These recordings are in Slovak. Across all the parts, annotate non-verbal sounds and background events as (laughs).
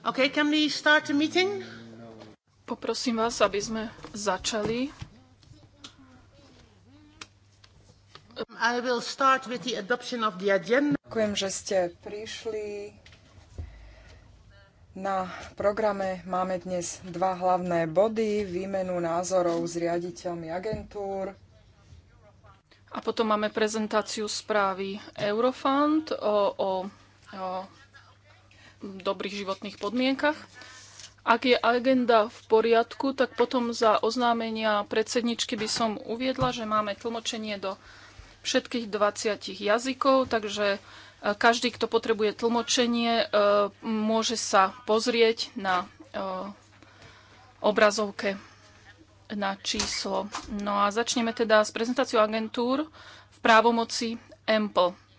Okay, can we start the meeting? Poprosím vás, aby sme začali. I will start with the adoption of the agenda. Ďakujem, že ste prišli. Na programe máme dnes dva hlavné body, výmenu názorov s riaditeľmi agentúr. A potom máme prezentáciu správy Eurofund o, o, o dobrých životných podmienkach. Ak je agenda v poriadku, tak potom za oznámenia predsedničky by som uviedla, že máme tlmočenie do všetkých 20 jazykov, takže e, každý, kto potrebuje tlmočenie, e, môže sa pozrieť na e, obrazovke na číslo. No a začneme teda s prezentáciou agentúr v právomoci EMPL.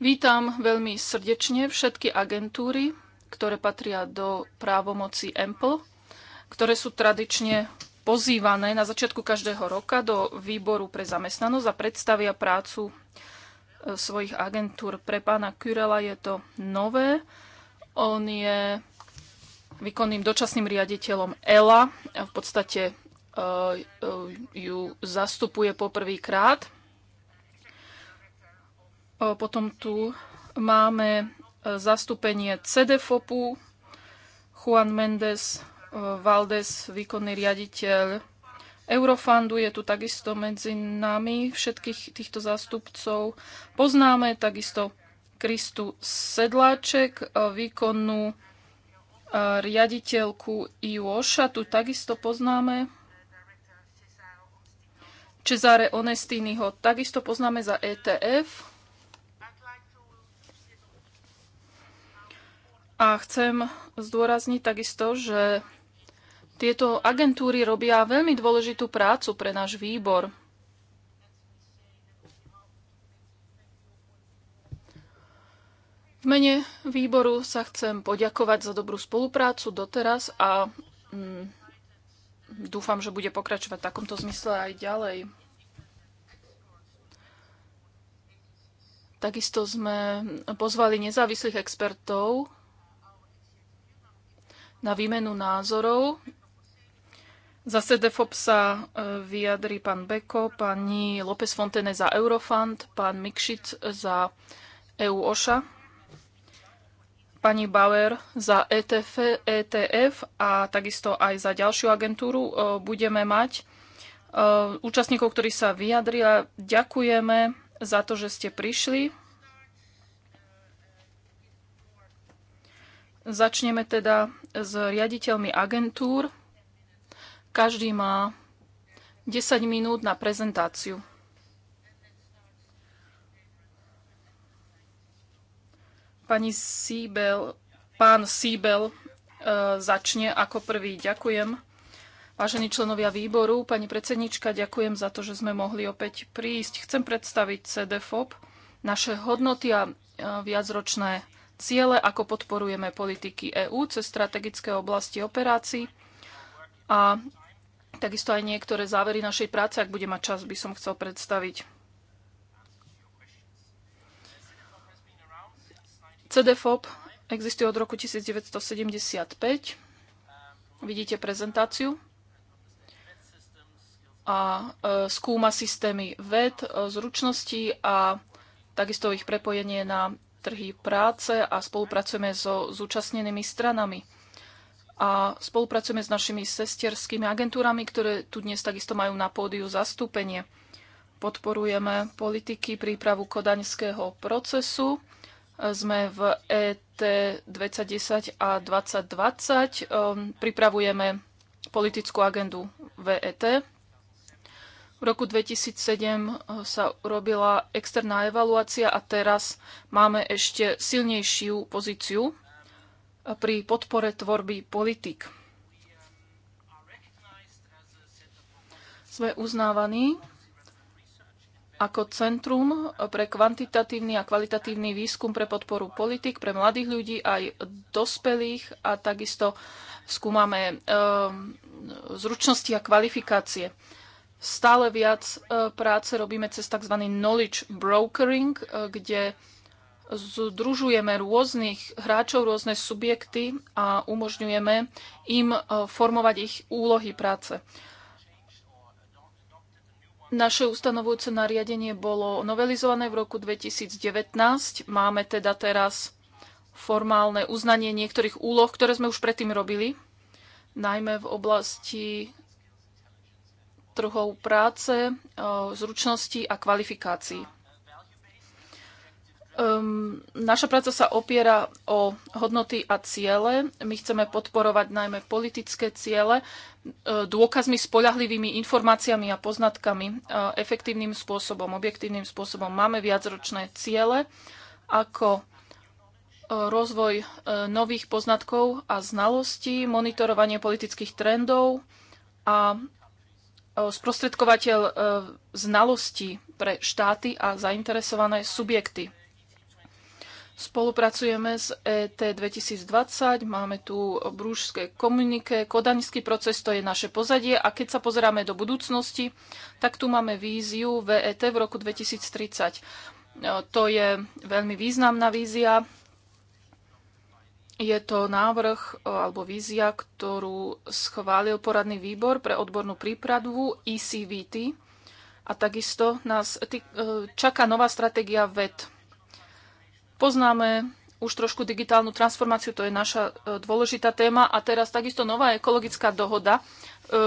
Vítam veľmi srdečne všetky agentúry, ktoré patria do právomoci EMPL, ktoré sú tradične pozývané na začiatku každého roka do výboru pre zamestnanosť a predstavia prácu e, svojich agentúr. Pre pána Kurela je to nové. On je výkonným dočasným riaditeľom ELA. V podstate e, e, ju zastupuje poprvýkrát potom tu máme e, zastúpenie CDFOPu, Juan Mendes, e, Valdes, výkonný riaditeľ Eurofundu je tu takisto medzi nami, všetkých týchto zástupcov poznáme, takisto Kristu Sedláček, e, výkonnú riaditeľku IOŠA, tu takisto poznáme. Cezare Onestínyho takisto poznáme za ETF. A chcem zdôrazniť takisto, že tieto agentúry robia veľmi dôležitú prácu pre náš výbor. V mene výboru sa chcem poďakovať za dobrú spoluprácu doteraz a mm, dúfam, že bude pokračovať v takomto zmysle aj ďalej. Takisto sme pozvali nezávislých expertov na výmenu názorov. Za CDFOP sa e, vyjadrí pán Beko, pani López Fontene za Eurofund, pán Mikšic za EU OŠA, pani Bauer za ETF, ETF a takisto aj za ďalšiu agentúru e, budeme mať e, účastníkov, ktorí sa vyjadria. Ďakujeme za to, že ste prišli. Začneme teda s riaditeľmi agentúr. Každý má 10 minút na prezentáciu. Pani Siebel, pán Siebel e, začne ako prvý. Ďakujem. Vážení členovia výboru, pani predsednička, ďakujem za to, že sme mohli opäť prísť. Chcem predstaviť CDFOP, naše hodnoty a e, viacročné ciele, ako podporujeme politiky EÚ cez strategické oblasti operácií a takisto aj niektoré závery našej práce, ak bude mať čas, by som chcel predstaviť. CDFOP existuje od roku 1975. Vidíte prezentáciu. A e, skúma systémy ved, e, zručnosti a takisto ich prepojenie na trhy práce a spolupracujeme so zúčastnenými stranami. A spolupracujeme s našimi sestierskými agentúrami, ktoré tu dnes takisto majú na pódiu zastúpenie. Podporujeme politiky prípravu kodaňského procesu. Sme v ET 2010 a 2020. Ehm, pripravujeme politickú agendu VET, v roku 2007 eh, sa urobila externá evaluácia a teraz máme ešte silnejšiu pozíciu eh, pri podpore tvorby politik. Sme uznávaní ako Centrum eh, pre kvantitatívny a kvalitatívny výskum pre podporu politik pre mladých ľudí aj dospelých a takisto skúmame e, zručnosti a kvalifikácie. Stále viac e, práce robíme cez tzv. knowledge brokering, e, kde združujeme rôznych hráčov, rôzne subjekty a umožňujeme im e, formovať ich úlohy práce. Naše ustanovujúce nariadenie bolo novelizované v roku 2019. Máme teda teraz formálne uznanie niektorých úloh, ktoré sme už predtým robili, najmä v oblasti trhov práce, e, zručností a kvalifikácií. naša práca sa opiera o hodnoty a ciele. My chceme podporovať najmä politické ciele e, dôkazmi, spoľahlivými informáciami a poznatkami, e, efektívnym spôsobom, objektívnym spôsobom. Máme viacročné ciele ako rozvoj nových poznatkov a znalostí, monitorovanie politických trendov a E, sprostredkovateľ e, znalostí pre štáty a zainteresované subjekty. Spolupracujeme s e ET 2020, máme tu brúžské komunike, kodaňský proces, to je naše pozadie a keď sa pozeráme do budúcnosti, tak tu máme víziu VET v roku 2030. To je veľmi významná vízia, je to návrh e, alebo vízia, ktorú schválil poradný výbor pre odbornú prípravu ECVT a takisto nás e, čaká nová stratégia VED. Poznáme už trošku digitálnu transformáciu, to je naša e, dôležitá téma a teraz takisto nová ekologická dohoda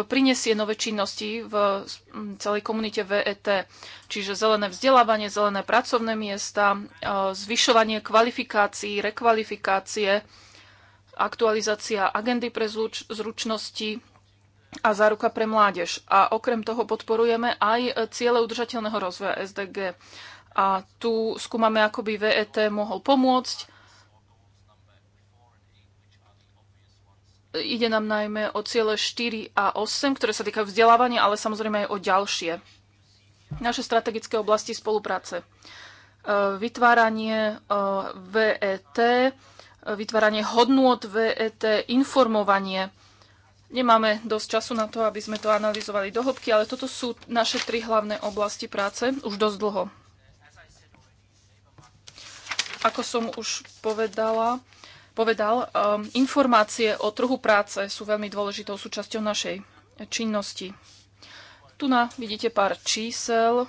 prinesie nové činnosti v celej komunite VET, čiže zelené vzdelávanie, zelené pracovné miesta, zvyšovanie kvalifikácií, rekvalifikácie, aktualizácia agendy pre zručnosti a záruka pre mládež. A okrem toho podporujeme aj ciele udržateľného rozvoja SDG. A tu skúmame, ako by VET mohol pomôcť. Ide nám najmä o ciele 4 a 8, ktoré sa týkajú vzdelávania, ale samozrejme aj o ďalšie. Naše strategické oblasti spolupráce. E, vytváranie e, VET, vytváranie hodnôt VET, informovanie. Nemáme dosť času na to, aby sme to analyzovali do hĺbky, ale toto sú naše tri hlavné oblasti práce už dosť dlho. Ako som už povedala, povedal, um, informácie o trhu práce sú veľmi dôležitou súčasťou našej činnosti. Tu na vidíte pár čísel.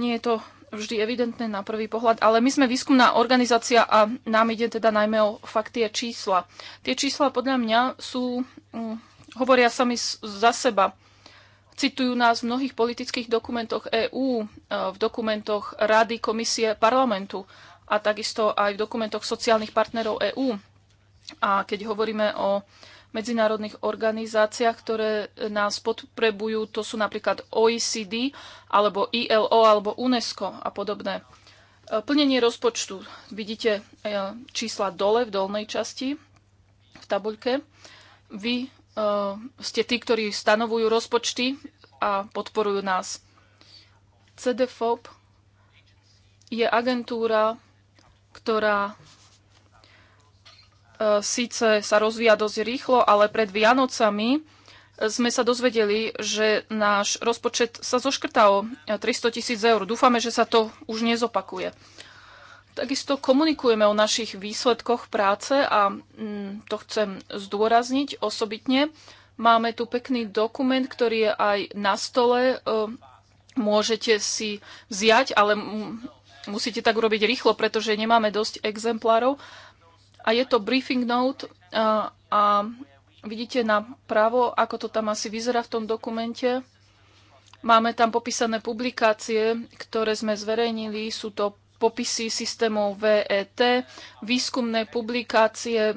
Nie je to vždy evidentné na prvý pohľad, ale my sme výskumná organizácia a nám ide teda najmä o fakty a čísla. Tie čísla podľa mňa sú, hm, hovoria sami za seba. Citujú nás v mnohých politických dokumentoch EÚ, e, v dokumentoch Rady, Komisie, Parlamentu a takisto aj v dokumentoch sociálnych partnerov EÚ. A keď hovoríme o medzinárodných organizáciách, ktoré e, nás podprebujú. To sú napríklad OECD, alebo ILO, alebo UNESCO a podobné. E, plnenie rozpočtu. Vidíte e, čísla dole v dolnej časti v tabuľke. Vy ste tí, ktorí stanovujú rozpočty a podporujú nás. CDFOP je agentúra, ktorá E, síce sa rozvíja dosť rýchlo, ale pred Vianocami e, sme sa dozvedeli, že náš rozpočet sa zoškrtá o 300 e, tisíc eur. Dúfame, že sa to už nezopakuje. Takisto komunikujeme o našich výsledkoch práce a mm, to chcem zdôrazniť osobitne. Máme tu pekný dokument, ktorý je aj na stole. Môžete si vziať, ale musíte tak urobiť rýchlo, pretože nemáme dosť exemplárov a je to briefing note a, a vidíte na právo, ako to tam asi vyzerá v tom dokumente. Máme tam popísané publikácie, ktoré sme zverejnili. Sú to popisy systémov VET, výskumné publikácie, e,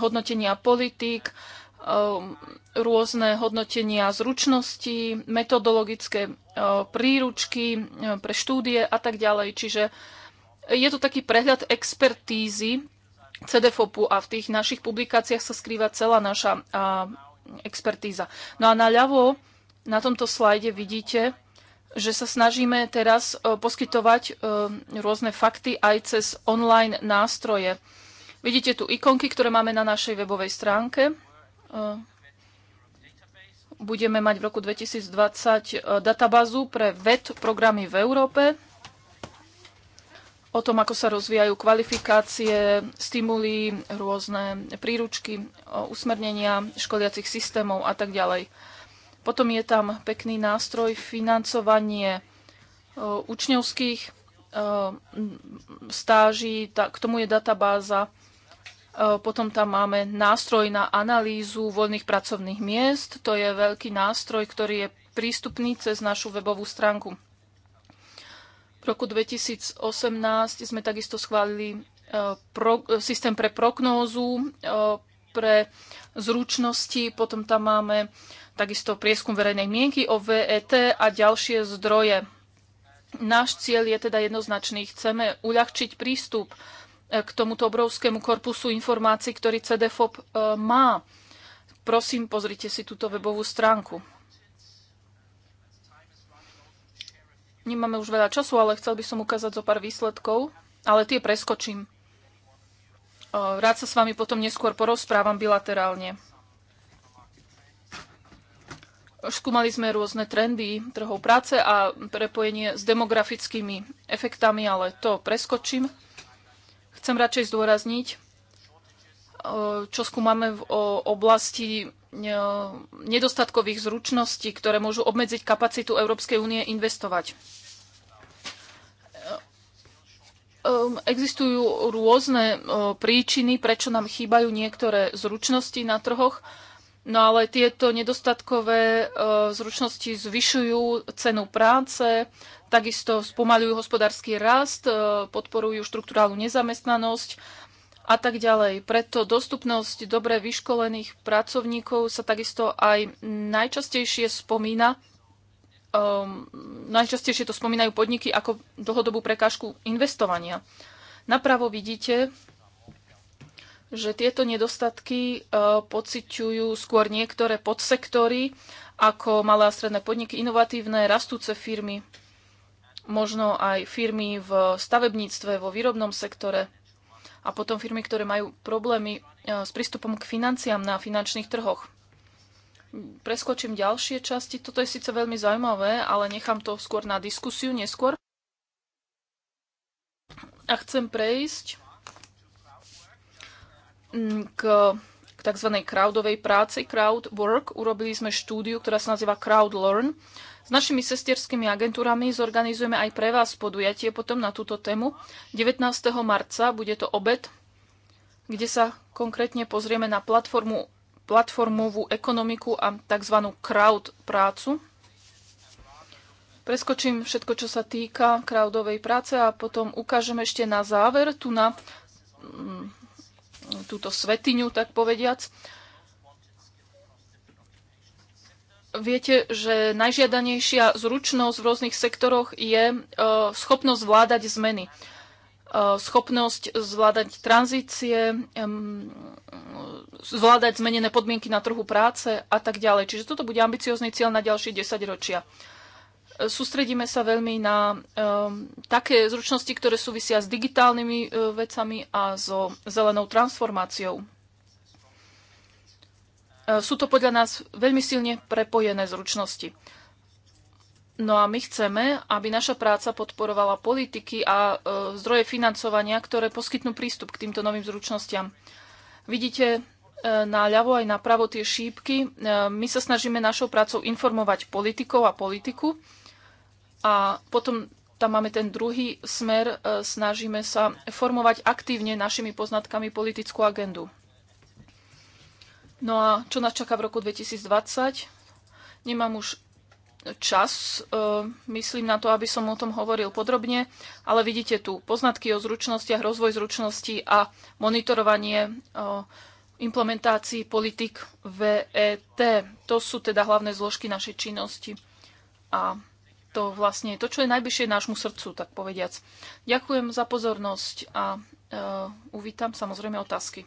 hodnotenia politík, e, rôzne hodnotenia zručností, metodologické e, príručky pre štúdie a tak ďalej. Čiže je to taký prehľad expertízy CDFOPu a v tých našich publikáciách sa skrýva celá naša a, expertíza. No a naľavo na tomto slajde vidíte, že sa snažíme teraz e, poskytovať e, rôzne fakty aj cez online nástroje. Vidíte tu ikonky, ktoré máme na našej webovej stránke. E, budeme mať v roku 2020 databázu pre VET programy v Európe o tom, ako sa rozvíjajú kvalifikácie, stimuly, rôzne príručky, usmernenia školiacich systémov a tak ďalej. Potom je tam pekný nástroj financovanie učňovských stáží, k tomu je databáza. Potom tam máme nástroj na analýzu voľných pracovných miest. To je veľký nástroj, ktorý je prístupný cez našu webovú stránku. V roku 2018 sme takisto schválili e, pro, e, systém pre prognózu, e, pre zručnosti, potom tam máme takisto prieskum verejnej mienky o VET a ďalšie zdroje. Náš cieľ je teda jednoznačný. Chceme uľahčiť prístup k tomuto obrovskému korpusu informácií, ktorý CDFOP má. Prosím, pozrite si túto webovú stránku. Nemáme už veľa času, ale chcel by som ukázať zo pár výsledkov, ale tie preskočím. E, rád sa s vami potom neskôr porozprávam bilaterálne. Skúmali sme rôzne trendy trhov práce a prepojenie s demografickými efektami, ale to preskočím. Chcem radšej zdôrazniť, e, čo skúmame v oblasti E, nedostatkových zručností, ktoré môžu obmedziť kapacitu Európskej únie investovať. E, e, existujú rôzne príčiny, prečo nám chýbajú niektoré zručnosti na trhoch, no ale tieto nedostatkové zručnosti zvyšujú cenu práce, takisto spomalujú hospodársky rast, podporujú štruktúrálnu nezamestnanosť, a tak ďalej. Preto dostupnosť dobre vyškolených pracovníkov sa takisto aj najčastejšie spomína. Um, najčastejšie to spomínajú podniky ako dlhodobú prekážku investovania. Napravo vidíte, že tieto nedostatky uh, pociťujú skôr niektoré podsektory ako malé a stredné podniky, inovatívne, rastúce firmy, možno aj firmy v stavebníctve, vo výrobnom sektore a potom firmy, ktoré majú problémy e, s prístupom k financiám na finančných trhoch. Preskočím ďalšie časti. Toto je síce veľmi zaujímavé, ale nechám to skôr na diskusiu neskôr. A chcem prejsť mm, k, k tzv. crowdovej práci, crowd work. Urobili sme štúdiu, ktorá sa nazýva Crowd Learn s našimi sestierskými agentúrami zorganizujeme aj pre vás podujatie potom na túto tému. 19. marca bude to obed, kde sa konkrétne pozrieme na platformu, platformovú ekonomiku a tzv. crowd prácu. Preskočím všetko, čo sa týka crowdovej práce a potom ukážem ešte na záver tu na mm, túto svetiňu, tak povediac Viete, že najžiadanejšia zručnosť v rôznych sektoroch je e, schopnosť zvládať zmeny. E, schopnosť zvládať tranzície, zvládať zmenené podmienky na trhu práce a tak ďalej. Čiže toto bude ambiciózny cieľ na ďalšie 10 ročia. E, sústredíme sa veľmi na také zručnosti, ktoré súvisia s digitálnymi vecami a so zelenou transformáciou. E, sú to podľa nás veľmi silne prepojené zručnosti. No a my chceme, aby naša práca podporovala politiky a e, zdroje financovania, ktoré poskytnú prístup k týmto novým zručnostiam. Vidíte e, na ľavo aj na pravo tie šípky. My sa snažíme našou prácou informovať politikov a politiku. A potom tam máme ten druhý smer, snažíme sa formovať aktívne našimi poznatkami politickú agendu. No a čo nás čaká v roku 2020? Nemám už čas, e, myslím na to, aby som o tom hovoril podrobne, ale vidíte tu poznatky o zručnostiach, rozvoj zručností a monitorovanie e, implementácií politik VET. To sú teda hlavné zložky našej činnosti. A to vlastne je to, čo je najbližšie nášmu srdcu, tak povediac. Ďakujem za pozornosť a e, uvítam samozrejme otázky.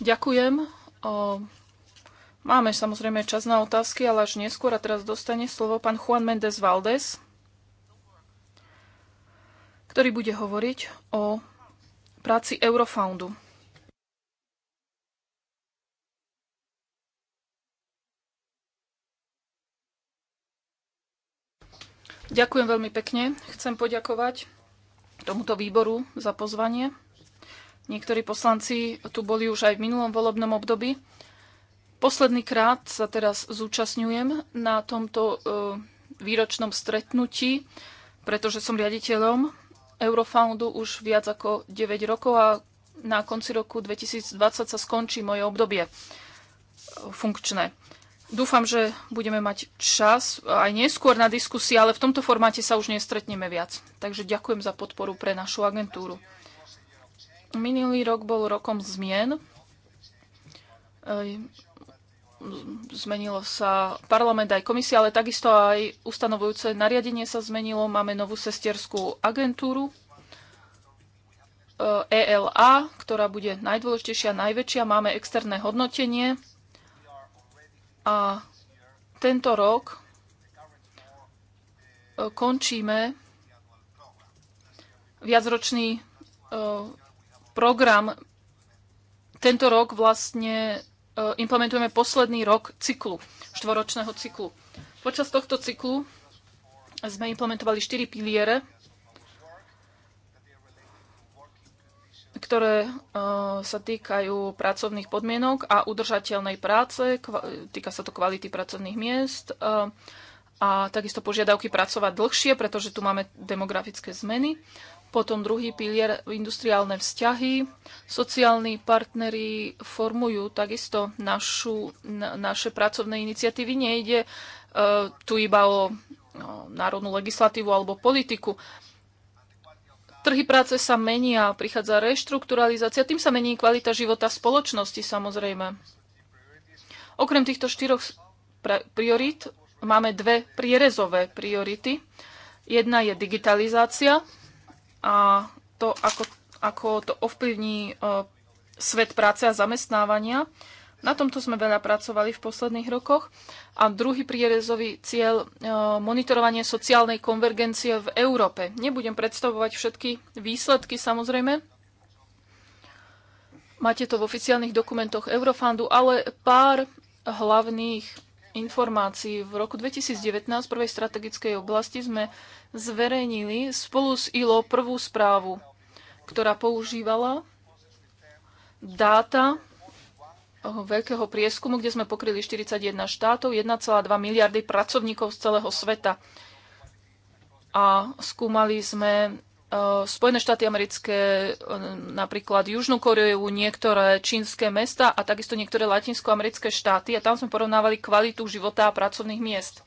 Ďakujem. Máme samozrejme čas na otázky, ale až neskôr. A teraz dostane slovo pán Juan Mendez Valdés, ktorý bude hovoriť o práci Eurofoundu. Ďakujem veľmi pekne. Chcem poďakovať tomuto výboru za pozvanie. Niektorí poslanci tu boli už aj v minulom volebnom období. Posledný krát sa teraz zúčastňujem na tomto e, výročnom stretnutí, pretože som riaditeľom Eurofoundu už viac ako 9 rokov a na konci roku 2020 sa skončí moje obdobie e, funkčné. Dúfam, že budeme mať čas aj neskôr na diskusii, ale v tomto formáte sa už nestretneme viac. Takže ďakujem za podporu pre našu agentúru. Minulý rok bol rokom zmien. Zmenilo sa parlament aj komisia, ale takisto aj ustanovujúce nariadenie sa zmenilo. Máme novú sestierskú agentúru ELA, e ktorá bude najdôležitejšia, najväčšia. Máme externé hodnotenie a tento rok e, končíme viacročný e, program. Tento rok vlastne e, implementujeme posledný rok cyklu, štvoročného cyklu. Počas tohto cyklu sme implementovali štyri piliere, ktoré e, sa týkajú pracovných podmienok a udržateľnej práce, týka sa to kvality pracovných miest e, a takisto požiadavky pracovať dlhšie, pretože tu máme demografické zmeny. Potom druhý pilier industriálne vzťahy. Sociálni partneri formujú takisto našu, na, naše pracovné iniciatívy. Nejde e, tu iba o, o národnú legislatívu alebo politiku. Trhy práce sa menia, prichádza reštrukturalizácia, tým sa mení kvalita života spoločnosti samozrejme. Okrem týchto štyroch priorít máme dve prierezové priority. Jedna je digitalizácia, a to, ako, ako to ovplyvní e, svet práce a zamestnávania. Na tomto sme veľa pracovali v posledných rokoch. A druhý prierezový cieľ e, monitorovanie sociálnej konvergencie v Európe. Nebudem predstavovať všetky výsledky samozrejme. Máte to v oficiálnych dokumentoch Eurofundu, ale pár hlavných informácií. V roku 2019 v prvej strategickej oblasti sme zverejnili spolu s ILO prvú správu, ktorá používala dáta eh, veľkého prieskumu, kde sme pokryli 41 štátov, 1,2 miliardy pracovníkov z celého sveta. A skúmali sme Spojené štáty americké, napríklad Južnú Koreu, niektoré čínske mesta a takisto niektoré latinskoamerické štáty a tam sme porovnávali kvalitu života a pracovných miest.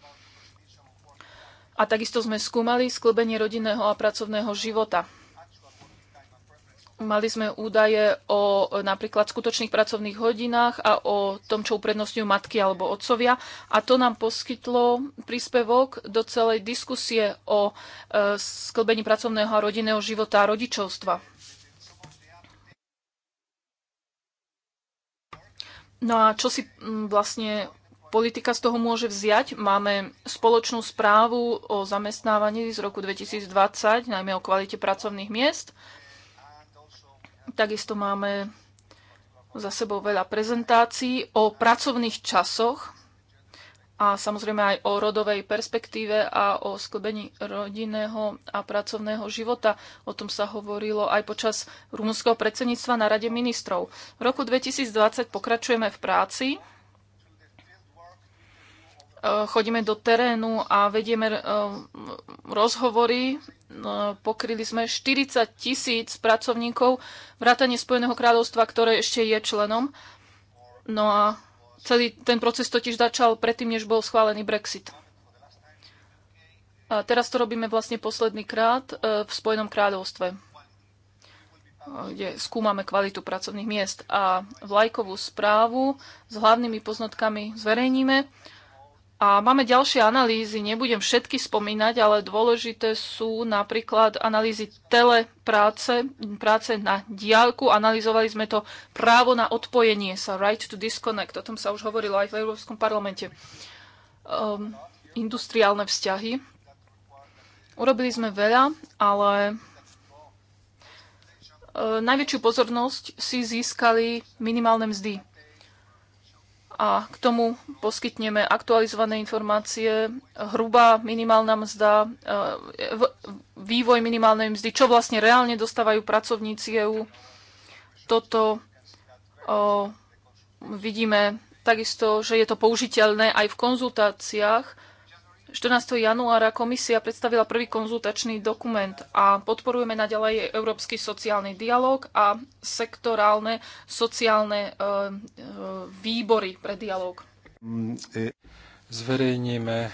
A takisto sme skúmali sklbenie rodinného a pracovného života. Mali sme údaje o napríklad skutočných pracovných hodinách a o tom, čo uprednostňujú matky alebo otcovia. A to nám poskytlo príspevok do celej diskusie o e, sklbení pracovného a rodinného života a rodičovstva. No a čo si vlastne politika z toho môže vziať? Máme spoločnú správu o zamestnávaní z roku 2020, najmä o kvalite pracovných miest. Takisto máme za sebou veľa prezentácií o pracovných časoch a samozrejme aj o rodovej perspektíve a o sklbení rodinného a pracovného života. O tom sa hovorilo aj počas rumúnskeho predsedníctva na Rade ministrov. V roku 2020 pokračujeme v práci E, chodíme do terénu a vedieme e, rozhovory. E, pokryli sme 40 tisíc pracovníkov vrátane Spojeného kráľovstva, ktoré ešte je členom. No a celý ten proces totiž začal predtým, než bol schválený Brexit. A teraz to robíme vlastne posledný krát v Spojenom kráľovstve, kde skúmame kvalitu pracovných miest a vlajkovú správu s hlavnými poznatkami zverejníme a máme ďalšie analýzy, nebudem všetky spomínať, ale dôležité sú napríklad analýzy telepráce, práce na diálku. Analýzovali sme to právo na odpojenie sa, right to disconnect, o tom sa už hovorilo aj v Európskom parlamente. Um, industriálne vzťahy. Urobili sme veľa, ale e, najväčšiu pozornosť si získali minimálne mzdy a k tomu poskytneme aktualizované informácie, hrubá minimálna mzda, e, vývoj minimálnej mzdy, čo vlastne reálne dostávajú pracovníci EU. Toto vidíme takisto, že je to použiteľné aj v konzultáciách 14. januára komisia predstavila prvý konzultačný dokument a podporujeme naďalej európsky sociálny dialog a sektorálne sociálne e, e, výbory pre dialog. Zverejníme e,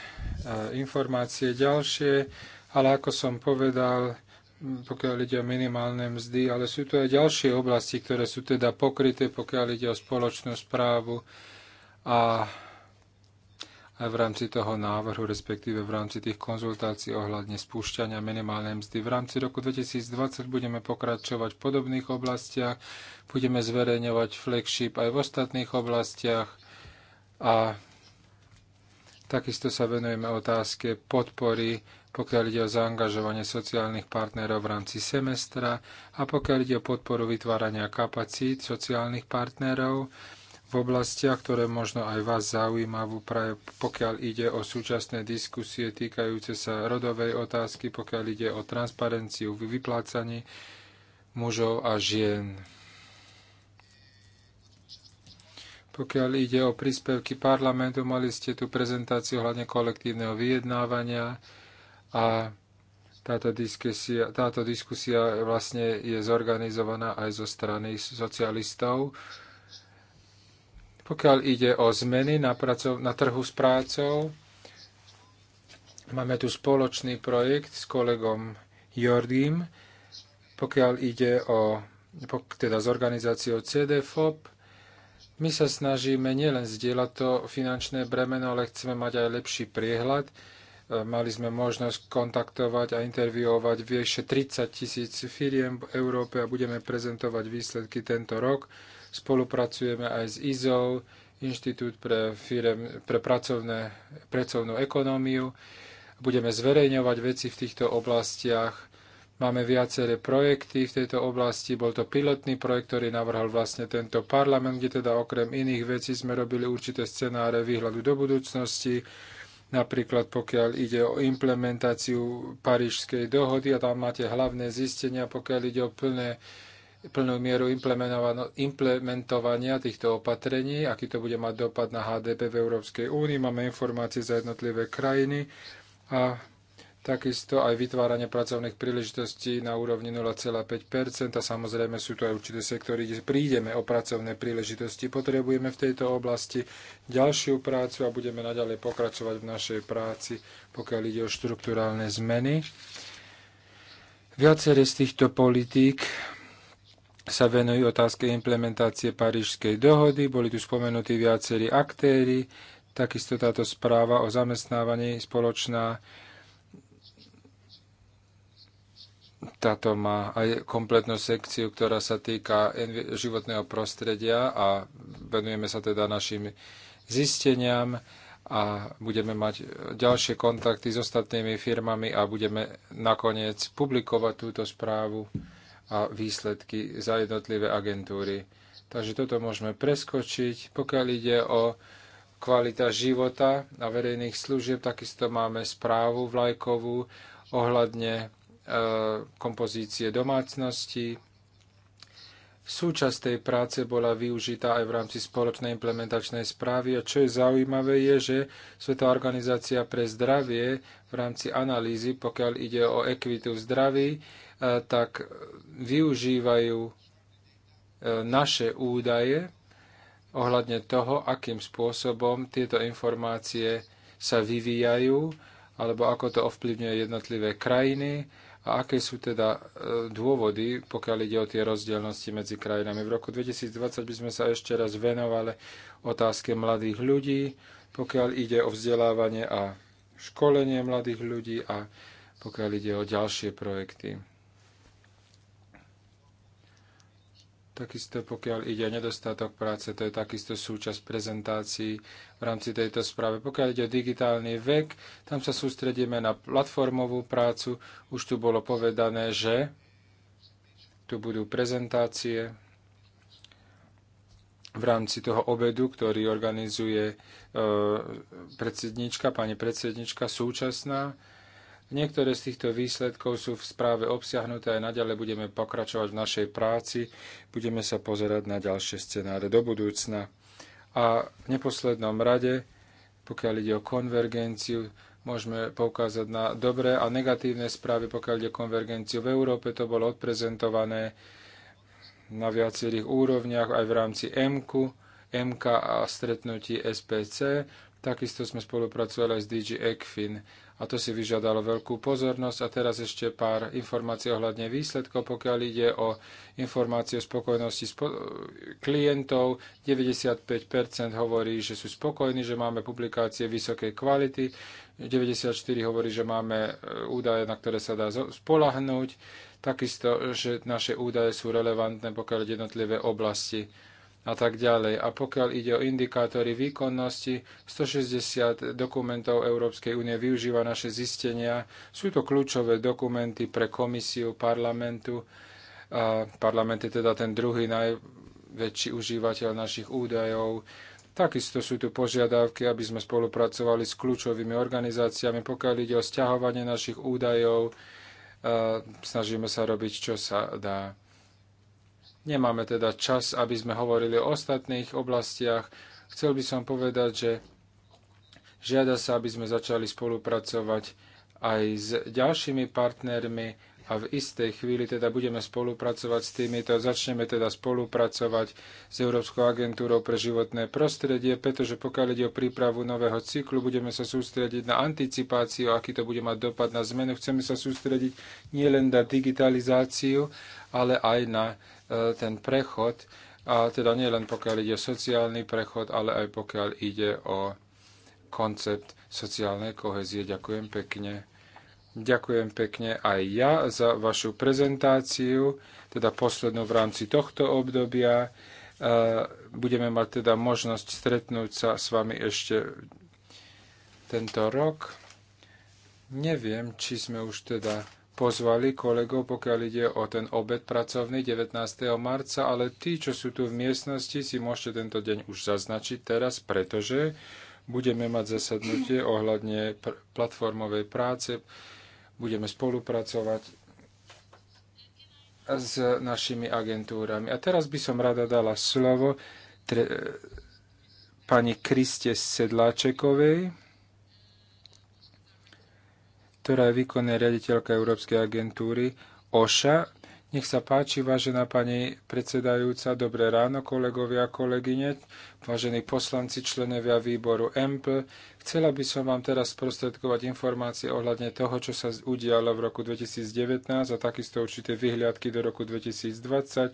informácie ďalšie, ale ako som povedal, pokiaľ ide o minimálne mzdy, ale sú tu aj ďalšie oblasti, ktoré sú teda pokryté, pokiaľ ide o spoločnú správu a v rámci toho návrhu, respektíve v rámci tých konzultácií ohľadne spúšťania minimálnej mzdy. V rámci roku 2020 budeme pokračovať v podobných oblastiach, budeme zverejňovať flagship aj v ostatných oblastiach a takisto sa venujeme otázke podpory pokiaľ ide o zaangažovanie sociálnych partnerov v rámci semestra a pokiaľ ide o podporu vytvárania kapacít sociálnych partnerov v oblastiach, ktoré možno aj vás zaujímavú práve pokiaľ ide o súčasné diskusie týkajúce sa rodovej otázky, pokiaľ ide o transparenciu v vyplácaní mužov a žien. Pokiaľ ide o príspevky parlamentu, mali ste tu prezentáciu hľadne kolektívneho vyjednávania a táto diskusia, táto diskusia vlastne je zorganizovaná aj zo strany socialistov. Pokiaľ ide o zmeny na, pracov, na trhu s prácou, máme tu spoločný projekt s kolegom Jordím, pokiaľ ide o teda s organizáciou CDFOP, my sa snažíme nielen zdieľať to finančné bremeno, ale chceme mať aj lepší priehľad. E, mali sme možnosť kontaktovať a interviovať vyše 30 tisíc firiem v Európe a budeme prezentovať výsledky tento rok. Spolupracujeme aj s IZO, Inštitút pre, firem, pre pracovné, pracovnú ekonómiu. Budeme zverejňovať veci v týchto oblastiach. Máme viaceré projekty v tejto oblasti. Bol to pilotný projekt, ktorý navrhol vlastne tento parlament, kde teda okrem iných vecí sme robili určité scenáre výhľadu do budúcnosti. Napríklad pokiaľ ide o implementáciu Parížskej dohody a tam máte hlavné zistenia, pokiaľ ide o plné plnú mieru implementovania týchto opatrení, aký to bude mať dopad na HDP v Európskej únii. Máme informácie za jednotlivé krajiny a takisto aj vytváranie pracovných príležitostí na úrovni 0,5 a samozrejme sú to aj určité sektory, kde prídeme o pracovné príležitosti. Potrebujeme v tejto oblasti ďalšiu prácu a budeme naďalej pokračovať v našej práci, pokiaľ ide o štruktúrálne zmeny. Viaceré z týchto politík sa venujú otázke implementácie Parížskej dohody. Boli tu spomenutí viacerí aktéry. Takisto táto správa o zamestnávaní spoločná táto má aj kompletnú sekciu, ktorá sa týka životného prostredia a venujeme sa teda našim zisteniam a budeme mať ďalšie kontakty s ostatnými firmami a budeme nakoniec publikovať túto správu a výsledky za jednotlivé agentúry. Takže toto môžeme preskočiť. Pokiaľ ide o kvalita života a verejných služieb, takisto máme správu vlajkovú ohľadne e, kompozície domácnosti. Súčasť tej práce bola využitá aj v rámci spoločnej implementačnej správy a čo je zaujímavé je, že Svetová organizácia pre zdravie v rámci analýzy, pokiaľ ide o ekvitu v zdraví, E, tak využívajú e, naše údaje ohľadne toho, akým spôsobom tieto informácie sa vyvíjajú, alebo ako to ovplyvňuje jednotlivé krajiny a aké sú teda e, dôvody, pokiaľ ide o tie rozdielnosti medzi krajinami. V roku 2020 by sme sa ešte raz venovali otázke mladých ľudí, pokiaľ ide o vzdelávanie a školenie mladých ľudí a pokiaľ ide o ďalšie projekty. Takisto pokiaľ ide o nedostatok práce, to je takisto súčasť prezentácií v rámci tejto správy. Pokiaľ ide o digitálny vek, tam sa sústredíme na platformovú prácu. Už tu bolo povedané, že tu budú prezentácie v rámci toho obedu, ktorý organizuje e, predsednička, pani predsednička súčasná Niektoré z týchto výsledkov sú v správe obsiahnuté a naďalej budeme pokračovať v našej práci, budeme sa pozerať na ďalšie scenáre do budúcna. A v neposlednom rade, pokiaľ ide o konvergenciu, môžeme poukázať na dobré a negatívne správy, pokiaľ ide o konvergenciu. V Európe to bolo odprezentované na viacerých úrovniach aj v rámci MK, MK a stretnutí SPC. Takisto sme spolupracovali aj s DG ECFIN a to si vyžiadalo veľkú pozornosť. A teraz ešte pár informácií ohľadne výsledkov, pokiaľ ide o informáciu o spokojnosti spo- klientov. 95% hovorí, že sú spokojní, že máme publikácie vysokej kvality. 94 hovorí, že máme e, údaje, na ktoré sa dá spolahnúť. Takisto, že naše údaje sú relevantné, pokiaľ jednotlivé oblasti a tak ďalej. A pokiaľ ide o indikátory výkonnosti, 160 dokumentov Európskej únie využíva naše zistenia. Sú to kľúčové dokumenty pre komisiu parlamentu. A parlament je teda ten druhý najväčší užívateľ našich údajov. Takisto sú tu požiadavky, aby sme spolupracovali s kľúčovými organizáciami, pokiaľ ide o stiahovanie našich údajov. Snažíme sa robiť, čo sa dá. Nemáme teda čas, aby sme hovorili o ostatných oblastiach. Chcel by som povedať, že žiada sa, aby sme začali spolupracovať aj s ďalšími partnermi a v istej chvíli teda budeme spolupracovať s týmito. Začneme teda spolupracovať s Európskou agentúrou pre životné prostredie, pretože pokiaľ ide o prípravu nového cyklu, budeme sa sústrediť na anticipáciu, aký to bude mať dopad na zmenu. Chceme sa sústrediť nielen na digitalizáciu, ale aj na E, ten prechod, a teda nie len pokiaľ ide o sociálny prechod, ale aj pokiaľ ide o koncept sociálnej kohezie. Ďakujem pekne. Ďakujem pekne aj ja za vašu prezentáciu, teda poslednú v rámci tohto obdobia. E, budeme mať teda možnosť stretnúť sa s vami ešte tento rok. Neviem, či sme už teda pozvali kolegov, pokiaľ ide o ten obed pracovný 19. marca, ale tí, čo sú tu v miestnosti, si môžete tento deň už zaznačiť teraz, pretože budeme mať zasadnutie ohľadne pr- platformovej práce, budeme spolupracovať s našimi agentúrami. A teraz by som rada dala slovo tre- pani Kriste Sedláčekovej, ktorá je výkonná riaditeľka Európskej agentúry OŠA. Nech sa páči, vážená pani predsedajúca, dobré ráno, kolegovia a kolegyne, vážení poslanci, členovia výboru EMP. Chcela by som vám teraz sprostredkovať informácie ohľadne toho, čo sa udialo v roku 2019 a takisto určité vyhliadky do roku 2020.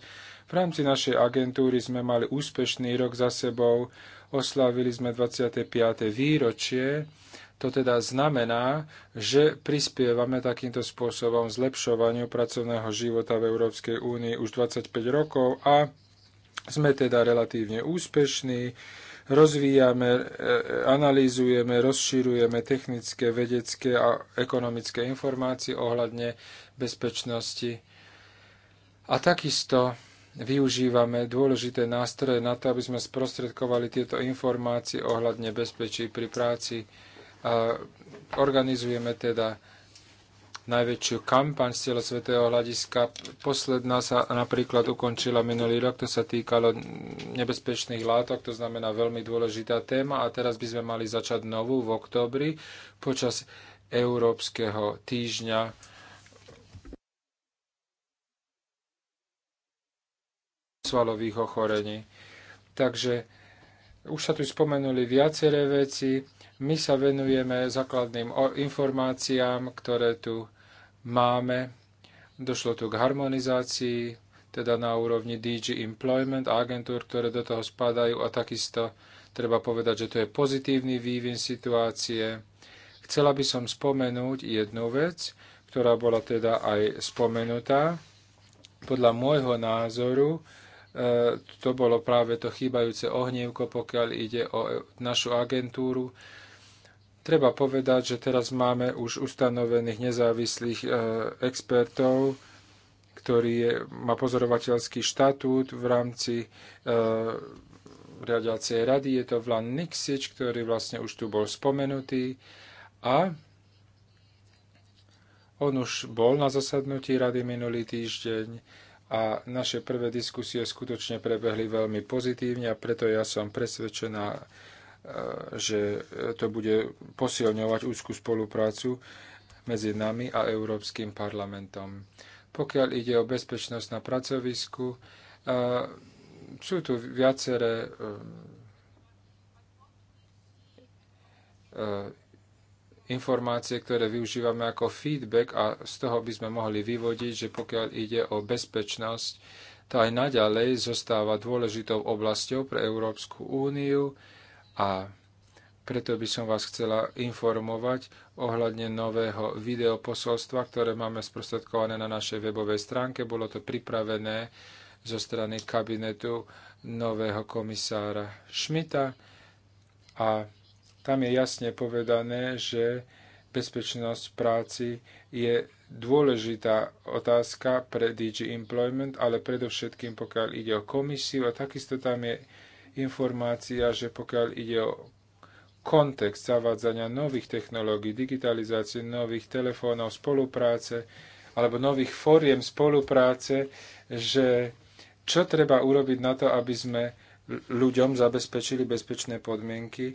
V rámci našej agentúry sme mali úspešný rok za sebou, oslávili sme 25. výročie to teda znamená, že prispievame takýmto spôsobom zlepšovaniu pracovného života v Európskej únii už 25 rokov a sme teda relatívne úspešní, rozvíjame, e, analýzujeme, rozširujeme technické, vedecké a ekonomické informácie ohľadne bezpečnosti. A takisto využívame dôležité nástroje na to, aby sme sprostredkovali tieto informácie ohľadne bezpečí pri práci Organizujeme teda najväčšiu kampaň z celosvetého hľadiska. Posledná sa napríklad ukončila minulý rok, to sa týkalo nebezpečných látok, to znamená veľmi dôležitá téma a teraz by sme mali začať novú v októbri počas Európskeho týždňa svalových ochorení. Takže už sa tu spomenuli viaceré veci my sa venujeme základným informáciám, ktoré tu máme. Došlo tu k harmonizácii, teda na úrovni DG Employment a agentúr, ktoré do toho spadajú a takisto treba povedať, že to je pozitívny vývin situácie. Chcela by som spomenúť jednu vec, ktorá bola teda aj spomenutá. Podľa môjho názoru e, to bolo práve to chýbajúce ohnievko, pokiaľ ide o e, našu agentúru. Treba povedať, že teraz máme už ustanovených nezávislých e, expertov, ktorý je, má pozorovateľský štatút v rámci e, riadiacej rady. Je to Vlan Nixič, ktorý vlastne už tu bol spomenutý a on už bol na zasadnutí rady minulý týždeň a naše prvé diskusie skutočne prebehli veľmi pozitívne a preto ja som presvedčená, E, že to bude posilňovať úzkú spoluprácu medzi nami a Európskym parlamentom. Pokiaľ ide o bezpečnosť na pracovisku, e, sú tu viaceré e, informácie, ktoré využívame ako feedback a z toho by sme mohli vyvodiť, že pokiaľ ide o bezpečnosť, to aj naďalej zostáva dôležitou oblasťou pre Európsku úniu a preto by som vás chcela informovať ohľadne nového videoposolstva, ktoré máme sprostredkované na našej webovej stránke. Bolo to pripravené zo strany kabinetu nového komisára Šmita a tam je jasne povedané, že bezpečnosť práci je dôležitá otázka pre DG Employment, ale predovšetkým pokiaľ ide o komisiu a takisto tam je informácia, že pokiaľ ide o kontext zavádzania nových technológií, digitalizácie nových telefónov, spolupráce alebo nových fóriem spolupráce, že čo treba urobiť na to, aby sme ľuďom zabezpečili bezpečné podmienky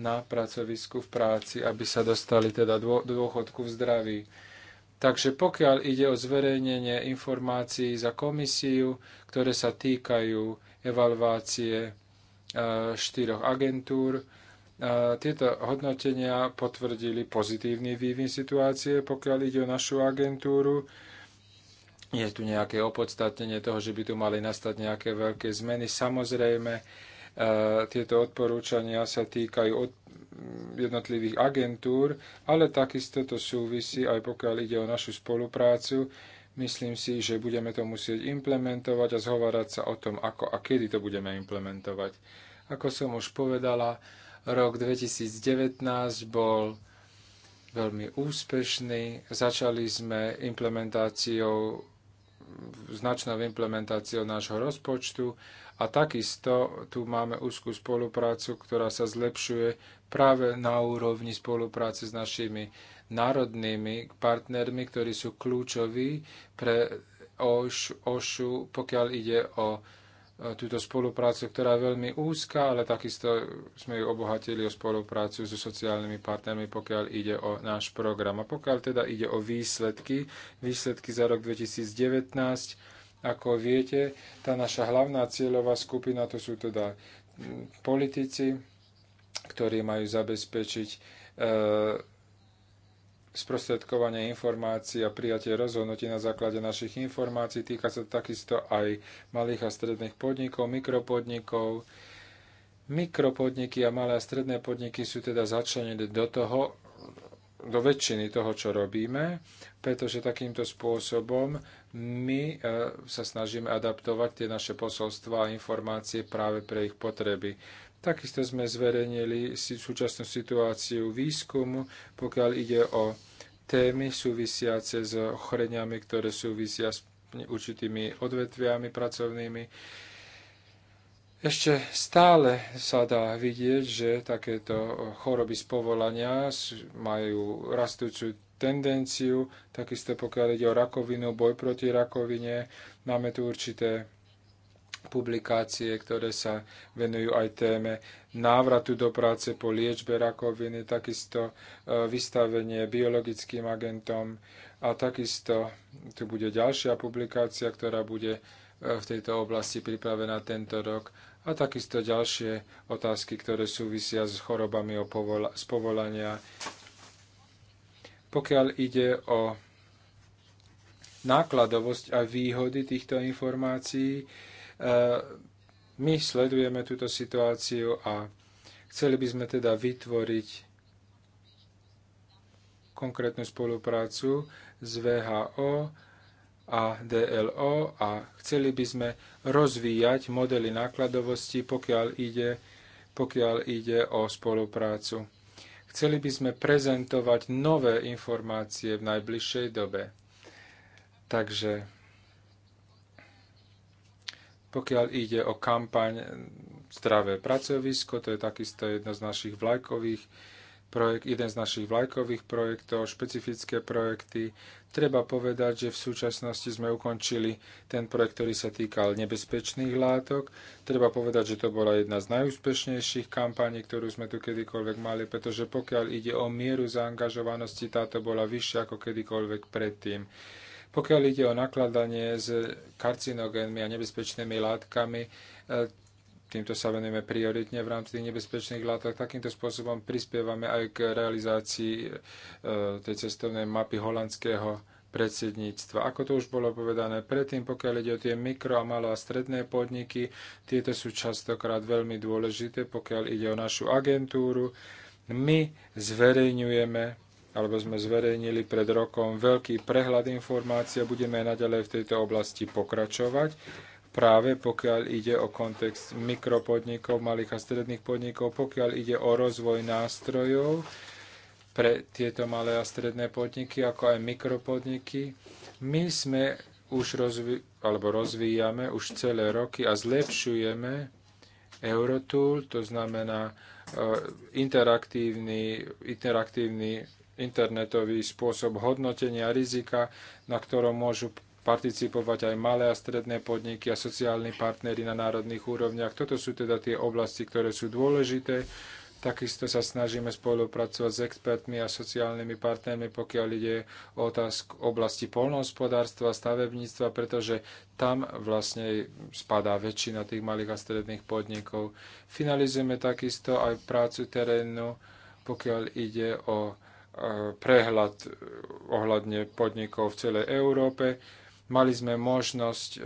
na pracovisku v práci, aby sa dostali teda dôchodku v zdraví. Takže pokiaľ ide o zverejnenie informácií za komisiu, ktoré sa týkajú evaluácie, Eh, štyroch agentúr. Eh, tieto hodnotenia potvrdili pozitívny vývin situácie, pokiaľ ide o našu agentúru. Je tu nejaké opodstatnenie toho, že by tu mali nastať nejaké veľké zmeny. Samozrejme, eh, tieto odporúčania sa týkajú od jednotlivých agentúr, ale takisto to súvisí aj pokiaľ ide o našu spoluprácu. Myslím si, že budeme to musieť implementovať a zhovárať sa o tom, ako a kedy to budeme implementovať. Ako som už povedala, rok 2019 bol veľmi úspešný. Začali sme implementáciou, značnou implementáciou nášho rozpočtu a takisto tu máme úzkú spoluprácu, ktorá sa zlepšuje práve na úrovni spolupráce s našimi národnými partnermi, ktorí sú kľúčoví pre OŠ, OŠu, pokiaľ ide o E, túto spoluprácu, ktorá je veľmi úzka, ale takisto sme ju obohatili o spoluprácu so sociálnymi partnermi, pokiaľ ide o náš program. A pokiaľ teda ide o výsledky, výsledky za rok 2019, ako viete, tá naša hlavná cieľová skupina to sú teda politici, ktorí majú zabezpečiť e, sprostredkovanie informácií a prijatie rozhodnutí na základe našich informácií. Týka sa takisto aj malých a stredných podnikov, mikropodnikov. Mikropodniky a malé a stredné podniky sú teda začlenené do toho, do väčšiny toho, čo robíme, pretože takýmto spôsobom my e, sa snažíme adaptovať tie naše posolstva a informácie práve pre ich potreby. Takisto sme zverejnili súčasnú situáciu výskumu, pokiaľ ide o témy súvisiace s ochoreniami, ktoré súvisia s určitými odvetviami pracovnými. Ešte stále sa dá vidieť, že takéto choroby z povolania majú rastúcu tendenciu, takisto pokiaľ ide o rakovinu, boj proti rakovine, máme tu určité publikácie, ktoré sa venujú aj téme návratu do práce po liečbe rakoviny, takisto e, vystavenie biologickým agentom a takisto tu bude ďalšia publikácia, ktorá bude e, v tejto oblasti pripravená tento rok a takisto ďalšie otázky, ktoré súvisia s chorobami povola- z povolania. Pokiaľ ide o nákladovosť a výhody týchto informácií, E, my sledujeme túto situáciu a chceli by sme teda vytvoriť konkrétnu spoluprácu s VHO a DLO a chceli by sme rozvíjať modely nákladovosti, pokiaľ ide, pokiaľ ide o spoluprácu. Chceli by sme prezentovať nové informácie v najbližšej dobe. Takže pokiaľ ide o kampaň Zdravé pracovisko, to je takisto jedno z našich vlajkových projekt, jeden z našich vlajkových projektov, špecifické projekty. Treba povedať, že v súčasnosti sme ukončili ten projekt, ktorý sa týkal nebezpečných látok. Treba povedať, že to bola jedna z najúspešnejších kampaní, ktorú sme tu kedykoľvek mali, pretože pokiaľ ide o mieru zaangažovanosti, táto bola vyššia ako kedykoľvek predtým. Pokiaľ ide o nakladanie s karcinogénmi a nebezpečnými látkami, e, týmto sa venujeme prioritne v rámci tých nebezpečných látok. Takýmto spôsobom prispievame aj k realizácii e, tej cestovnej mapy holandského predsedníctva. Ako to už bolo povedané predtým, pokiaľ ide o tie mikro a malé a stredné podniky, tieto sú častokrát veľmi dôležité, pokiaľ ide o našu agentúru. My zverejňujeme alebo sme zverejnili pred rokom veľký prehľad informácií a budeme aj naďalej v tejto oblasti pokračovať. Práve pokiaľ ide o kontext mikropodnikov, malých a stredných podnikov, pokiaľ ide o rozvoj nástrojov pre tieto malé a stredné podniky, ako aj mikropodniky, my sme už rozvi- alebo rozvíjame už celé roky a zlepšujeme Eurotool, to znamená interaktívny, interaktívny internetový spôsob hodnotenia rizika, na ktorom môžu participovať aj malé a stredné podniky a sociálni partnery na národných úrovniach. Toto sú teda tie oblasti, ktoré sú dôležité. Takisto sa snažíme spolupracovať s expertmi a sociálnymi partnermi, pokiaľ ide o otázku oblasti polnohospodárstva, stavebníctva, pretože tam vlastne spadá väčšina tých malých a stredných podnikov. Finalizujeme takisto aj prácu terénu, pokiaľ ide o prehľad e, ohľadne podnikov v celej Európe. Mali sme možnosť e,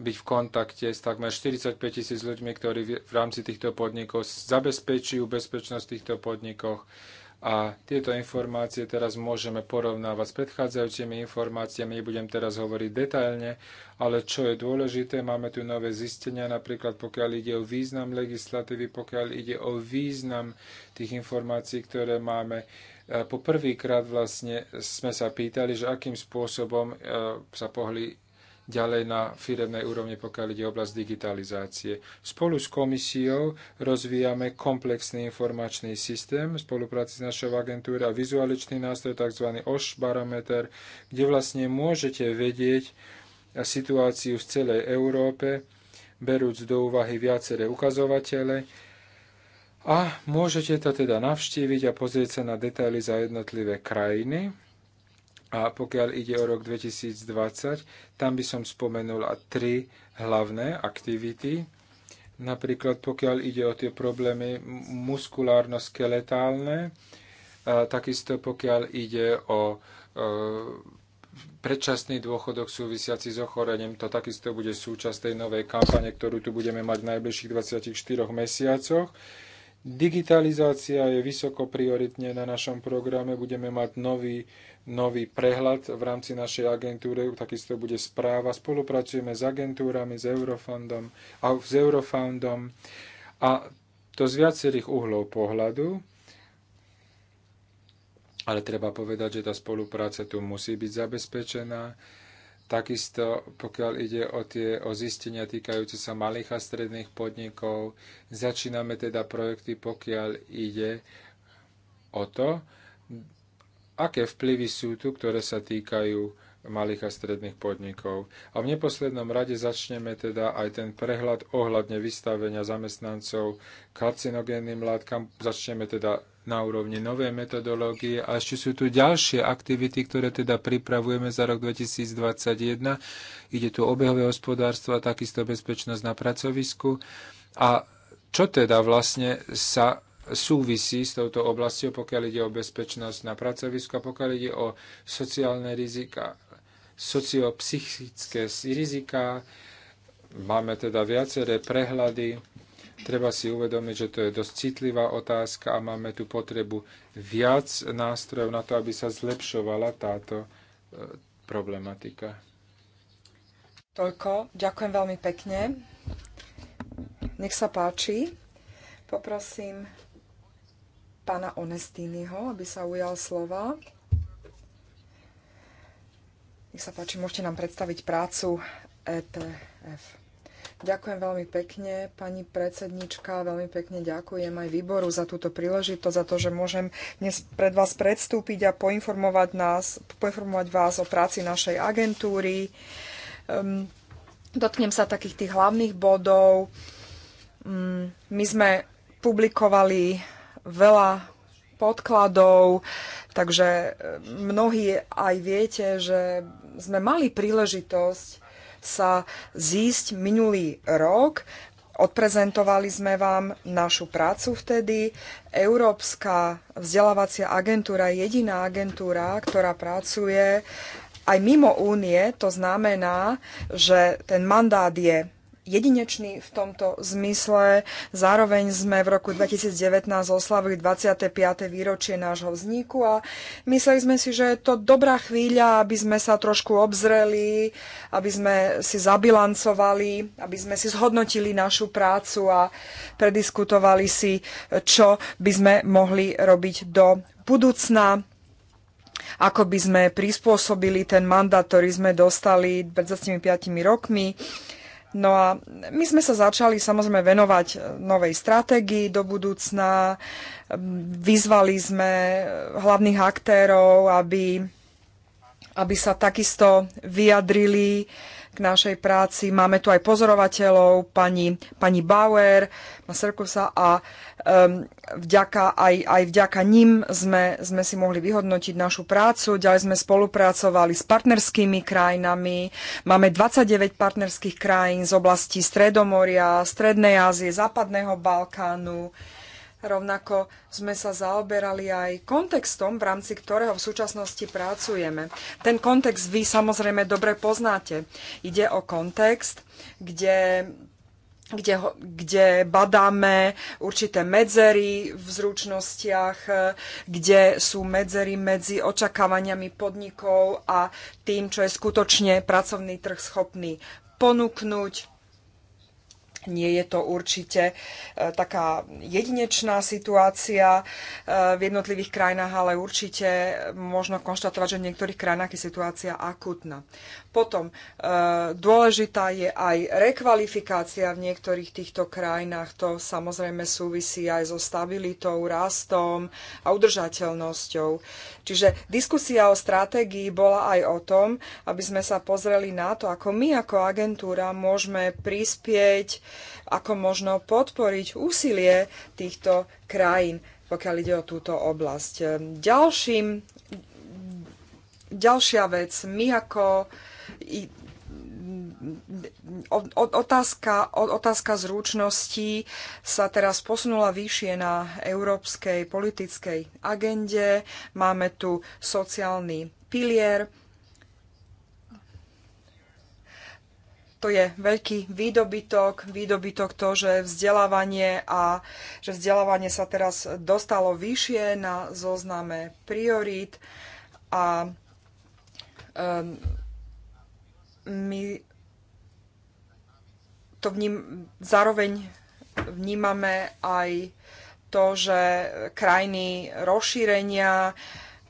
byť v kontakte s takmer 45 tisíc ľuďmi, ktorí v rámci týchto podnikov zabezpečujú bezpečnosť v týchto podnikoch a tieto informácie teraz môžeme porovnávať s predchádzajúcimi informáciami. Nebudem teraz hovoriť detailne, ale čo je dôležité, máme tu nové zistenia, napríklad pokiaľ ide o význam legislatívy, pokiaľ ide o význam tých informácií, ktoré máme. E, po prvýkrát vlastne sme sa pýtali, že akým spôsobom e, sa pohli ďalej na firemnej úrovni, pokiaľ ide oblasť digitalizácie. Spolu s komisiou rozvíjame komplexný informačný systém v spolupráci s našou agentúrou a vizualičný nástroj, tzv. OŠ barometer, kde vlastne môžete vedieť situáciu v celej Európe, berúc do úvahy viaceré ukazovatele, a môžete to teda navštíviť a pozrieť sa na detaily za jednotlivé krajiny a pokiaľ ide o rok 2020, tam by som spomenul tri hlavné aktivity. Napríklad pokiaľ ide o tie problémy muskulárno-skeletálne, takisto pokiaľ ide o e, predčasný dôchodok súvisiaci s ochorením, to takisto bude súčasť tej novej kampane, ktorú tu budeme mať v najbližších 24 mesiacoch. Digitalizácia je vysoko prioritne na našom programe. Budeme mať nový, nový prehľad v rámci našej agentúry, takisto bude správa. Spolupracujeme s agentúrami, s Eurofondom, a s Eurofoundom a to z viacerých uhlov pohľadu. Ale treba povedať, že tá spolupráca tu musí byť zabezpečená Takisto, pokiaľ ide o tie o zistenia týkajúce sa malých a stredných podnikov, začíname teda projekty, pokiaľ ide o to, aké vplyvy sú tu, ktoré sa týkajú malých a stredných podnikov. A v neposlednom rade začneme teda aj ten prehľad ohľadne vystavenia zamestnancov karcinogénnym látkam. Začneme teda na úrovni novej metodológie a ešte sú tu ďalšie aktivity, ktoré teda pripravujeme za rok 2021. Ide tu obehové hospodárstvo a takisto bezpečnosť na pracovisku. A čo teda vlastne sa súvisí s touto oblasťou, pokiaľ ide o bezpečnosť na pracovisku a pokiaľ ide o sociálne rizika, sociopsychické rizika. Máme teda viaceré prehľady Treba si uvedomiť, že to je dosť citlivá otázka a máme tu potrebu viac nástrojov na to, aby sa zlepšovala táto e, problematika. Toľko. Ďakujem veľmi pekne. Nech sa páči. Poprosím pána Onestínyho, aby sa ujal slova. Nech sa páči, môžete nám predstaviť prácu ETF. Ďakujem veľmi pekne, pani predsednička, veľmi pekne ďakujem aj výboru za túto príležitosť, za to, že môžem dnes pred vás predstúpiť a poinformovať, nás, poinformovať vás o práci našej agentúry. Um, dotknem sa takých tých hlavných bodov. Um, my sme publikovali veľa podkladov, takže ehm, mnohí aj viete, že sme mali príležitosť sa zísť minulý rok. Odprezentovali sme vám našu prácu vtedy. Európska vzdelávacia agentúra je jediná agentúra, ktorá pracuje aj mimo únie. To znamená, že ten mandát je jedinečný v tomto zmysle. Zároveň sme v roku 2019 oslavili 25. výročie nášho vzniku a mysleli sme si, že je to dobrá chvíľa, aby sme sa trošku obzreli, aby sme si zabilancovali, aby sme si zhodnotili našu prácu a prediskutovali si, čo by sme mohli robiť do budúcna ako by sme prispôsobili ten mandát, ktorý sme dostali 25 rokmi. No a my sme sa začali samozrejme venovať e, novej stratégii do budúcna. Vyzvali sme e, hlavných aktérov, aby, aby sa takisto vyjadrili našej práci. Máme tu aj pozorovateľov, pani, pani Bauer, Maserkusa a um, vďaka, aj, aj vďaka ním sme, sme si mohli vyhodnotiť našu prácu. Ďalej sme spolupracovali s partnerskými krajinami. Máme 29 partnerských krajín z oblasti Stredomoria, Strednej Ázie, Západného Balkánu. Rovnako sme sa zaoberali aj kontextom, v rámci ktorého v súčasnosti pracujeme. Ten kontext vy samozrejme dobre poznáte. Ide o kontext, kde kde, kde badáme určité medzery v zručnostiach, kde sú medzery medzi očakávaniami podnikov a tým, čo je skutočne pracovný trh schopný ponúknuť. Nie je to určite e, taká jedinečná situácia e, v jednotlivých krajinách, ale určite možno konštatovať, že v niektorých krajinách je situácia akutná. Potom e, dôležitá je aj rekvalifikácia v niektorých týchto krajinách. To samozrejme súvisí aj so stabilitou, rastom a udržateľnosťou. Čiže diskusia o stratégii bola aj o tom, aby sme sa pozreli na to, ako my ako agentúra môžeme prispieť, ako možno podporiť úsilie týchto krajín pokiaľ ide o túto oblasť. Ďalším, ďalšia vec, my ako Mm, otázka, otázka zručností sa teraz posunula vyššie na európskej politickej agende. Máme tu sociálny pilier. To je veľký výdobytok, výdobytok to, že vzdelávanie, a, že vzdelávanie sa teraz dostalo vyššie na zozname priorít a um, my to vním, zároveň vnímame aj to, že krajiny rozšírenia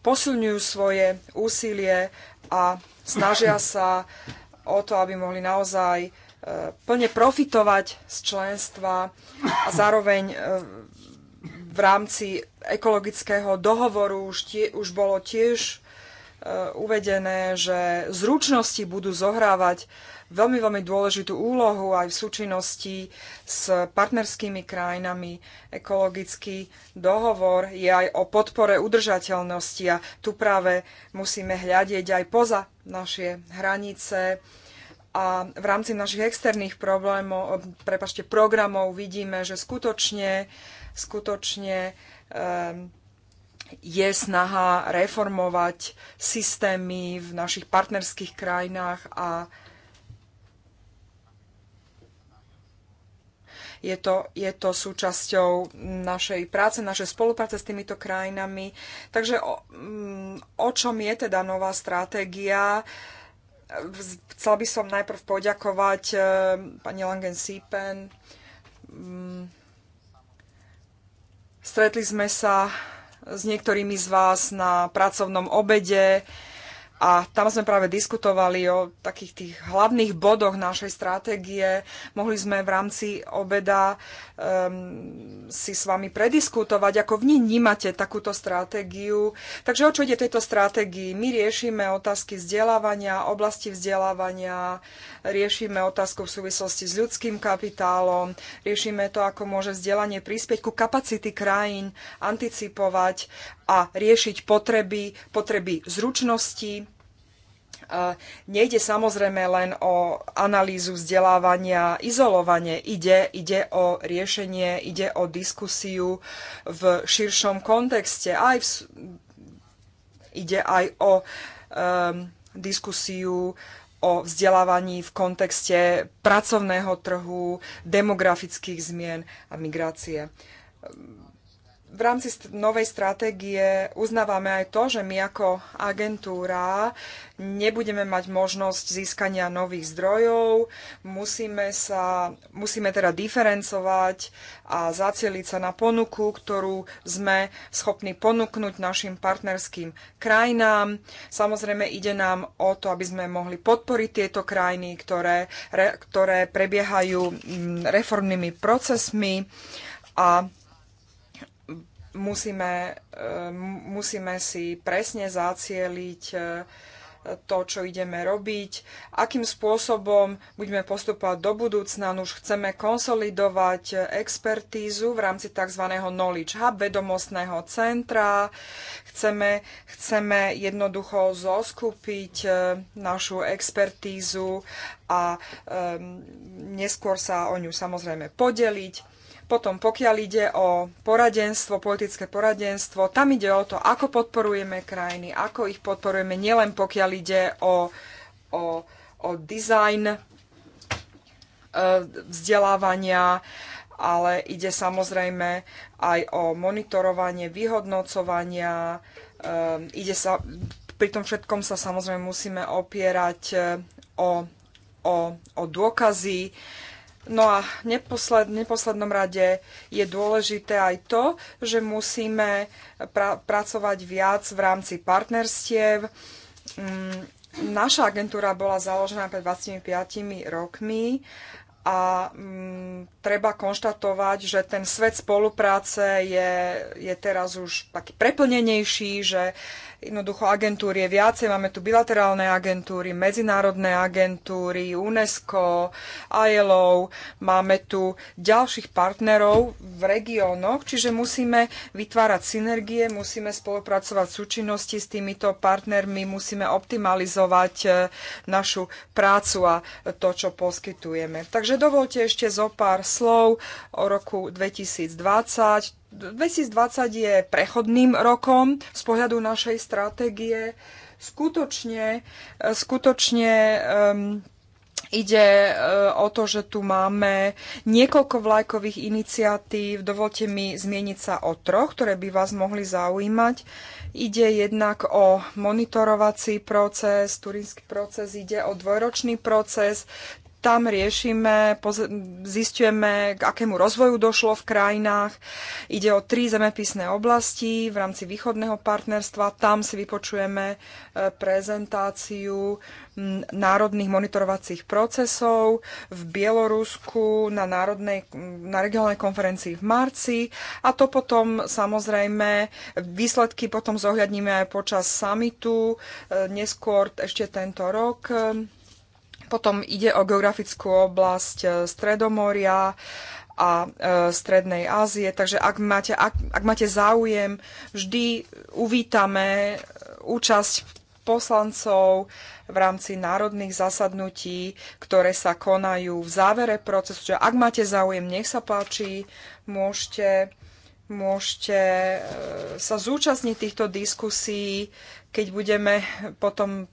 posilňujú svoje úsilie a snažia (coughs) sa o to, aby mohli naozaj e, plne profitovať z členstva a (coughs) zároveň e, v rámci ekologického dohovoru už, tie, už bolo tiež E, uvedené, že zručnosti budú zohrávať veľmi, veľmi dôležitú úlohu aj v súčinnosti s partnerskými krajinami. Ekologický dohovor je aj o podpore udržateľnosti a tu práve musíme hľadieť aj poza naše hranice a v rámci našich externých problémov, e, prepašte, programov vidíme, že skutočne, skutočne um, je snaha reformovať systémy v našich partnerských krajinách a je to, je to súčasťou našej práce, našej spolupráce s týmito krajinami. Takže o, mm, o čom je teda nová stratégia? Chcel by som najprv poďakovať e, pani Langen Siepen. Mm. Stretli sme sa s niektorými z vás na pracovnom obede. A tam sme práve diskutovali o takých tých hlavných bodoch našej stratégie. Mohli sme v rámci obeda um, si s vami prediskutovať, ako vnímate takúto stratégiu. Takže o čo ide tejto stratégii? My riešime otázky vzdelávania, oblasti vzdelávania, riešime otázku v súvislosti s ľudským kapitálom, riešime to, ako môže vzdelanie prispieť ku kapacity krajín, anticipovať a riešiť potreby, potreby zručnosti, E, nejde samozrejme len o analýzu vzdelávania izolovanie, ide, ide o riešenie, ide o diskusiu v širšom kontexte. Aj v, ide aj o um, diskusiu o vzdelávaní v kontexte pracovného trhu, demografických zmien a migrácie v rámci novej stratégie uznávame aj to, že my ako agentúra nebudeme mať možnosť získania nových zdrojov, musíme, sa, musíme teda diferencovať a zacieliť sa na ponuku, ktorú sme schopní ponúknuť našim partnerským krajinám. Samozrejme ide nám o to, aby sme mohli podporiť tieto krajiny, ktoré, re, ktoré prebiehajú mm, reformnými procesmi a musíme, eh, musíme si presne zacieliť eh, to, čo ideme robiť, akým spôsobom budeme postupovať do budúcna. No už chceme konsolidovať eh, expertízu v rámci tzv. knowledge hub, vedomostného centra. Chceme, chceme jednoducho zoskupiť našu expertízu a um, neskôr sa o ňu samozrejme podeliť potom, pokiaľ ide o poradenstvo, politické poradenstvo, tam ide o to, ako podporujeme krajiny, ako ich podporujeme, nielen pokiaľ ide o, o, o dizajn e, vzdelávania, ale ide samozrejme aj o monitorovanie, vyhodnocovania. E, ide sa, pri tom všetkom sa samozrejme musíme opierať e, o, o, o dôkazy No a v neposled, neposlednom rade je dôležité aj to, že musíme pra- pracovať viac v rámci partnerstiev. Mm, naša agentúra bola založená pred 25 rokmi a mm, treba konštatovať, že ten svet spolupráce je, je teraz už taký preplnenejší, že Jednoducho agentúr je viacej, máme tu bilaterálne agentúry, medzinárodné agentúry, UNESCO, ILO, máme tu ďalších partnerov v regiónoch, čiže musíme vytvárať synergie, musíme spolupracovať v súčinnosti s týmito partnermi, musíme optimalizovať e, našu prácu a to, čo poskytujeme. Takže dovolte ešte zo pár slov o roku 2020 2020 je prechodným rokom z pohľadu našej stratégie. Skutočne, e, skutočne um, Ide e, o to, že tu máme niekoľko vlajkových iniciatív. Dovolte mi zmieniť sa o troch, ktoré by vás mohli zaujímať. Ide jednak o monitorovací proces, turínsky proces, ide o dvojročný proces, tam riešime, zistujeme, k akému rozvoju došlo v krajinách. Ide o tri zemepisné oblasti v rámci východného partnerstva. Tam si vypočujeme e, prezentáciu národných monitorovacích procesov v Bielorusku na, národnej, na regionálnej konferencii v marci. A to potom samozrejme výsledky potom zohľadníme aj počas samitu e, neskôr ešte tento rok potom ide o geografickú oblasť e, Stredomoria a e, Strednej Ázie. Takže ak máte, ak, ak máte záujem, vždy uvítame e, účasť poslancov v rámci národných zasadnutí, ktoré sa konajú v závere procesu. Čiže ak máte záujem, nech sa páči, môžete, môžete e, sa zúčastniť týchto diskusí, keď budeme potom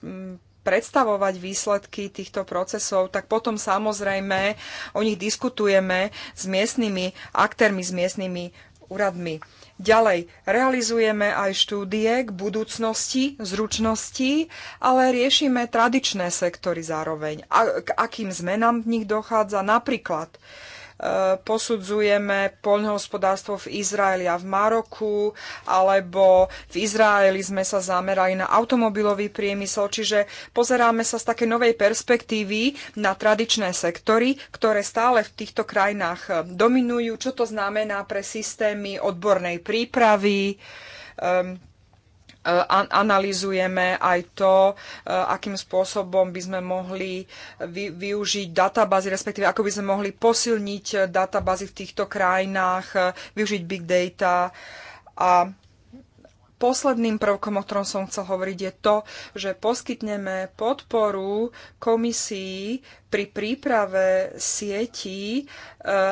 predstavovať výsledky týchto procesov, tak potom samozrejme o nich diskutujeme s miestnymi aktérmi, s miestnymi úradmi. Ďalej, realizujeme aj štúdie k budúcnosti, zručnosti, ale riešime tradičné sektory zároveň. A k akým zmenám v nich dochádza napríklad posudzujeme poľnohospodárstvo v Izraeli a v Maroku, alebo v Izraeli sme sa zamerali na automobilový priemysel, čiže pozeráme sa z také novej perspektívy na tradičné sektory, ktoré stále v týchto krajinách eh, dominujú, čo to znamená pre systémy odbornej prípravy, ehm, E, analizujeme aj to, e, akým spôsobom by sme mohli využiť databázy, respektíve ako by sme mohli posilniť databázy v týchto krajinách, e, využiť big data a posledným prvkom, o ktorom som chcel hovoriť, je to, že poskytneme podporu komisii pri príprave sietí eh,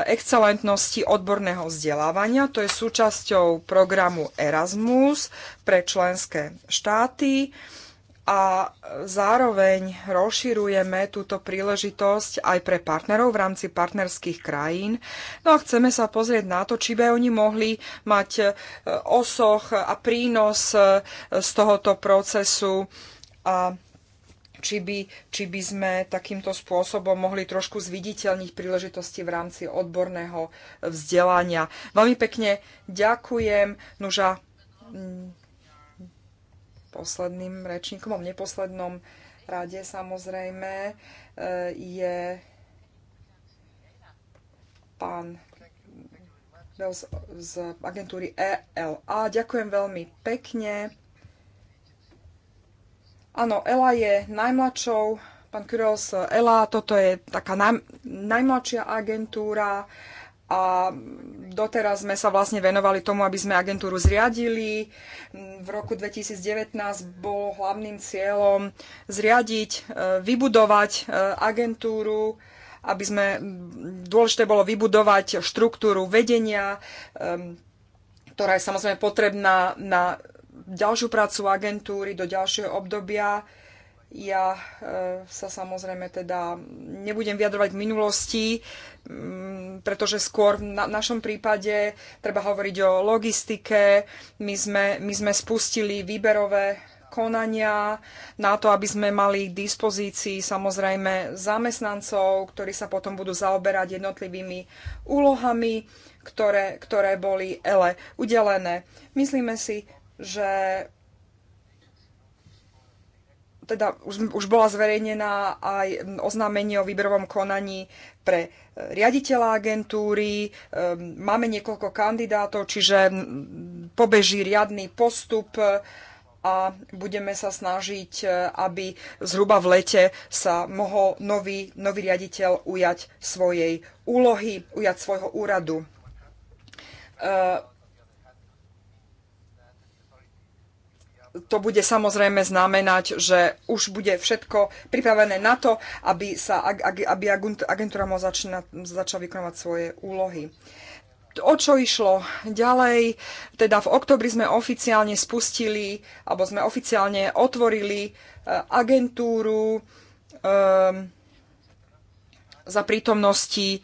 excelentnosti odborného vzdelávania. To je súčasťou programu Erasmus pre členské štáty a zároveň rozširujeme túto príležitosť aj pre partnerov v rámci partnerských krajín. No a chceme sa pozrieť na to, či by oni mohli mať e, osoch a prínos e, z tohoto procesu a či by, či by sme takýmto spôsobom mohli trošku zviditeľniť príležitosti v rámci odborného vzdelania. Veľmi pekne ďakujem. Nuža, posledným rečníkom, v neposlednom rade samozrejme, e, je pán z, z agentúry ELA. Ďakujem veľmi pekne. Áno, Ela je najmladšou, pán Kyros, Ela, toto je taká naj, najmladšia agentúra, a doteraz sme sa vlastne venovali tomu, aby sme agentúru zriadili. V roku 2019 bolo hlavným cieľom zriadiť, e, vybudovať e, agentúru, aby sme, dôležité bolo vybudovať štruktúru vedenia, ktorá je samozrejme potrebná na ďalšiu prácu agentúry do ďalšieho obdobia ja e, sa samozrejme teda nebudem vyjadrovať k minulosti, mm, pretože skôr v na našom prípade treba hovoriť o logistike. My sme, my sme spustili výberové konania na to, aby sme mali k dispozícii samozrejme zamestnancov, ktorí sa potom budú zaoberať jednotlivými úlohami, ktoré, ktoré boli ele udelené. Myslíme si, že teda už, už bola zverejnená aj oznámenie o výberovom konaní pre e, riaditeľa agentúry. E, máme niekoľko kandidátov, čiže pobeží riadny postup e, a budeme sa snažiť, aby zhruba v lete sa mohol nový, nový riaditeľ ujať svojej úlohy, ujať svojho úradu. to bude samozrejme znamenať, že už bude všetko pripravené na to, aby, sa, aby agentúra mohla začala, začala vykonávať svoje úlohy. O čo išlo ďalej? Teda v oktobri sme oficiálne spustili, alebo sme oficiálne otvorili e, agentúru um, za prítomnosti uh,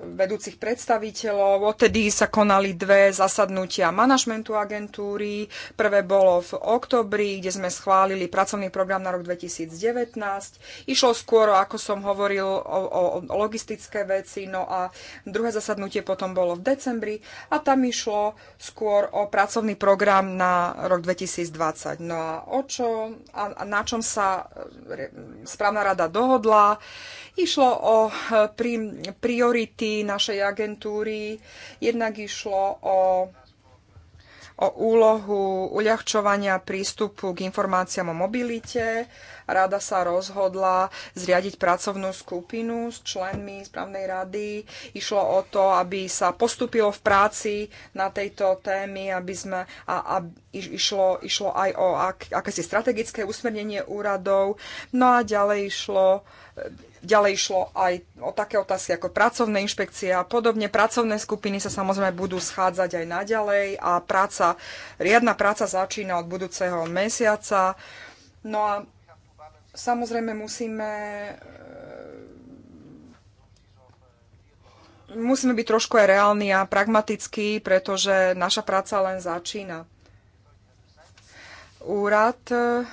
vedúcich predstaviteľov. Odtedy sa konali dve zasadnutia manažmentu agentúry. Prvé bolo v oktobri, kde sme schválili pracovný program na rok 2019. Išlo skôr, ako som hovoril, o, o, logistické veci. No a druhé zasadnutie potom bolo v decembri a tam išlo skôr o pracovný program na rok 2020. No a o čo a na čom sa e, správna rada dohodla? Išlo o e, pri, priority našej agentúry, jednak išlo o o úlohu uľahčovania prístupu k informáciám o mobilite. Rada sa rozhodla zriadiť pracovnú skupinu s členmi správnej rady. Išlo o to, aby sa postupilo v práci na tejto témy, aby sme, a, a išlo, išlo aj o ak, akési strategické usmernenie úradov. No a ďalej išlo Ďalej išlo aj o také otázky ako pracovné inšpekcie a podobne. Pracovné skupiny sa samozrejme budú schádzať aj naďalej a práca, riadna práca začína od budúceho mesiaca. No a samozrejme musíme e, musíme byť trošku aj reálni a pragmatickí, pretože naša práca len začína. Úrad e,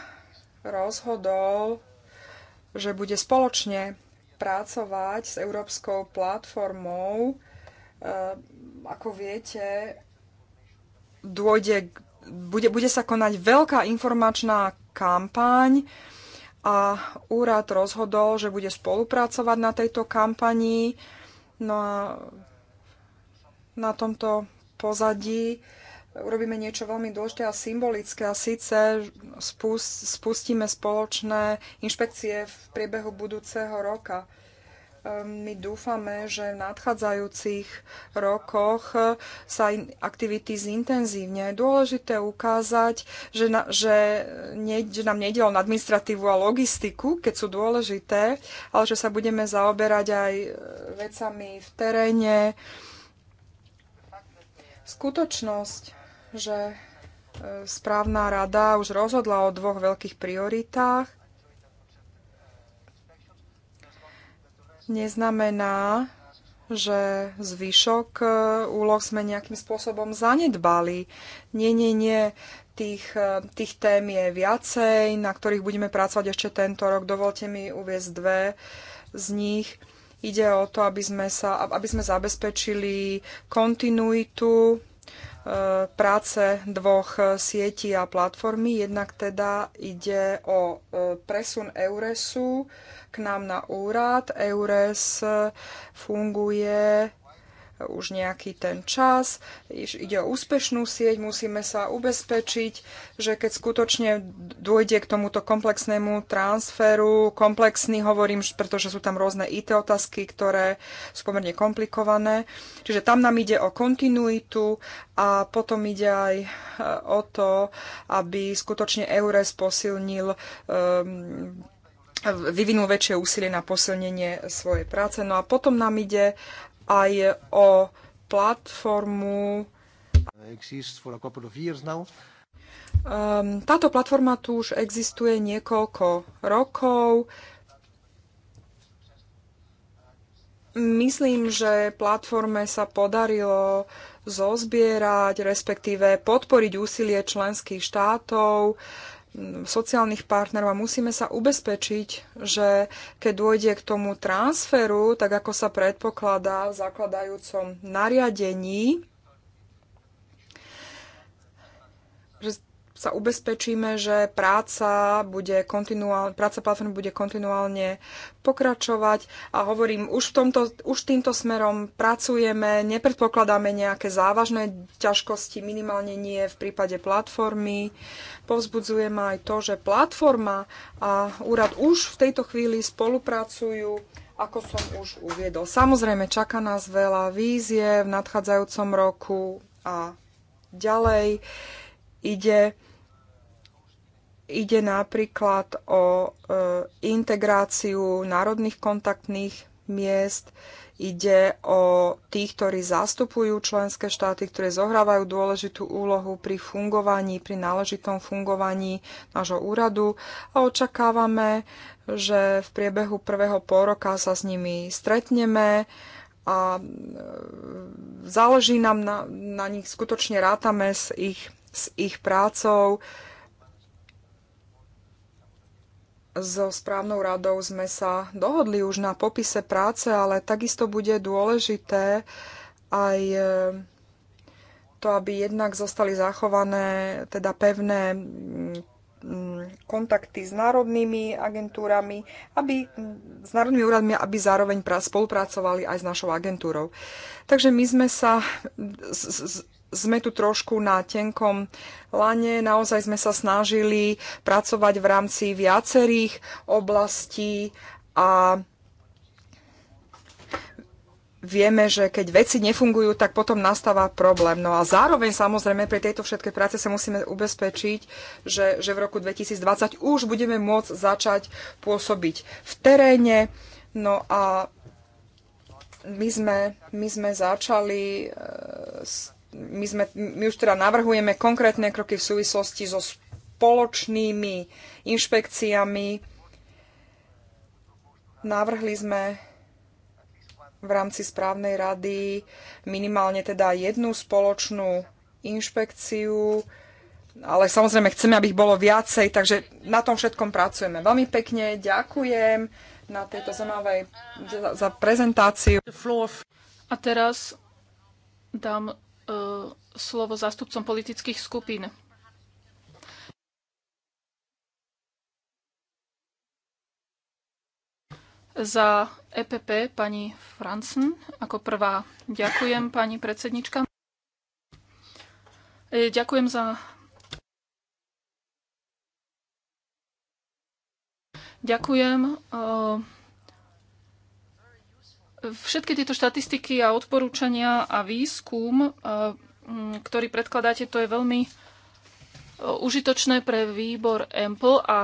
rozhodol že bude spoločne pracovať s Európskou platformou. E, ako viete, dôjde, bude, bude sa konať veľká informačná kampaň a úrad rozhodol, že bude spolupracovať na tejto kampani. No a na tomto pozadí urobíme niečo veľmi dôležité a symbolické a síce spustíme spoločné inšpekcie v priebehu budúceho roka ehm, my dúfame, že v nadchádzajúcich rokoch e, sa aktivity zintenzívne. Je dôležité ukázať, že, na, že, ne, že nám nejde len administratívu a logistiku, keď sú dôležité, ale že sa budeme zaoberať aj e, vecami v teréne. Skutočnosť, že e, správna rada už rozhodla o dvoch veľkých prioritách. Neznamená, že zvyšok e, úloh sme nejakým spôsobom zanedbali. Nie, nie, nie. Tých, e, tých tém je viacej, na ktorých budeme pracovať ešte tento rok. Dovolte mi uviezť dve z nich. Ide o to, aby sme, sa, aby sme zabezpečili kontinuitu práce dvoch sietí a platformy. Jednak teda ide o e, presun Euresu k nám na úrad. Eures funguje už nejaký ten čas. Ide o úspešnú sieť, musíme sa ubezpečiť, že keď skutočne dôjde k tomuto komplexnému transferu, komplexný hovorím, pretože sú tam rôzne IT otázky, ktoré sú pomerne komplikované. Čiže tam nám ide o kontinuitu a potom ide aj e, o to, aby skutočne EURES posilnil um, vyvinul väčšie úsilie na posilnenie svojej práce. No a potom nám ide aj o platformu ehm, táto platforma tu už existuje niekoľko rokov. Myslím, že platforme sa podarilo zozbierať, respektíve podporiť úsilie členských štátov sociálnych partnerov a musíme sa ubezpečiť, že keď dôjde k tomu transferu, tak ako sa predpokladá v zakladajúcom nariadení, sa ubezpečíme, že práca, bude kontinuál, práca platformy bude kontinuálne pokračovať a hovorím, už, v tomto, už týmto smerom pracujeme, nepredpokladáme nejaké závažné ťažkosti, minimálne nie v prípade platformy. Povzbudzujem aj to, že platforma a úrad už v tejto chvíli spolupracujú ako som už uviedol. Samozrejme, čaká nás veľa vízie v nadchádzajúcom roku a ďalej ide Ide napríklad o e, integráciu národných kontaktných miest, ide o tých, ktorí zastupujú členské štáty, ktoré zohrávajú dôležitú úlohu pri fungovaní, pri náležitom fungovaní nášho úradu a očakávame, že v priebehu prvého pôroka sa s nimi stretneme a e, záleží nám na, na nich, skutočne rátame s ich, s ich prácou so správnou radou sme sa dohodli už na popise práce, ale takisto bude dôležité aj e, to, aby jednak zostali zachované teda pevné mm, mm, kontakty s národnými agentúrami, aby, mm, s národnými úradmi, aby zároveň spolupracovali aj s našou agentúrou. Takže my sme sa, sme tu trošku na tenkom lane. Naozaj sme sa snažili pracovať v rámci viacerých oblastí a vieme, že keď veci nefungujú, tak potom nastáva problém. No a zároveň samozrejme pri tejto všetkej práce sa musíme ubezpečiť, že, že v roku 2020 už budeme môcť začať pôsobiť v teréne. No a my sme, my sme začali e, s my, sme, my už teda navrhujeme konkrétne kroky v súvislosti so spoločnými inšpekciami. Navrhli sme v rámci správnej rady minimálne teda jednu spoločnú inšpekciu, ale samozrejme chceme, aby ich bolo viacej, takže na tom všetkom pracujeme. Veľmi pekne ďakujem na tejto zaujímavej za, za prezentáciu. A teraz dám E, slovo zástupcom politických skupín. Za EPP pani Fransen ako prvá. Ďakujem pani predsednička. E, ďakujem za Ďakujem. E, Všetky tieto štatistiky a odporúčania a výskum, eh, mm, ktorý predkladáte, to je veľmi eh, užitočné pre výbor EMPL a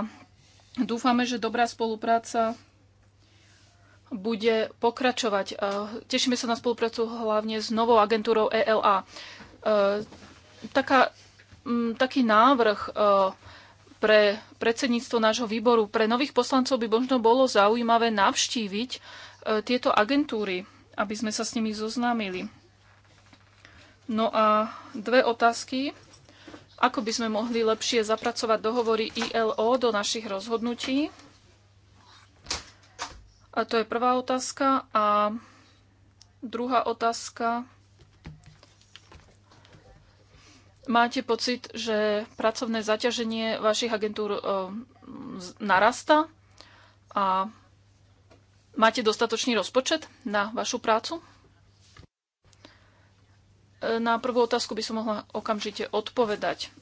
dúfame, že dobrá spolupráca bude pokračovať. Eh, tešíme sa na spoluprácu hlavne s novou agentúrou ELA. Taká, mm, taký návrh pre predsedníctvo nášho výboru pre nových poslancov by možno bolo zaujímavé navštíviť E, tieto agentúry, aby sme sa s nimi zoznámili. No a dve otázky. Ako by sme mohli lepšie zapracovať dohovory ILO do našich rozhodnutí? A to je prvá otázka. A druhá otázka. Máte pocit, že pracovné zaťaženie vašich agentúr e, narasta? A Máte dostatočný rozpočet na vašu prácu? E, na prvú otázku by som mohla okamžite odpovedať.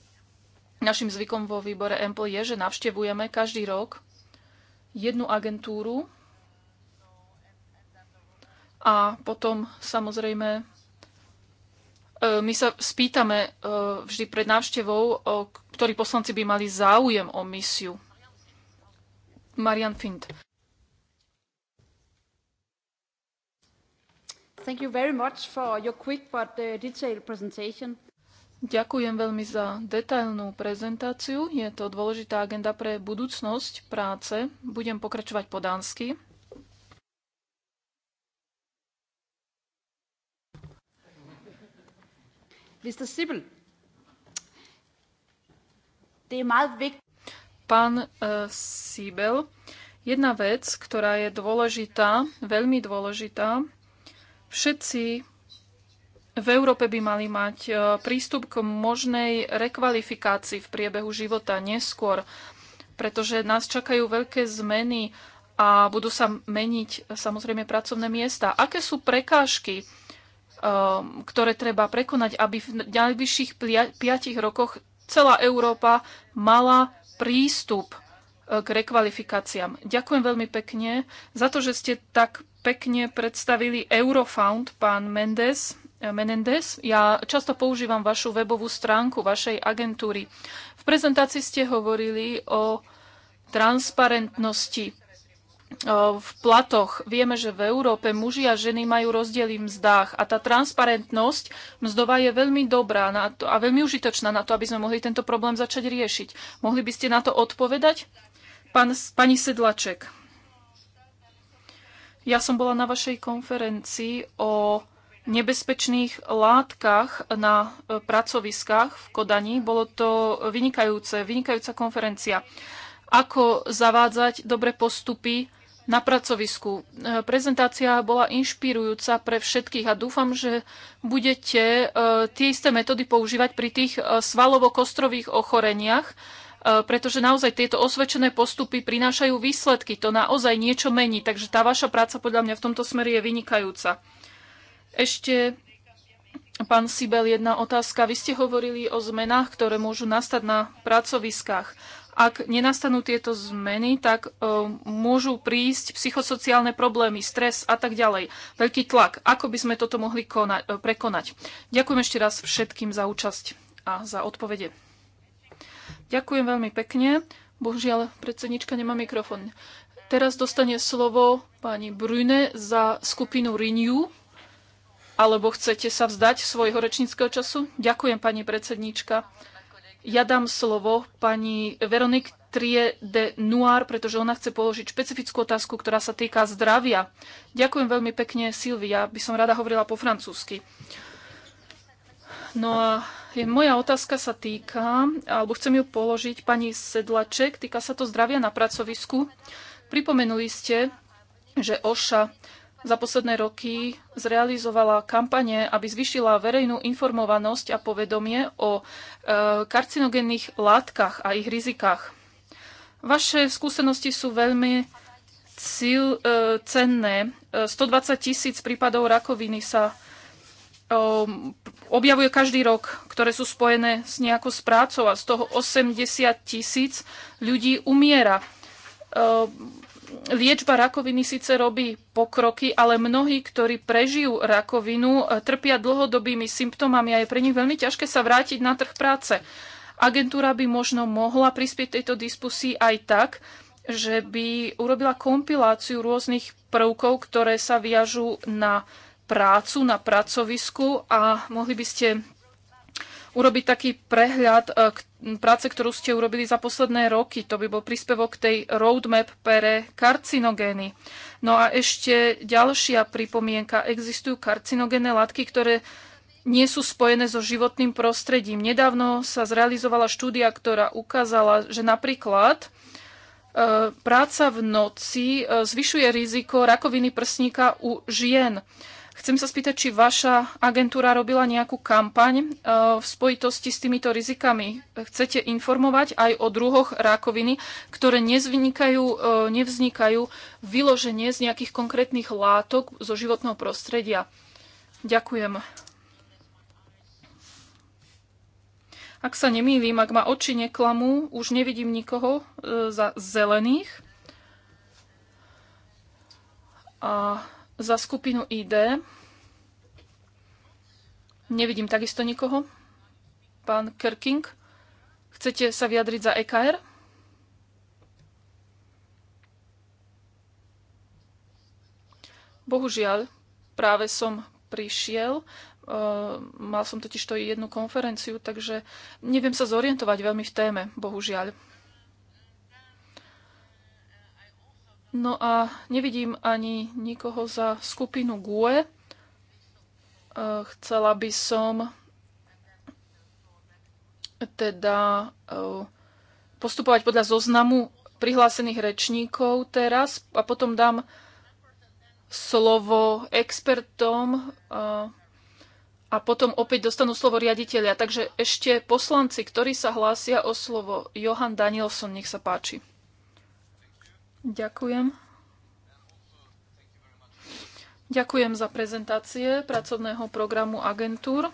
Našim zvykom vo výbore EMPL je, že navštevujeme každý rok jednu agentúru a potom samozrejme e, my sa spýtame e, vždy pred návštevou, ktorí poslanci by mali záujem o misiu. Marian Fint. Thank you very much for your quick but uh, detailed presentation. Ďakujem veľmi za detailnú prezentáciu. Je to dôležitá agenda pre budúcnosť práce. Budem pokračovať po dánsky. Mr. Sibyl, det er meget vigtigt. Pán uh, eh, Siebel, jedna vec, ktorá je dôležitá, veľmi dôležitá, Všetci v Európe by mali mať e, prístup k možnej rekvalifikácii v priebehu života neskôr, pretože nás čakajú veľké zmeny a budú sa meniť e, samozrejme pracovné miesta. Aké sú prekážky, e, ktoré treba prekonať, aby v najbližších piatich rokoch celá Európa mala prístup k rekvalifikáciám. Ďakujem veľmi pekne za to, že ste tak pekne predstavili Eurofound, pán Mendes. Eh, Menendez, ja často používam vašu webovú stránku vašej agentúry. V prezentácii ste hovorili o transparentnosti eh, v platoch. Vieme, že v Európe muži a ženy majú rozdiely v mzdách a tá transparentnosť mzdová je veľmi dobrá na to, a veľmi užitočná na to, aby sme mohli tento problém začať riešiť. Mohli by ste na to odpovedať? Pán, pani Sedlaček. Ja som bola na vašej konferencii o nebezpečných látkach na e, pracoviskách v Kodani. Bolo to vynikajúce, vynikajúca konferencia. Ako zavádzať dobre postupy na pracovisku. E, prezentácia bola inšpirujúca pre všetkých a dúfam, že budete e, tie isté metódy používať pri tých svalovo-kostrových ochoreniach, E, pretože naozaj tieto osvedčené postupy prinášajú výsledky. To naozaj niečo mení, takže tá vaša práca podľa mňa v tomto smere je vynikajúca. Ešte pán Sibel, jedna otázka. Vy ste hovorili o zmenách, ktoré môžu nastať na pracoviskách. Ak nenastanú tieto zmeny, tak e, môžu prísť psychosociálne problémy, stres a tak ďalej. Veľký tlak. Ako by sme toto mohli konať, prekonať? Ďakujem ešte raz všetkým za účasť a za odpovede. Ďakujem veľmi pekne. Bohužiaľ, predsednička nemá mikrofón. Teraz dostane slovo pani Brune za skupinu Renew. Alebo chcete sa vzdať svojho rečníckého času? Ďakujem, pani predsednička. Ja dám slovo pani Veronik Trie de Noir, pretože ona chce položiť špecifickú otázku, ktorá sa týka zdravia. Ďakujem veľmi pekne, Silvia. By som rada hovorila po francúzsky. No a moja otázka sa týka, alebo chcem ju položiť pani Sedlaček, týka sa to zdravia na pracovisku. Pripomenuli ste, že OŠA za posledné roky zrealizovala kampane, aby zvyšila verejnú informovanosť a povedomie o e, karcinogénnych látkach a ich rizikách. Vaše skúsenosti sú veľmi e, cenné. 120 e, tisíc prípadov rakoviny sa Ehm, objavuje každý rok, ktoré sú spojené s nejakou s prácou a z toho 80 tisíc ľudí umiera. Ehm, liečba rakoviny síce robí pokroky, ale mnohí, ktorí prežijú rakovinu, e, trpia dlhodobými symptómami a je pre nich veľmi ťažké sa vrátiť na trh práce. Agentúra by možno mohla prispieť tejto diskusii aj tak, že by urobila kompiláciu rôznych prvkov, ktoré sa viažú na prácu na pracovisku a mohli by ste urobiť taký prehľad e, k práce, ktorú ste urobili za posledné roky. To by bol príspevok k tej roadmap pre karcinogény. No a ešte ďalšia pripomienka. Existujú karcinogénne látky, ktoré nie sú spojené so životným prostredím. Nedávno sa zrealizovala štúdia, ktorá ukázala, že napríklad e, práca v noci e, zvyšuje riziko rakoviny prsníka u žien. Chcem sa spýtať, či vaša agentúra robila nejakú kampaň e, v spojitosti s týmito rizikami. Chcete informovať aj o druhoch rákoviny, ktoré nevznikajú, e, nevznikajú vyloženie z nejakých konkrétnych látok zo životného prostredia. Ďakujem. Ak sa nemýlim, ak ma oči neklamú, už nevidím nikoho e, za zelených. A za skupinu ID nevidím takisto nikoho. Pán Kerking, chcete sa vyjadriť za EKR? Bohužiaľ, práve som prišiel. E, mal som totiž to jednu konferenciu, takže neviem sa zorientovať veľmi v téme, bohužiaľ. No a nevidím ani nikoho za skupinu GUE. E, chcela by som teda e, postupovať podľa zoznamu prihlásených rečníkov teraz a potom dám slovo expertom e, a potom opäť dostanú slovo riaditeľia. Takže ešte poslanci, ktorí sa hlásia o slovo. Johan Danielson, nech sa páči. Ďakujem. Ďakujem za prezentácie pracovného programu agentúr.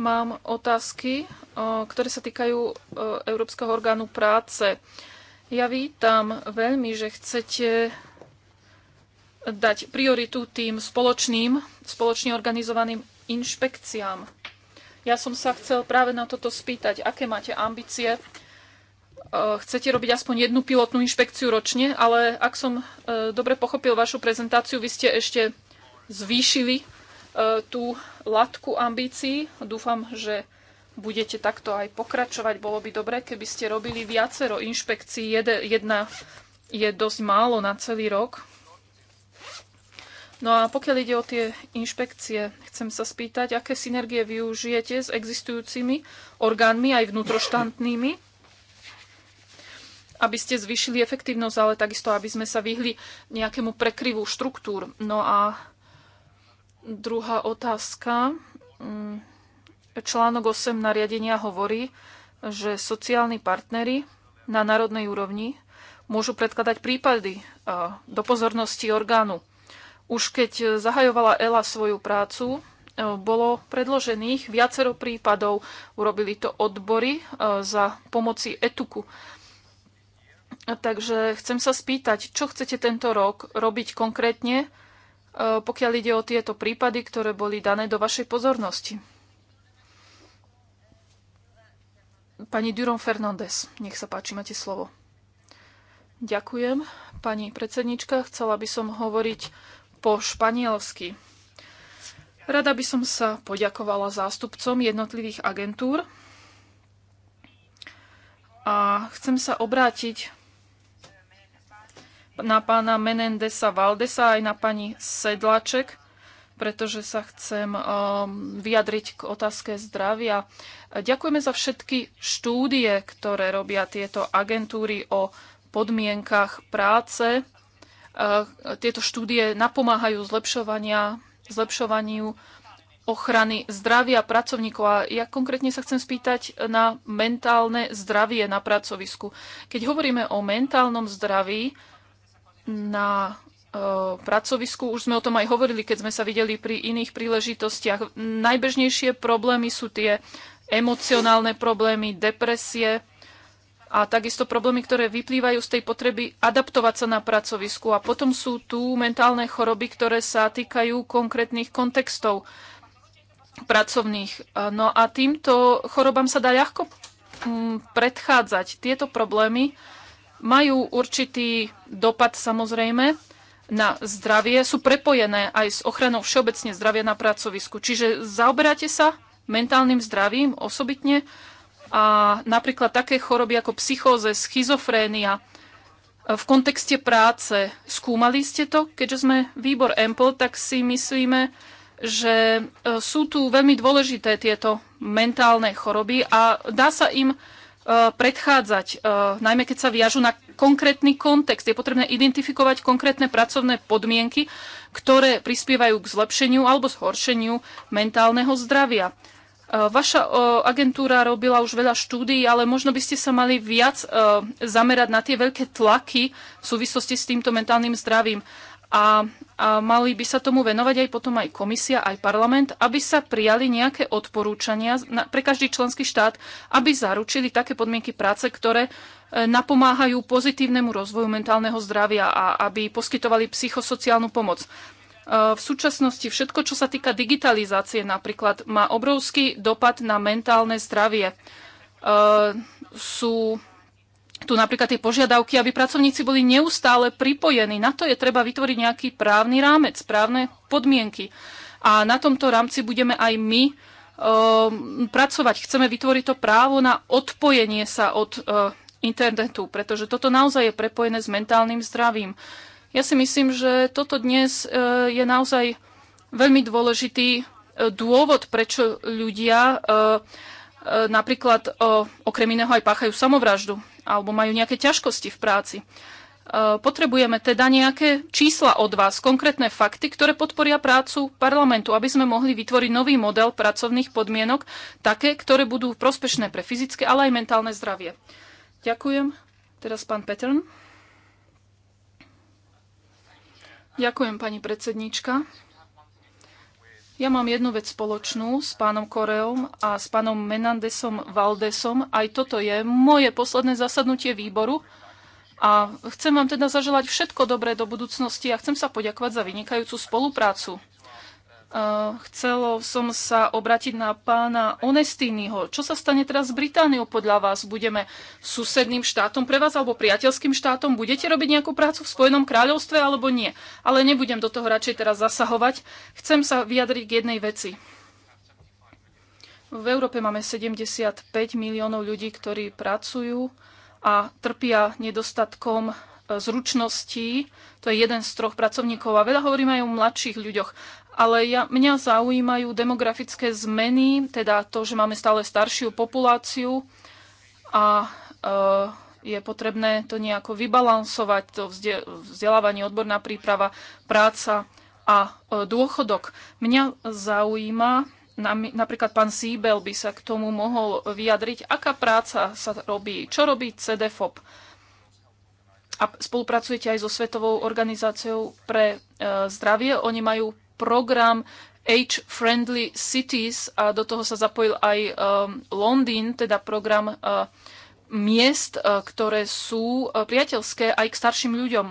Mám otázky, ktoré sa týkajú Európskeho orgánu práce. Ja vítam veľmi, že chcete dať prioritu tým spoločným, spoločne organizovaným inšpekciám. Ja som sa chcel práve na toto spýtať, aké máte ambície E, chcete robiť aspoň jednu pilotnú inšpekciu ročne, ale ak som e, dobre pochopil vašu prezentáciu, vy ste ešte zvýšili e, tú latku ambícií. Dúfam, že budete takto aj pokračovať. Bolo by dobre, keby ste robili viacero inšpekcií. Jedna je dosť málo na celý rok. No a pokiaľ ide o tie inšpekcie, chcem sa spýtať, aké synergie využijete s existujúcimi orgánmi, aj vnútroštátnymi, aby ste zvyšili efektívnosť, ale takisto, aby sme sa vyhli nejakému prekryvu štruktúr. No a druhá otázka. Mm, článok 8 nariadenia hovorí, že sociálni partnery na národnej úrovni môžu predkladať prípady e, do pozornosti orgánu. Už keď zahajovala ELA svoju prácu, e, bolo predložených viacero prípadov. Urobili to odbory e, za pomoci ETUKu. Takže chcem sa spýtať, čo chcete tento rok robiť konkrétne, e, pokiaľ ide o tieto prípady, ktoré boli dané do vašej pozornosti. Pani Duron Fernández, nech sa páči, máte slovo. Ďakujem, pani predsednička. Chcela by som hovoriť po španielsky. Rada by som sa poďakovala zástupcom jednotlivých agentúr a chcem sa obrátiť na pána Menendesa Valdesa aj na pani Sedlaček, pretože sa chcem um, vyjadriť k otázke zdravia. Ďakujeme za všetky štúdie, ktoré robia tieto agentúry o podmienkach práce. Uh, tieto štúdie napomáhajú zlepšovania, zlepšovaniu ochrany zdravia pracovníkov. A ja konkrétne sa chcem spýtať na mentálne zdravie na pracovisku. Keď hovoríme o mentálnom zdraví, na e, pracovisku. Už sme o tom aj hovorili, keď sme sa videli pri iných príležitostiach. Najbežnejšie problémy sú tie emocionálne problémy, depresie a takisto problémy, ktoré vyplývajú z tej potreby adaptovať sa na pracovisku. A potom sú tu mentálne choroby, ktoré sa týkajú konkrétnych kontextov pracovných. E, no a týmto chorobám sa dá ľahko mm, predchádzať. Tieto problémy majú určitý dopad samozrejme na zdravie, sú prepojené aj s ochranou všeobecne zdravia na pracovisku. Čiže zaoberáte sa mentálnym zdravím osobitne a napríklad také choroby ako psychóze, schizofrénia v kontexte práce. Skúmali ste to? Keďže sme výbor EMPL, tak si myslíme, že e, sú tu veľmi dôležité tieto mentálne choroby a dá sa im E, predchádzať, e, najmä keď sa viažu na konkrétny kontext. Je potrebné identifikovať konkrétne pracovné podmienky, ktoré prispievajú k zlepšeniu alebo zhoršeniu mentálneho zdravia. E, vaša agentúra robila už veľa štúdií, ale možno by ste sa mali viac zamerať na tie veľké tlaky v súvislosti s týmto mentálnym zdravím a, a mali by sa tomu venovať aj potom aj komisia, aj parlament, aby sa prijali nejaké odporúčania na, pre každý členský štát, aby zaručili také podmienky práce, ktoré e, napomáhajú pozitívnemu rozvoju mentálneho zdravia a aby poskytovali psychosociálnu pomoc. E, v súčasnosti všetko, čo sa týka digitalizácie napríklad, má obrovský dopad na mentálne zdravie. E, sú tu napríklad tie požiadavky, aby pracovníci boli neustále pripojení. Na to je treba vytvoriť nejaký právny rámec, právne podmienky. A na tomto rámci budeme aj my e, pracovať. Chceme vytvoriť to právo na odpojenie sa od e, internetu, pretože toto naozaj je prepojené s mentálnym zdravím. Ja si myslím, že toto dnes e, je naozaj veľmi dôležitý dôvod, prečo ľudia E, napríklad e, okrem iného aj páchajú samovraždu alebo majú nejaké ťažkosti v práci. E, potrebujeme teda nejaké čísla od vás, konkrétne fakty, ktoré podporia prácu parlamentu, aby sme mohli vytvoriť nový model pracovných podmienok, také, ktoré budú prospešné pre fyzické, ale aj mentálne zdravie. Ďakujem. Teraz pán Petrn. Ďakujem, pani predsedníčka. Ja mám jednu vec spoločnú s pánom Koreom a s pánom Menandesom Valdesom. Aj toto je moje posledné zasadnutie výboru. A chcem vám teda zaželať všetko dobré do budúcnosti a chcem sa poďakovať za vynikajúcu spoluprácu chcel som sa obratiť na pána Onestínyho. Čo sa stane teraz s Britániou podľa vás? Budeme susedným štátom pre vás alebo priateľským štátom? Budete robiť nejakú prácu v Spojenom kráľovstve alebo nie? Ale nebudem do toho radšej teraz zasahovať. Chcem sa vyjadriť k jednej veci. V Európe máme 75 miliónov ľudí, ktorí pracujú a trpia nedostatkom e, zručností, to je jeden z troch pracovníkov a veľa hovoríme aj o mladších ľuďoch ale ja, mňa zaujímajú demografické zmeny, teda to, že máme stále staršiu populáciu a e, je potrebné to nejako vybalansovať, to vzdelávanie, odborná príprava, práca a e, dôchodok. Mňa zaujíma, napríklad pán Siebel by sa k tomu mohol vyjadriť, aká práca sa robí, čo robí CDFOP. A spolupracujete aj so Svetovou organizáciou pre e, zdravie. Oni majú program Age-Friendly Cities a do toho sa zapojil aj um, Londýn, teda program uh, miest, uh, ktoré sú uh, priateľské aj k starším ľuďom.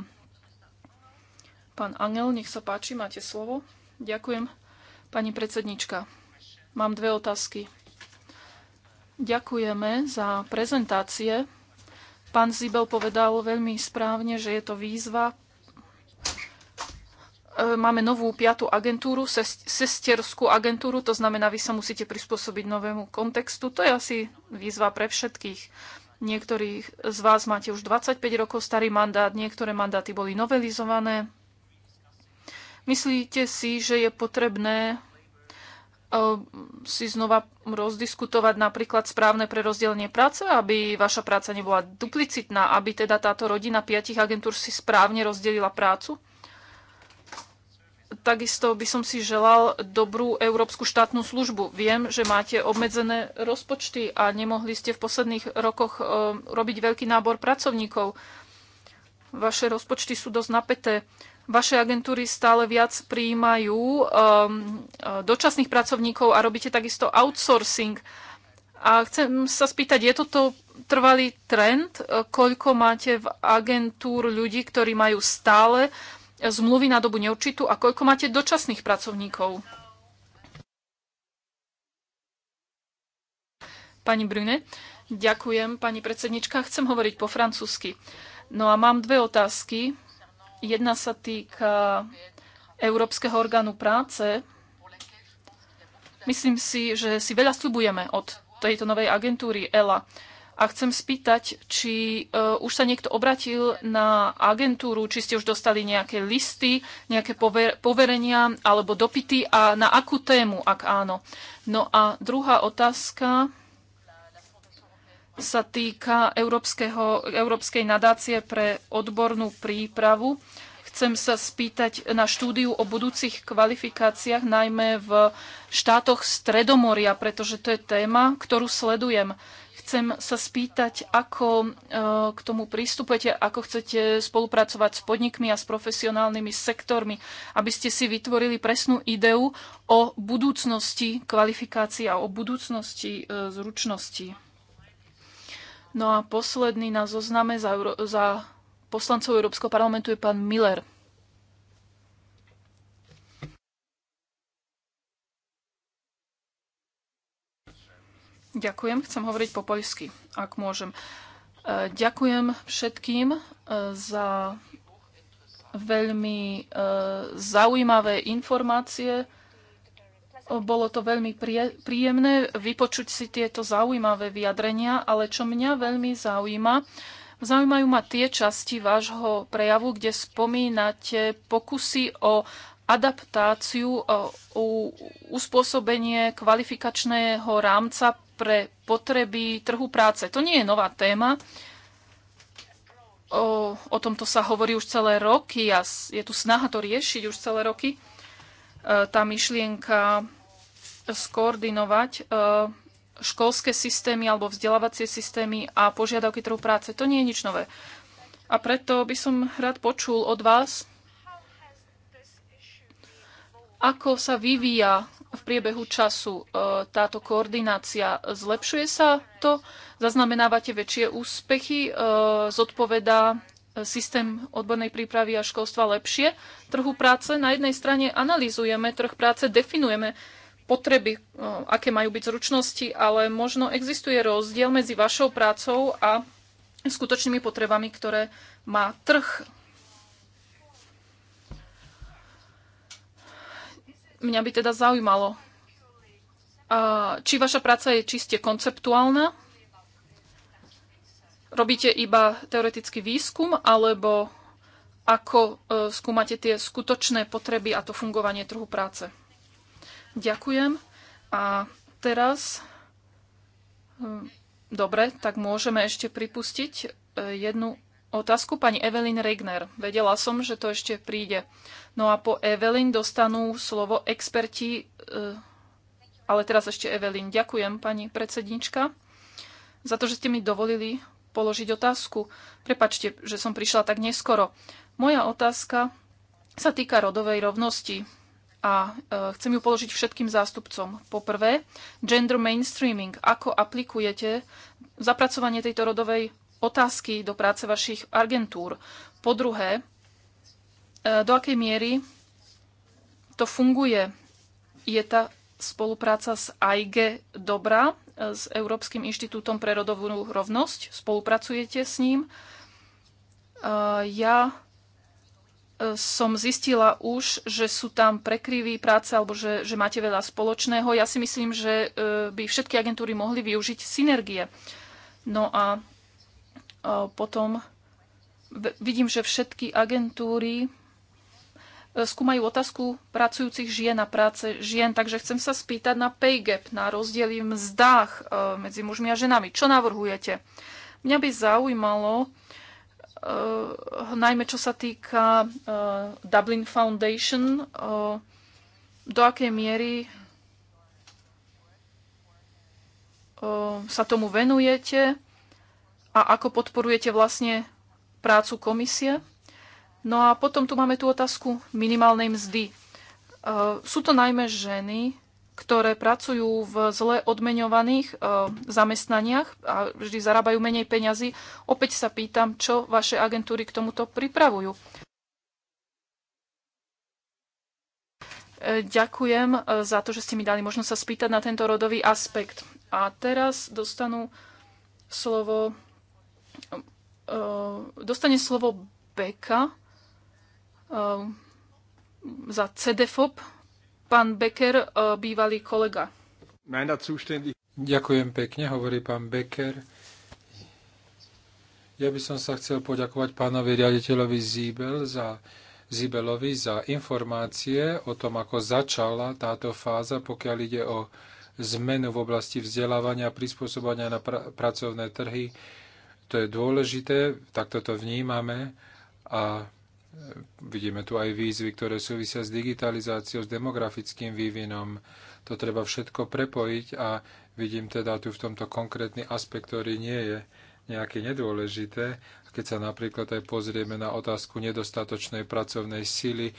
Pán Angel, nech sa páči, máte slovo. Ďakujem. Pani predsednička, mám dve otázky. Ďakujeme za prezentácie. Pán Zibel povedal veľmi správne, že je to výzva E, máme novú piatú agentúru, sestierskú agentúru, to znamená, vy sa musíte prispôsobiť novému kontextu. To je asi výzva pre všetkých. Niektorých z vás máte už 25 rokov starý mandát, niektoré mandáty boli novelizované. Myslíte si, že je potrebné e, si znova rozdiskutovať napríklad správne prerozdelenie práce, aby vaša práca nebola duplicitná, aby teda táto rodina piatich agentúr si správne rozdelila prácu? Takisto by som si želal dobrú európsku štátnu službu. Viem, že máte obmedzené rozpočty a nemohli ste v posledných rokoch e, robiť veľký nábor pracovníkov. Vaše rozpočty sú dosť napäté. Vaše agentúry stále viac prijímajú ehm, e, dočasných pracovníkov a robíte takisto outsourcing. A chcem sa spýtať, je toto trvalý trend? E, koľko máte v agentúr ľudí, ktorí majú stále zmluvy na dobu neurčitú a koľko máte dočasných pracovníkov? Pani Brune, ďakujem, pani predsednička. Chcem hovoriť po francúzsky. No a mám dve otázky. Jedna sa týka Európskeho orgánu práce. Myslím si, že si veľa slibujeme od tejto novej agentúry ELA. A chcem spýtať, či e, už sa niekto obratil na agentúru, či ste už dostali nejaké listy, nejaké poverenia alebo dopity a na akú tému, ak áno. No a druhá otázka sa týka Európskeho, Európskej nadácie pre odbornú prípravu. Chcem sa spýtať na štúdiu o budúcich kvalifikáciách, najmä v štátoch Stredomoria, pretože to je téma, ktorú sledujem. Chcem sa spýtať, ako e, k tomu prístupujete, ako chcete spolupracovať s podnikmi a s profesionálnymi sektormi, aby ste si vytvorili presnú ideu o budúcnosti kvalifikácií a o budúcnosti e, zručnosti. No a posledný na zozname za, za poslancov Európskeho parlamentu je pán Miller. Ďakujem, chcem hovoriť po poľsky, ak môžem. E, ďakujem všetkým e, za veľmi e, zaujímavé informácie. Bolo to veľmi príjemné vypočuť si tieto zaujímavé vyjadrenia, ale čo mňa veľmi zaujíma, zaujímajú ma tie časti vášho prejavu, kde spomínate pokusy o adaptáciu, o uspôsobenie kvalifikačného rámca pre potreby trhu práce. To nie je nová téma. O, o tomto sa hovorí už celé roky a je tu snaha to riešiť už celé roky. E, tá myšlienka skoordinovať e, školské systémy alebo vzdelávacie systémy a požiadavky trhu práce, to nie je nič nové. A preto by som rád počul od vás, ako sa vyvíja v priebehu času e, táto koordinácia? Zlepšuje sa to? Zaznamenávate väčšie úspechy? E, zodpovedá e, systém odbornej prípravy a školstva lepšie trhu práce. Na jednej strane analýzujeme trh práce, definujeme potreby, aké majú byť zručnosti, ale možno existuje rozdiel medzi vašou prácou a skutočnými potrebami, ktoré má trh. Mňa by teda zaujímalo, či vaša práca je čiste konceptuálna, robíte iba teoretický výskum, alebo ako e, skúmate tie skutočné potreby a to fungovanie trhu práce. Ďakujem. A teraz. E, dobre, tak môžeme ešte pripustiť e, jednu otázku pani Evelyn Regner. Vedela som, že to ešte príde. No a po Evelyn dostanú slovo experti, e, ale teraz ešte Evelyn. Ďakujem, pani predsednička, za to, že ste mi dovolili položiť otázku. Prepačte, že som prišla tak neskoro. Moja otázka sa týka rodovej rovnosti a e, chcem ju položiť všetkým zástupcom. Poprvé, gender mainstreaming. Ako aplikujete zapracovanie tejto rodovej otázky do práce vašich agentúr. Po druhé, e, do akej miery to funguje? Je tá spolupráca s AIG dobrá, e, s Európskym inštitútom pre rodovú rovnosť? Spolupracujete s ním? E, ja som zistila už, že sú tam prekryvy práce alebo že, že máte veľa spoločného. Ja si myslím, že by všetky agentúry mohli využiť synergie. No a potom vidím, že všetky agentúry e, skúmajú otázku pracujúcich žien a práce žien, takže chcem sa spýtať na pay gap, na rozdiely v mzdách e, medzi mužmi a ženami. Čo navrhujete? Mňa by zaujímalo, e, najmä čo sa týka Dublin Foundation, do akej miery sa tomu venujete a ako podporujete vlastne prácu komisie. No a potom tu máme tú otázku minimálnej mzdy. E, sú to najmä ženy, ktoré pracujú v zle odmeňovaných e, zamestnaniach a vždy zarábajú menej peňazí. Opäť sa pýtam, čo vaše agentúry k tomuto pripravujú. E, ďakujem za to, že ste mi dali možnosť sa spýtať na tento rodový aspekt. A teraz dostanú slovo Eh, dostane slovo Beka eh, za CDFOP. Pán Becker, eh, bývalý kolega. Ďakujem pekne, hovorí pán Becker. Ja by som sa chcel poďakovať pánovi riaditeľovi Zíbel za, Zíbelovi za informácie o tom, ako začala táto fáza, pokiaľ ide o zmenu v oblasti vzdelávania a prispôsobovania na pra- pracovné trhy to je dôležité, takto to vnímame a vidíme tu aj výzvy, ktoré súvisia s digitalizáciou, s demografickým vývinom. To treba všetko prepojiť a vidím teda tu v tomto konkrétny aspekt, ktorý nie je nejaké nedôležité. Keď sa napríklad aj pozrieme na otázku nedostatočnej pracovnej sily,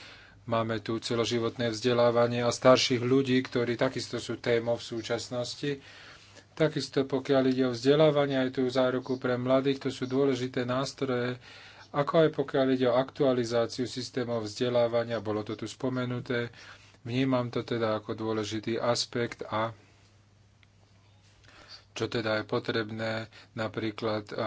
máme tu celoživotné vzdelávanie a starších ľudí, ktorí takisto sú témou v súčasnosti Takisto pokiaľ ide o vzdelávanie, aj tu záruku pre mladých, to sú dôležité nástroje, ako aj pokiaľ ide o aktualizáciu systémov vzdelávania, bolo to tu spomenuté, vnímam to teda ako dôležitý aspekt a čo teda je potrebné, napríklad eh,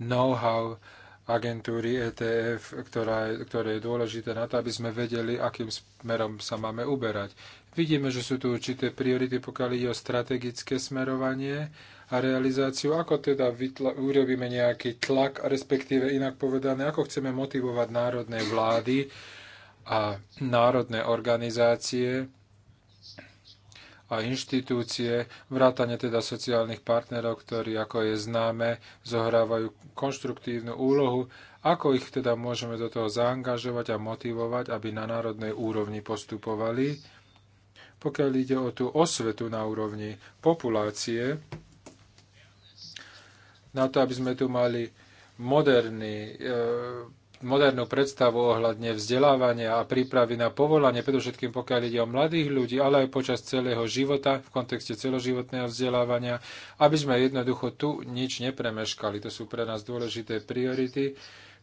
know-how, agentúry ETF, ktorá ktoré je dôležité na to, aby sme vedeli, akým smerom sa máme uberať. Vidíme, že sú tu určité priority, pokiaľ ide o strategické smerovanie a realizáciu. Ako teda urobíme nejaký tlak, respektíve inak povedané, ako chceme motivovať národné vlády a národné organizácie, a inštitúcie, vrátane teda sociálnych partnerov, ktorí, ako je známe, zohrávajú konštruktívnu úlohu, ako ich teda môžeme do toho zaangažovať a motivovať, aby na národnej úrovni postupovali. Pokiaľ ide o tú osvetu na úrovni populácie, na to, aby sme tu mali moderný e, modernú predstavu ohľadne vzdelávania a prípravy na povolanie, predovšetkým pokiaľ ide o mladých ľudí, ale aj počas celého života v kontexte celoživotného vzdelávania, aby sme jednoducho tu nič nepremeškali. To sú pre nás dôležité priority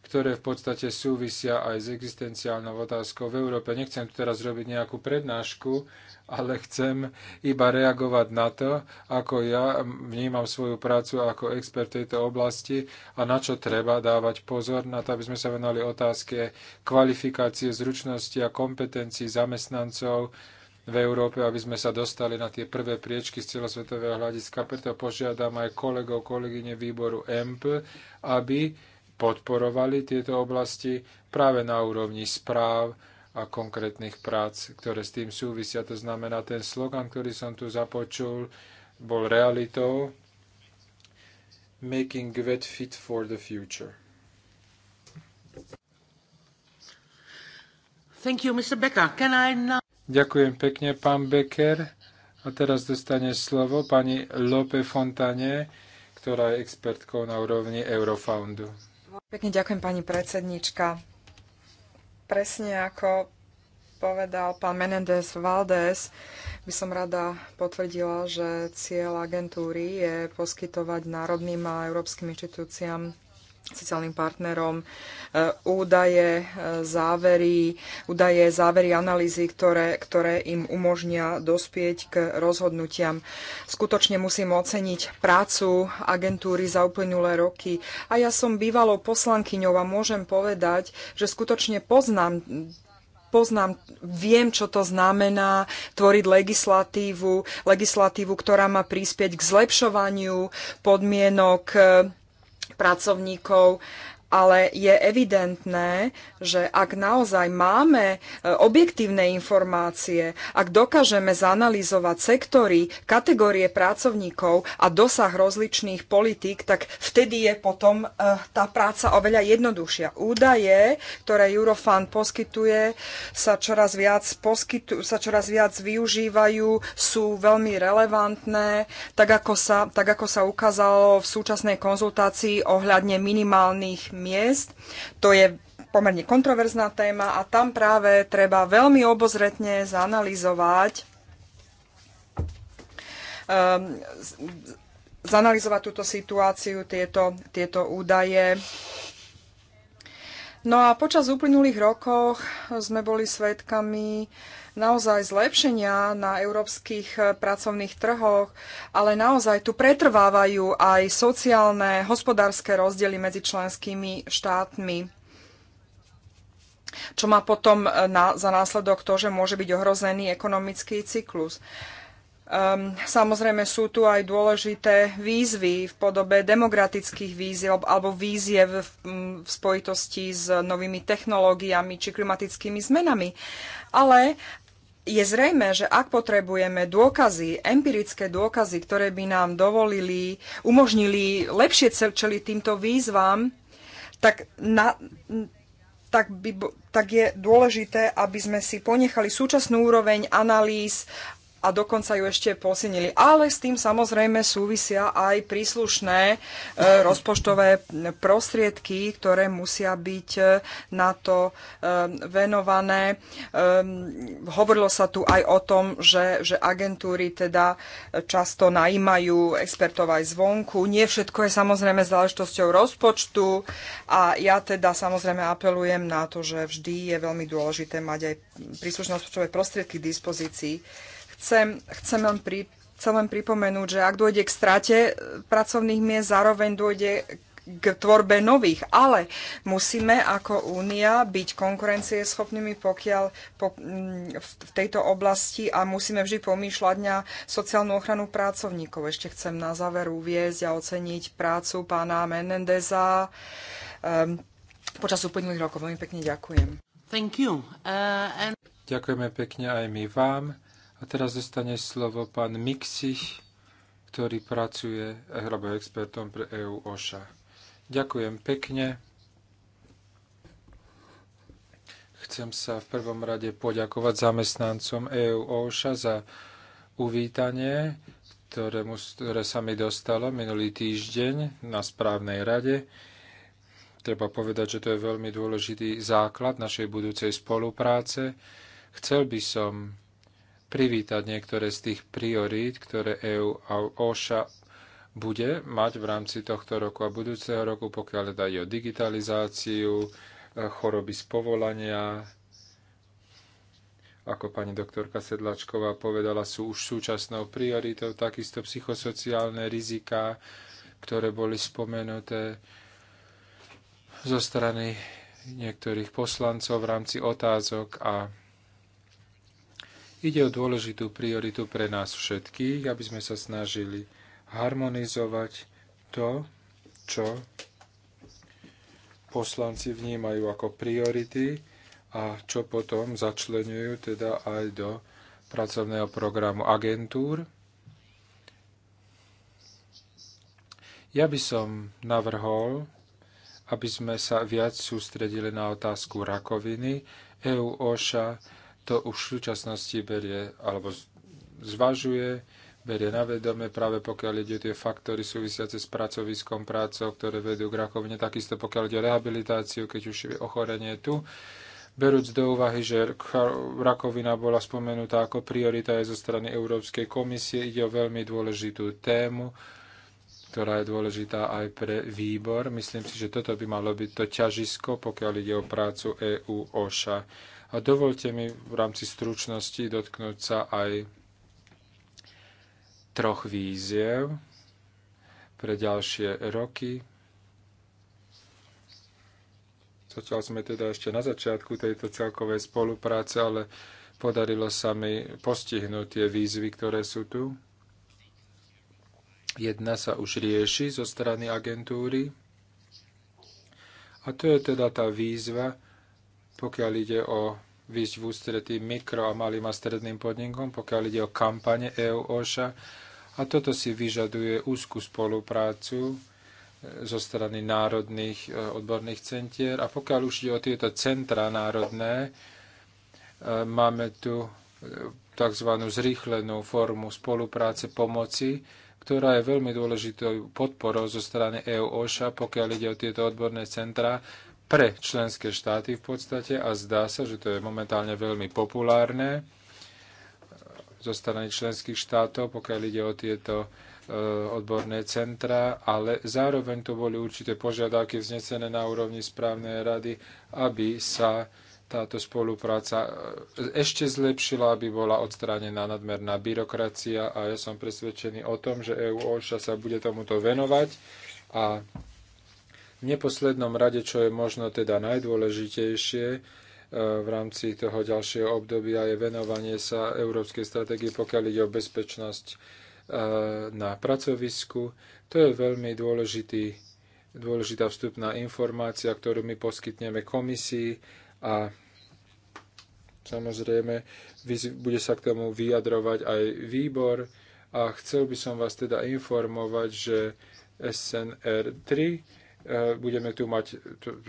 ktoré v podstate súvisia aj s existenciálnou otázkou v Európe. Nechcem tu teraz robiť nejakú prednášku, ale chcem iba reagovať na to, ako ja vnímam svoju prácu ako expert tejto oblasti a na čo treba dávať pozor, na to, aby sme sa venovali otázke kvalifikácie, zručnosti a kompetencií zamestnancov v Európe, aby sme sa dostali na tie prvé priečky z celosvetového hľadiska. Preto požiadam aj kolegov, kolegyne výboru EMP, aby podporovali tieto oblasti práve na úrovni správ a konkrétnych prác, ktoré s tým súvisia. To znamená, ten slogan, ktorý som tu započul, bol realitou Making Gvet fit for the future. Thank you, Mr. Becker. Can I now... Ďakujem pekne, pán Becker. A teraz dostane slovo pani Lope Fontane, ktorá je expertkou na úrovni Eurofoundu. Pekne ďakujem, pani predsednička. Presne ako povedal pán Menendez Valdés, by som rada potvrdila, že cieľ agentúry je poskytovať národným a európskym inštitúciám sociálnym partnerom eh, údaje, eh, závery, údaje, závery, analýzy, ktoré, ktoré im umožnia dospieť k rozhodnutiam. Skutočne musím oceniť prácu agentúry za uplynulé roky. A ja som bývalou poslankyňou a môžem povedať, že skutočne poznám poznám, viem, čo to znamená tvoriť legislatívu, legislatívu, ktorá má prispieť k zlepšovaniu podmienok pracovníkov ale je evidentné, že ak naozaj máme e, objektívne informácie, ak dokážeme zanalizovať sektory, kategórie pracovníkov a dosah rozličných politík, tak vtedy je potom e, tá práca oveľa jednoduchšia. Údaje, ktoré Eurofund poskytuje, sa čoraz viac, poskytu, sa čoraz viac využívajú, sú veľmi relevantné, tak ako sa, tak ako sa ukázalo v súčasnej konzultácii ohľadne minimálnych miest. To je pomerne kontroverzná téma a tam práve treba veľmi obozretne zanalizovať um, zanalizovať túto situáciu, tieto, tieto údaje. No a počas uplynulých rokov sme boli svedkami uh, naozaj zlepšenia na európskych eh, pracovných trhoch, ale naozaj tu pretrvávajú aj sociálne, hospodárske rozdiely medzi členskými štátmi čo má potom eh, na, za následok to, že môže byť ohrozený ekonomický cyklus. Um, samozrejme sú tu aj dôležité výzvy v podobe demokratických výziev alebo výziev v, mm, v spojitosti s novými technológiami či klimatickými zmenami. Ale je zrejme, že ak potrebujeme dôkazy, empirické dôkazy, ktoré by nám dovolili, umožnili lepšie čeliť týmto výzvam, tak, na, tak, by, tak je dôležité, aby sme si ponechali súčasnú úroveň analýz a dokonca ju ešte posilnili. Ale s tým samozrejme súvisia aj príslušné e, rozpočtové prostriedky, ktoré musia byť e, na to e, venované. Hovorilo sa tu aj o tom, že, že agentúry teda často najímajú expertov aj zvonku. Nie všetko je samozrejme záležitosťou rozpočtu a ja teda samozrejme apelujem na to, že vždy je veľmi dôležité mať aj príslušné rozpočtové prostriedky k dispozícii. Chcem, chcem len pri, chcem len pripomenúť, že ak dôjde k strate eh, pracovných miest, zároveň dôjde k tvorbe nových, ale musíme ako únia byť konkurencieschopnými pokiaľ po, mm, v tejto oblasti a musíme vždy pomýšľať na sociálnu ochranu pracovníkov. Ešte chcem na záver uviezť a oceniť prácu pána Menendeza um, počas uplynulých rokov. Veľmi pekne ďakujem. Thank you. Uh, and... Ďakujeme pekne aj my vám. A teraz dostane slovo pán Mixich, ktorý pracuje alebo expertom pre EU OŠA. Ďakujem pekne. Chcem sa v prvom rade poďakovať zamestnancom EU OŠA za uvítanie, ktorému, ktoré sa mi dostalo minulý týždeň na správnej rade. Treba povedať, že to je veľmi dôležitý základ našej budúcej spolupráce. Chcel by som privítať niektoré z tých priorít, ktoré EU a OŠA bude mať v rámci tohto roku a budúceho roku, pokiaľ dajú teda o digitalizáciu, e, choroby z povolania, ako pani doktorka Sedlačková povedala, sú už súčasnou prioritou, takisto psychosociálne rizika, ktoré boli spomenuté zo strany niektorých poslancov v rámci otázok a Ide o dôležitú prioritu pre nás všetkých, aby sme sa snažili harmonizovať to, čo poslanci vnímajú ako priority a čo potom začlenujú teda aj do pracovného programu agentúr. Ja by som navrhol, aby sme sa viac sústredili na otázku rakoviny. EU OŠA to už v súčasnosti berie alebo zvažuje, berie na vedome, práve pokiaľ ide tie faktory súvisiace s pracoviskom prácou, ktoré vedú k rakovine, takisto pokiaľ ide o rehabilitáciu, keď už je ochorenie tu. Berúc do úvahy, že rakovina bola spomenutá ako priorita aj zo strany Európskej komisie, ide o veľmi dôležitú tému, ktorá je dôležitá aj pre výbor. Myslím si, že toto by malo byť to ťažisko, pokiaľ ide o prácu EU OŠA. A dovolte mi v rámci stručnosti dotknúť sa aj troch víziev pre ďalšie roky. Zatiaľ sme teda ešte na začiatku tejto celkovej spolupráce, ale podarilo sa mi postihnúť tie výzvy, ktoré sú tu. Jedna sa už rieši zo strany agentúry. A to je teda tá výzva, pokiaľ ide o výjsť v ústretí mikro a malým a stredným podnikom, pokiaľ ide o kampane EU OŠA. A toto si vyžaduje úzkú spoluprácu e, zo strany národných e, odborných centier. A pokiaľ už ide o tieto centra národné, e, máme tu tzv. zrýchlenú formu spolupráce pomoci, ktorá je veľmi dôležitou podporou zo strany EU OŠA, pokiaľ ide o tieto odborné centra, pre členské štáty v podstate a zdá sa, že to je momentálne veľmi populárne zo strany členských štátov, pokiaľ ide o tieto e, odborné centra, ale zároveň to boli určité požiadavky vznesené na úrovni správnej rady, aby sa táto spolupráca e, ešte zlepšila, aby bola odstránená nadmerná byrokracia a ja som presvedčený o tom, že EU OŠA sa bude tomuto venovať a v neposlednom rade, čo je možno teda najdôležitejšie e, v rámci toho ďalšieho obdobia, je venovanie sa európskej stratégie, pokiaľ ide o bezpečnosť e, na pracovisku. To je veľmi dôležitý, dôležitá vstupná informácia, ktorú my poskytneme komisii a samozrejme bude sa k tomu vyjadrovať aj výbor. A chcel by som vás teda informovať, že SNR 3 Eh, budeme tu mať,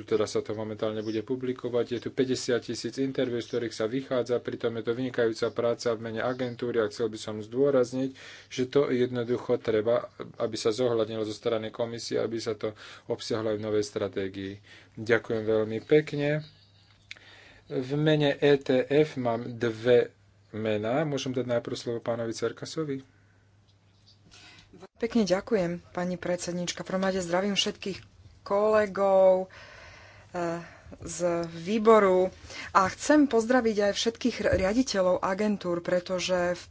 teda sa to momentálne bude publikovať, je tu 50 tisíc interviú, z ktorých sa vychádza, pritom je to vynikajúca práca v mene agentúry a chcel by som zdôrazniť, že to jednoducho treba, aby sa zohľadnilo zo strany komisie, aby sa to obsiahlo aj v novej stratégii. Ďakujem veľmi pekne. V mene ETF mám dve mená. Môžem dať najprv slovo pánovi Cerkasovi? Pekne ďakujem, pani predsednička. V zdravím všetkých kolegov e, z výboru a chcem pozdraviť aj všetkých riaditeľov agentúr, pretože v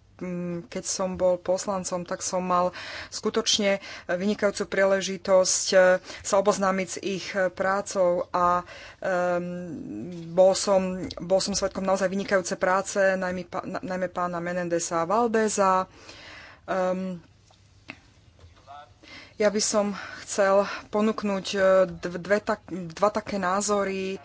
keď som bol poslancom, tak som mal skutočne vynikajúcu príležitosť e, sa oboznámiť s ich e, prácou a um, bol, som, bol som svetkom naozaj vynikajúce práce, najmä, najmä pána Menendesa a Valdeza. Um, ja by som chcel ponúknuť e, dve, dva také názory.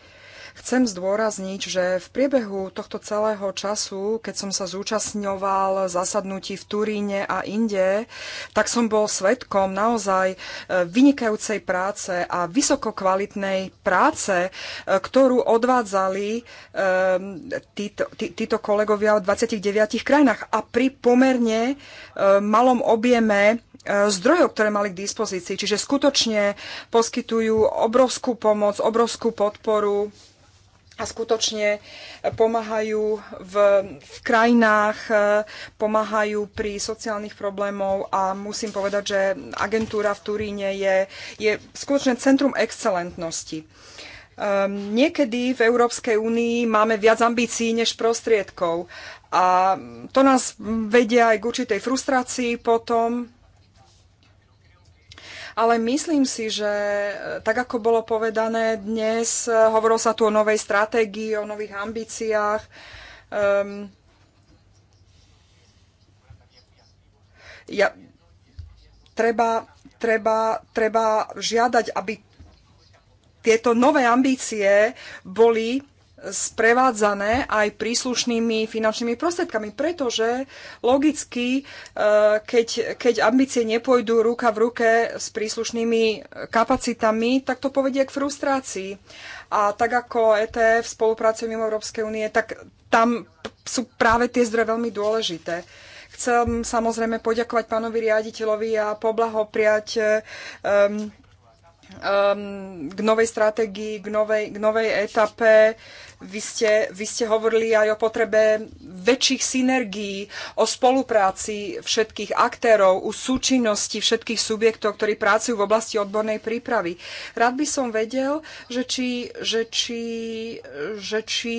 Chcem zdôrazniť, že v priebehu tohto celého času, keď som sa zúčastňoval zasadnutí v Turíne a inde, tak som bol svetkom naozaj e, vynikajúcej práce a vysokokvalitnej práce, e, ktorú odvádzali títo, tí, títo kolegovia v 29 krajinách a pri pomerne malom objeme E, zdrojov, ktoré mali k dispozícii. Čiže skutočne poskytujú obrovskú pomoc, obrovskú podporu a skutočne pomáhajú v, v krajinách, e, pomáhajú pri sociálnych problémov a musím povedať, že agentúra v Turíne je, je skutočne centrum excelentnosti. Um, niekedy v Európskej únii máme viac ambícií než prostriedkov a to nás vedia aj k určitej frustrácii potom, ale myslím si, že e, tak ako bolo povedané dnes, e, hovorilo sa tu o novej stratégii, o nových ambíciách. Um, ja, treba, treba, treba žiadať, aby tieto nové ambície boli sprevádzané aj príslušnými finančnými prostriedkami, pretože logicky, e, keď, keď ambície nepôjdu ruka v ruke s príslušnými kapacitami, tak to povedie k frustrácii. A tak ako ETF spolupracuje mimo Európskej únie, tak tam sú práve tie zdroje veľmi dôležité chcem samozrejme poďakovať pánovi riaditeľovi a poblahopriať um, um, k novej stratégii, k novej, k novej etape. Vy ste, vy ste hovorili aj o potrebe väčších synergií, o spolupráci všetkých aktérov, o súčinnosti všetkých subjektov, ktorí pracujú v oblasti odbornej prípravy. Rád by som vedel, že či, že či, že či,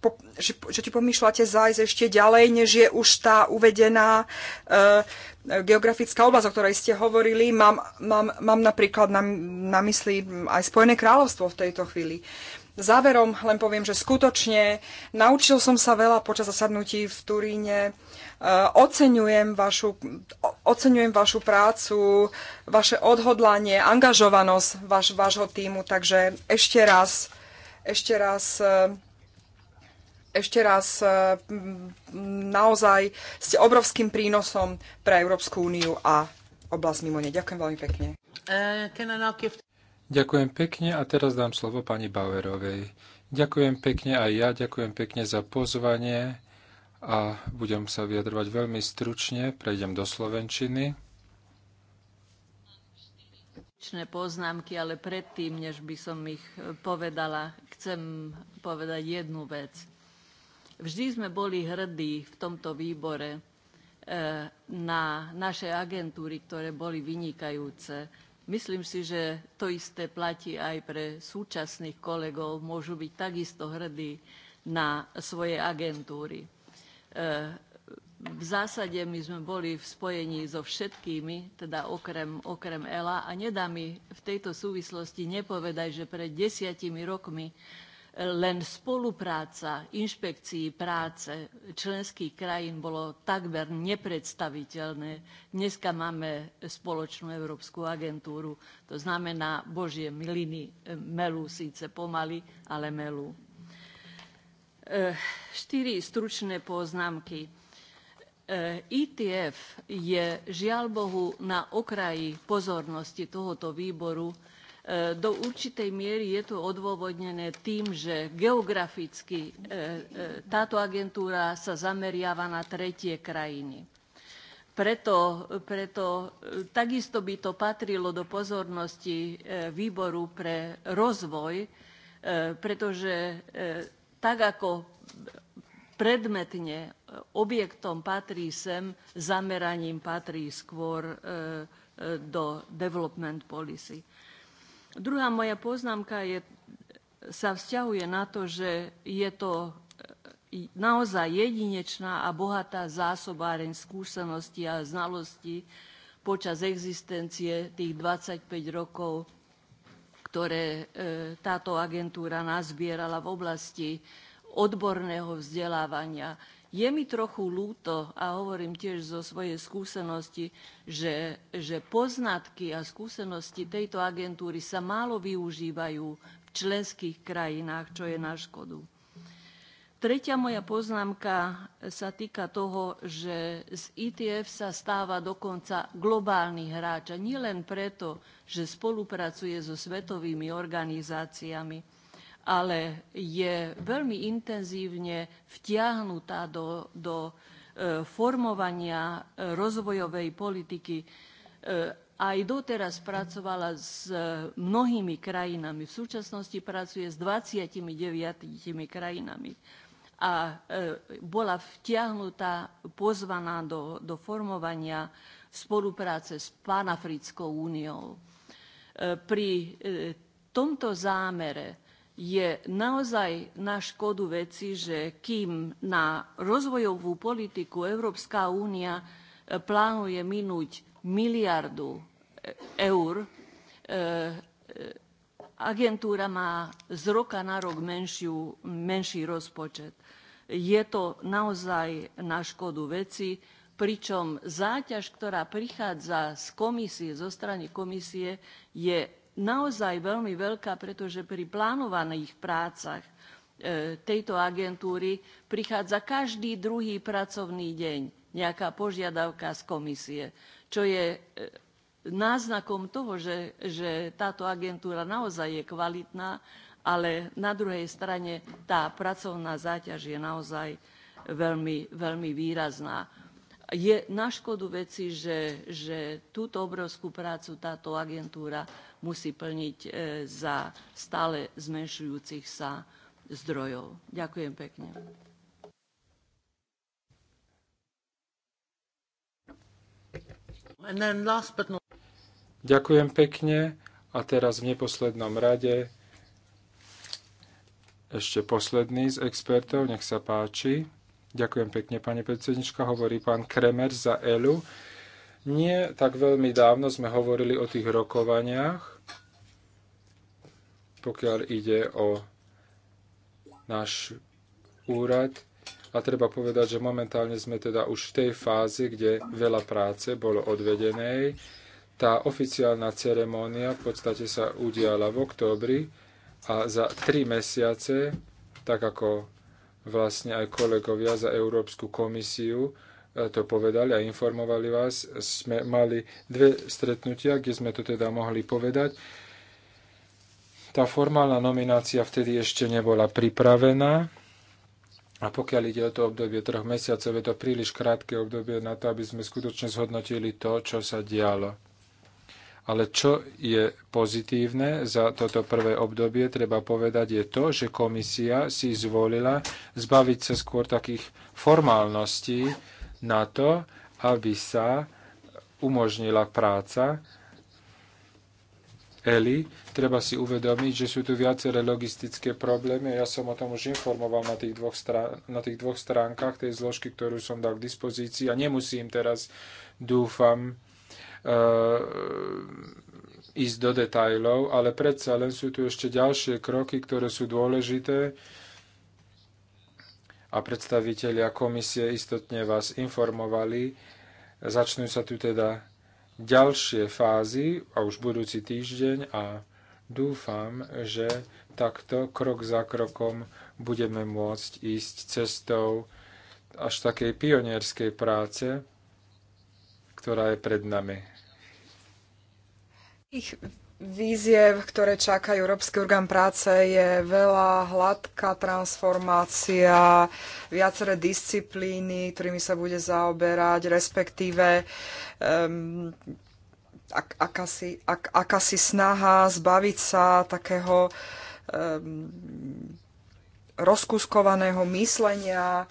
po, že, že či pomýšľate zájsť ešte ďalej, než je už tá uvedená e, geografická oblasť, o ktorej ste hovorili. Mám, mám, mám napríklad na, na mysli aj Spojené kráľovstvo v tejto chvíli. E, Záverom len poviem, že skutočne naučil som sa veľa počas zasadnutí v Turíne. E, oceňujem vašu, oceňujem vašu prácu, vaše odhodlanie, angažovanosť vaš, vášho týmu, takže ešte raz, ešte raz e, ešte raz e, naozaj ste obrovským prínosom pre Európsku úniu a oblasť mimo ne. Ďakujem veľmi pekne. Uh, Ďakujem pekne a teraz dám slovo pani Bauerovej. Ďakujem pekne aj ja, ďakujem pekne za pozvanie a budem sa vyjadrovať veľmi stručne, prejdem do Slovenčiny. poznámky, ale predtým, než by som ich povedala, chcem povedať jednu vec. Vždy sme boli hrdí v tomto výbore eh, na naše agentúry, ktoré boli vynikajúce Myslím si, že to isté platí aj pre súčasných kolegov. Môžu byť takisto hrdí na svoje agentúry. E, v zásade my sme boli v spojení so všetkými, teda okrem, okrem ELA a nedá mi v tejto súvislosti nepovedať, že pred desiatimi rokmi len spolupráca inšpekcií práce členských krajín bolo takmer nepredstaviteľné. Dneska máme spoločnú európsku agentúru, to znamená, božie miliny e, melú síce pomaly, ale melú. E, štyri stručné poznámky. ETF e je žiaľ Bohu na okraji pozornosti tohoto výboru, E, do určitej miery je to odôvodnené tým, že geograficky e, e, táto agentúra sa zameriava na tretie krajiny. Preto, preto takisto by to patrilo do pozornosti výboru pre rozvoj, pretože tak ako predmetne objektom patrí sem, zameraním patrí skôr do development policy. Druhá moja poznámka je, sa vzťahuje na to, že je to e, naozaj jedinečná a bohatá zásobáreň skúseností a znalostí počas existencie tých 25 rokov, ktoré e, táto agentúra nazbierala v oblasti odborného vzdelávania je mi trochu ľúto, a hovorím tiež zo svojej skúsenosti, že, že poznatky a skúsenosti tejto agentúry sa málo využívajú v členských krajinách, čo je na škodu. Tretia moja poznámka sa týka toho, že z ETF sa stáva dokonca globálny hráč a nielen preto, že spolupracuje so svetovými organizáciami, ale je veľmi intenzívne vtiahnutá do, do e, formovania e, rozvojovej politiky. E, aj doteraz pracovala s mnohými krajinami. V súčasnosti pracuje s 29 krajinami a bola vtiahnutá, pozvaná do, do formovania spolupráce s Panafrickou úniou. Pri tomto zámere je naozaj na škodu veci, že kým na rozvojovú politiku Európska únia e, plánuje minúť miliardu e, eur, e, agentúra má z roka na rok menšiu, menší rozpočet. Je to naozaj na škodu veci, pričom záťaž, ktorá prichádza z komisie, zo strany komisie, je naozaj veľmi veľká, pretože pri plánovaných prácach e, tejto agentúry prichádza každý druhý pracovný deň nejaká požiadavka z komisie, čo je e, náznakom toho, že, že táto agentúra naozaj je kvalitná, ale na druhej strane tá pracovná záťaž je naozaj veľmi, veľmi výrazná. Je na škodu veci, že, že túto obrovskú prácu táto agentúra musí plniť e, za stále zmenšujúcich sa zdrojov. Ďakujem pekne. Not... Ďakujem pekne a teraz v neposlednom rade ešte posledný z expertov, nech sa páči. Ďakujem pekne, pani predsednička, hovorí pán Kremer za ELU. Nie tak veľmi dávno sme hovorili o tých rokovaniach, pokiaľ ide o náš úrad. A treba povedať, že momentálne sme teda už v tej fáze, kde veľa práce bolo odvedenej. Tá oficiálna ceremónia v podstate sa udiala v októbri a za tri mesiace, tak ako vlastne aj kolegovia za Európsku komisiu, E, to povedali a informovali vás. Sme mali dve stretnutia, kde sme to teda mohli povedať. Tá formálna nominácia vtedy ešte nebola pripravená. A pokiaľ ide o to obdobie troch mesiacov, je to príliš krátke obdobie na to, aby sme skutočne zhodnotili to, čo sa dialo. Ale čo je pozitívne za toto prvé obdobie, treba povedať, je to, že komisia si zvolila zbaviť sa skôr takých formálností na to, aby sa umožnila práca Eli, treba si uvedomiť, že sú tu viaceré logistické problémy. Ja som o tom už informoval na tých dvoch, strán- na tých dvoch stránkach tej zložky, ktorú som dal k dispozícii a nemusím teraz, dúfam, e- ísť do detajlov, ale predsa len sú tu ešte ďalšie kroky, ktoré sú dôležité a predstavitelia komisie istotne vás informovali. Začnú sa tu teda ďalšie fázy a už budúci týždeň a dúfam, že takto krok za krokom budeme môcť ísť cestou až takej pionierskej práce, ktorá je pred nami. Ich Výziev, ktoré čaká Európsky orgán práce, je veľa hladká transformácia, viaceré disciplíny, ktorými sa bude zaoberať, respektíve um, ak, akási, ak, akási snaha zbaviť sa takého um, rozkuskovaného myslenia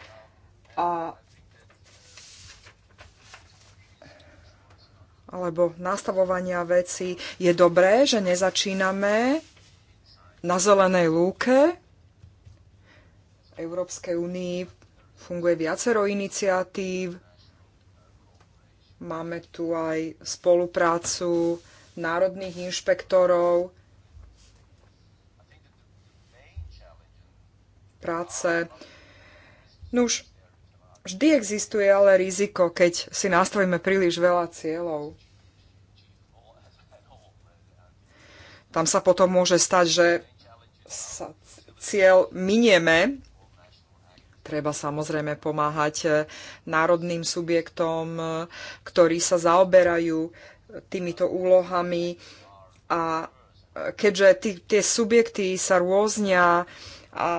a alebo nastavovania veci. Je dobré, že nezačíname na zelenej lúke. V Európskej únii funguje viacero iniciatív. Máme tu aj spoluprácu národných inšpektorov, práce. Nuž, Vždy existuje ale riziko, keď si nastavíme príliš veľa cieľov. Tam sa potom môže stať, že sa cieľ minieme. Treba samozrejme pomáhať eh, národným subjektom, eh, ktorí sa zaoberajú eh, týmito úlohami. A keďže tí, tie subjekty sa rôznia a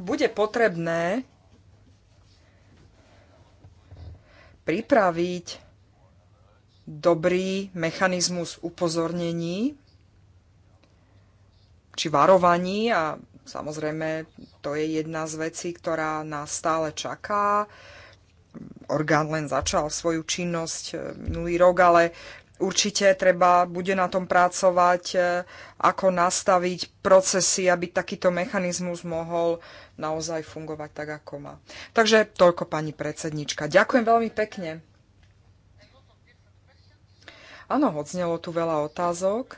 bude potrebné pripraviť dobrý mechanizmus upozornení či varovaní a samozrejme to je jedna z vecí, ktorá nás stále čaká. Orgán len začal svoju činnosť e, minulý rok, ale určite treba, bude na tom pracovať, e, ako nastaviť procesy, aby takýto mechanizmus mohol naozaj fungovať tak, ako má. Takže toľko pani predsednička. Ďakujem veľmi pekne. Áno, odznelo tu veľa otázok,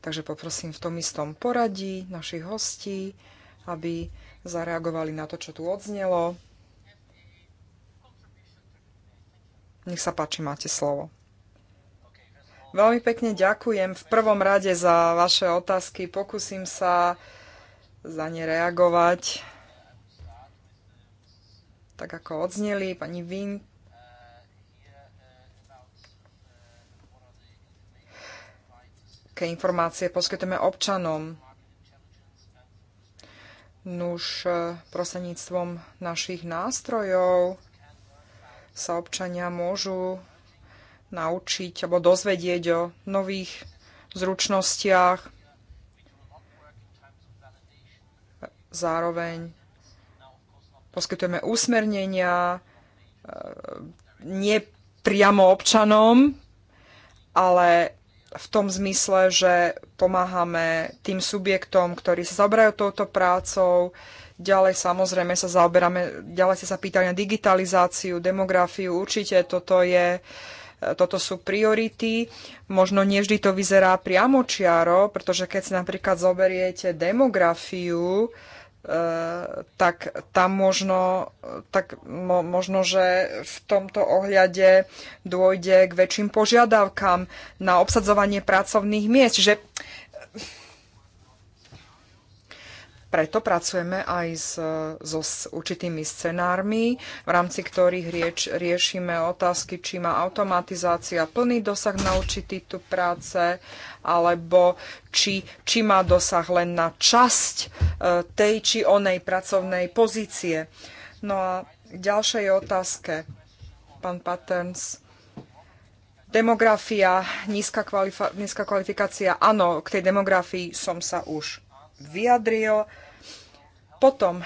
takže poprosím v tom istom poradí našich hostí, aby zareagovali na to, čo tu odznelo. Nech sa páči, máte slovo. Veľmi pekne ďakujem v prvom rade za vaše otázky. Pokúsim sa za ne reagovať tak ako odzneli, pani Vint, aké informácie poskytujeme občanom. Nuž e, prostredníctvom našich nástrojov sa občania môžu naučiť alebo dozvedieť o nových zručnostiach. Zároveň poskytujeme úsmernenia e, nie priamo občanom, ale v tom zmysle, že pomáhame tým subjektom, ktorí sa zaoberajú touto prácou. Ďalej samozrejme sa zaoberáme, ďalej ste sa pýtali na digitalizáciu, demografiu. Určite toto je e, toto sú priority. Možno nie vždy to vyzerá priamo čiaro, pretože keď si napríklad zoberiete demografiu, Eh, tak tam možno, tak mo, možno, že v tomto ohľade dôjde k väčším požiadavkám na obsadzovanie pracovných miest. Že... preto pracujeme aj s, so, s určitými scenármi, v rámci ktorých rieč, riešime otázky, či má automatizácia plný dosah na určitý tu práce alebo či, či má dosah len na časť e, tej či onej pracovnej pozície. No a k ďalšej otázke, pán Patterns. Demografia, nízka, kvalifa- nízka kvalifikácia. Áno, k tej demografii som sa už vyjadril. Potom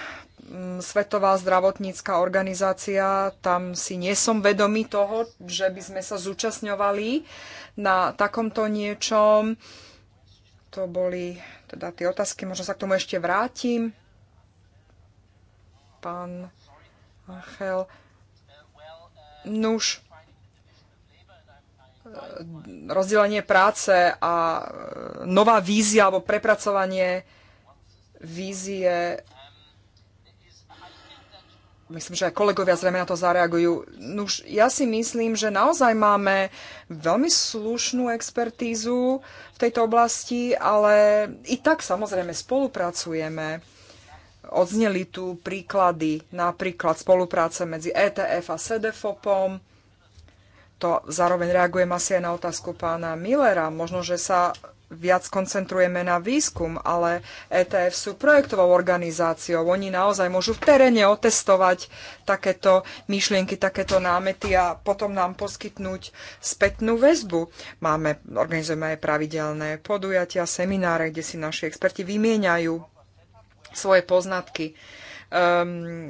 Mm, Svetová zdravotnícká organizácia, tam si nie som vedomý toho, že by sme sa zúčastňovali na takomto niečom. To boli teda tie otázky, možno sa k tomu ešte vrátim. Pán Achel. Nuž, rozdelenie práce a e, nová vízia alebo prepracovanie vízie myslím, že aj kolegovia zrejme na to zareagujú. Nuž, ja si myslím, že naozaj máme veľmi slušnú expertízu v tejto oblasti, ale i tak samozrejme spolupracujeme. Odzneli tu príklady, napríklad spolupráce medzi ETF a SEDEFOPom. To zároveň reagujem asi aj na otázku pána Millera. Možno, že sa viac koncentrujeme na výskum, ale ETF sú projektovou organizáciou. Oni naozaj môžu v teréne otestovať takéto myšlienky, takéto námety a potom nám poskytnúť spätnú väzbu. Máme, organizujeme aj pravidelné podujatia, semináre, kde si naši experti vymieňajú svoje poznatky. Um,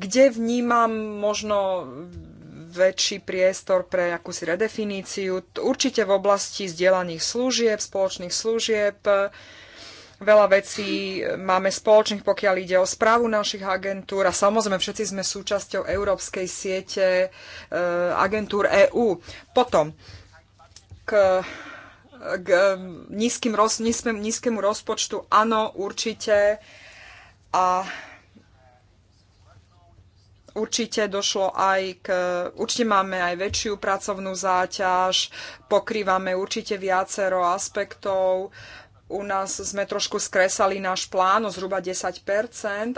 kde vnímam možno väčší priestor pre akúsi redefiníciu. Určite v oblasti zdieľaných služieb, spoločných služieb, veľa vecí máme spoločných, pokiaľ ide o správu našich agentúr a samozrejme všetci sme súčasťou európskej siete eh, agentúr EÚ. Potom k, k nízkym, nízkému rozpočtu áno, určite. A Určite došlo aj k, určite máme aj väčšiu pracovnú záťaž, pokrývame určite viacero aspektov. U nás sme trošku skresali náš plán o zhruba 10%,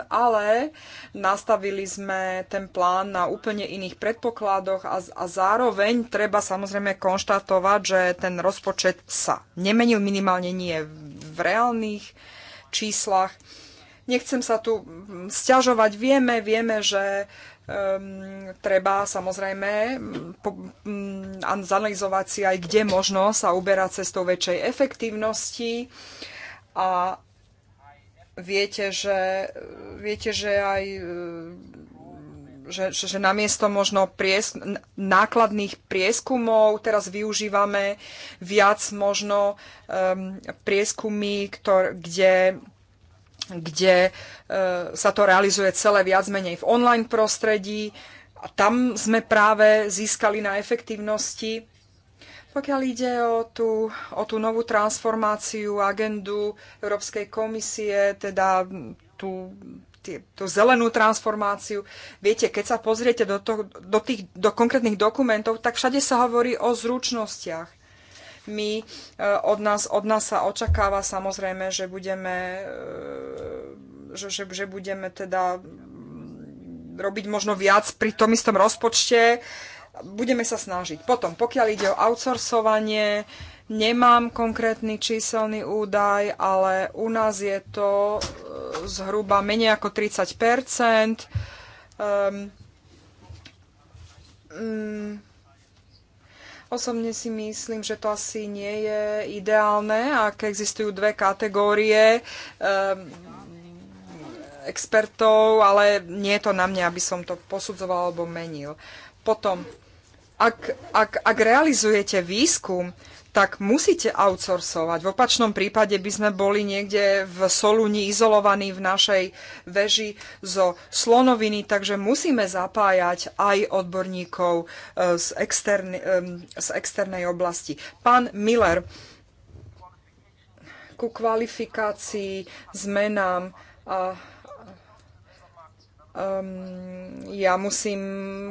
ale nastavili sme ten plán na úplne iných predpokladoch a, a zároveň treba samozrejme konštatovať, že ten rozpočet sa nemenil minimálne nie v reálnych číslach. Nechcem sa tu mm, sťažovať. Vieme, vieme, že um, treba samozrejme mm, po, um, zanalizovať si aj, kde možno sa uberať cestou väčšej efektívnosti. A viete, že, viete, že aj e, že, že, že namiesto možno priesk- nákladných prieskumov teraz využívame viac možno um, prieskumy, ktor, kde kde e, sa to realizuje celé viac menej v online prostredí. A tam sme práve získali na efektívnosti. Pokiaľ ide o tú, o tú novú transformáciu, agendu Európskej komisie, teda tú, tie, tú zelenú transformáciu, viete, keď sa pozriete do, to, do, tých, do konkrétnych dokumentov, tak všade sa hovorí o zručnostiach my e, od nás, od nás sa očakáva samozrejme, že budeme, e, že, že, že budeme teda robiť možno viac pri tom istom rozpočte. Budeme sa snažiť. Potom, pokiaľ ide o outsourcovanie, Nemám konkrétny číselný údaj, ale u nás je to e, zhruba menej ako 30 um, Osobne si myslím, že to asi nie je ideálne, ak existujú dve kategórie um, expertov, ale nie je to na mňa, aby som to posudzoval alebo menil. Potom, ak, ak, ak realizujete výskum, tak musíte outsourcovať. V opačnom prípade by sme boli niekde v Soluni izolovaní v našej veži zo slonoviny, takže musíme zapájať aj odborníkov e, z, externe, z externej oblasti. Pán Miller, ku kvalifikácii, zmenám a Um, ja musím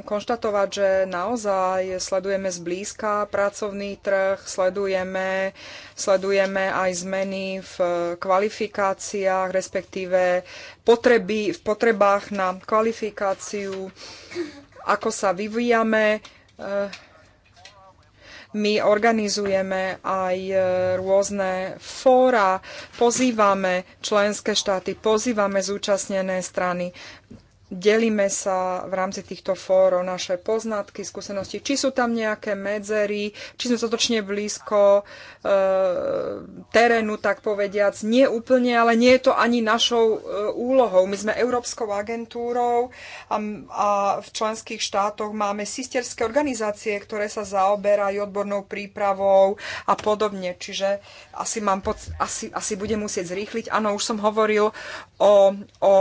konštatovať, že naozaj sledujeme zblízka pracovný trh, sledujeme, sledujeme aj zmeny v kvalifikáciách, respektíve potreby, v potrebách na kvalifikáciu, ako sa vyvíjame. Ehm, my organizujeme aj e, rôzne fóra, pozývame členské štáty, pozývame zúčastnené strany delíme sa v rámci týchto fórov naše poznatky, skúsenosti, či sú tam nejaké medzery, či sme totočne blízko e, terénu, tak povediac. Nie úplne, ale nie je to ani našou e, úlohou. My sme Európskou agentúrou a, a v členských štátoch máme sisterské organizácie, ktoré sa zaoberajú odbornou prípravou a podobne. Čiže asi, mám pod, asi, asi budem musieť zrýchliť. Áno, už som hovoril o, o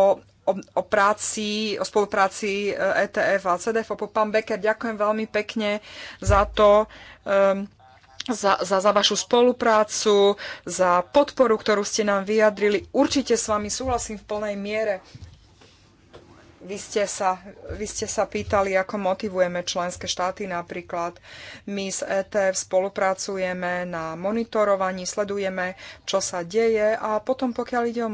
o, o práci, o spolupráci ETF e a CDF. pán Becker, ďakujem veľmi pekne za to, um, za, za, za vašu spoluprácu, za podporu, ktorú ste nám vyjadrili. Určite s vami súhlasím v plnej miere. Vy ste, sa, vy ste sa pýtali, ako motivujeme členské štáty napríklad. My s ETF spolupracujeme na monitorovaní, sledujeme, čo sa deje a potom, pokiaľ ide o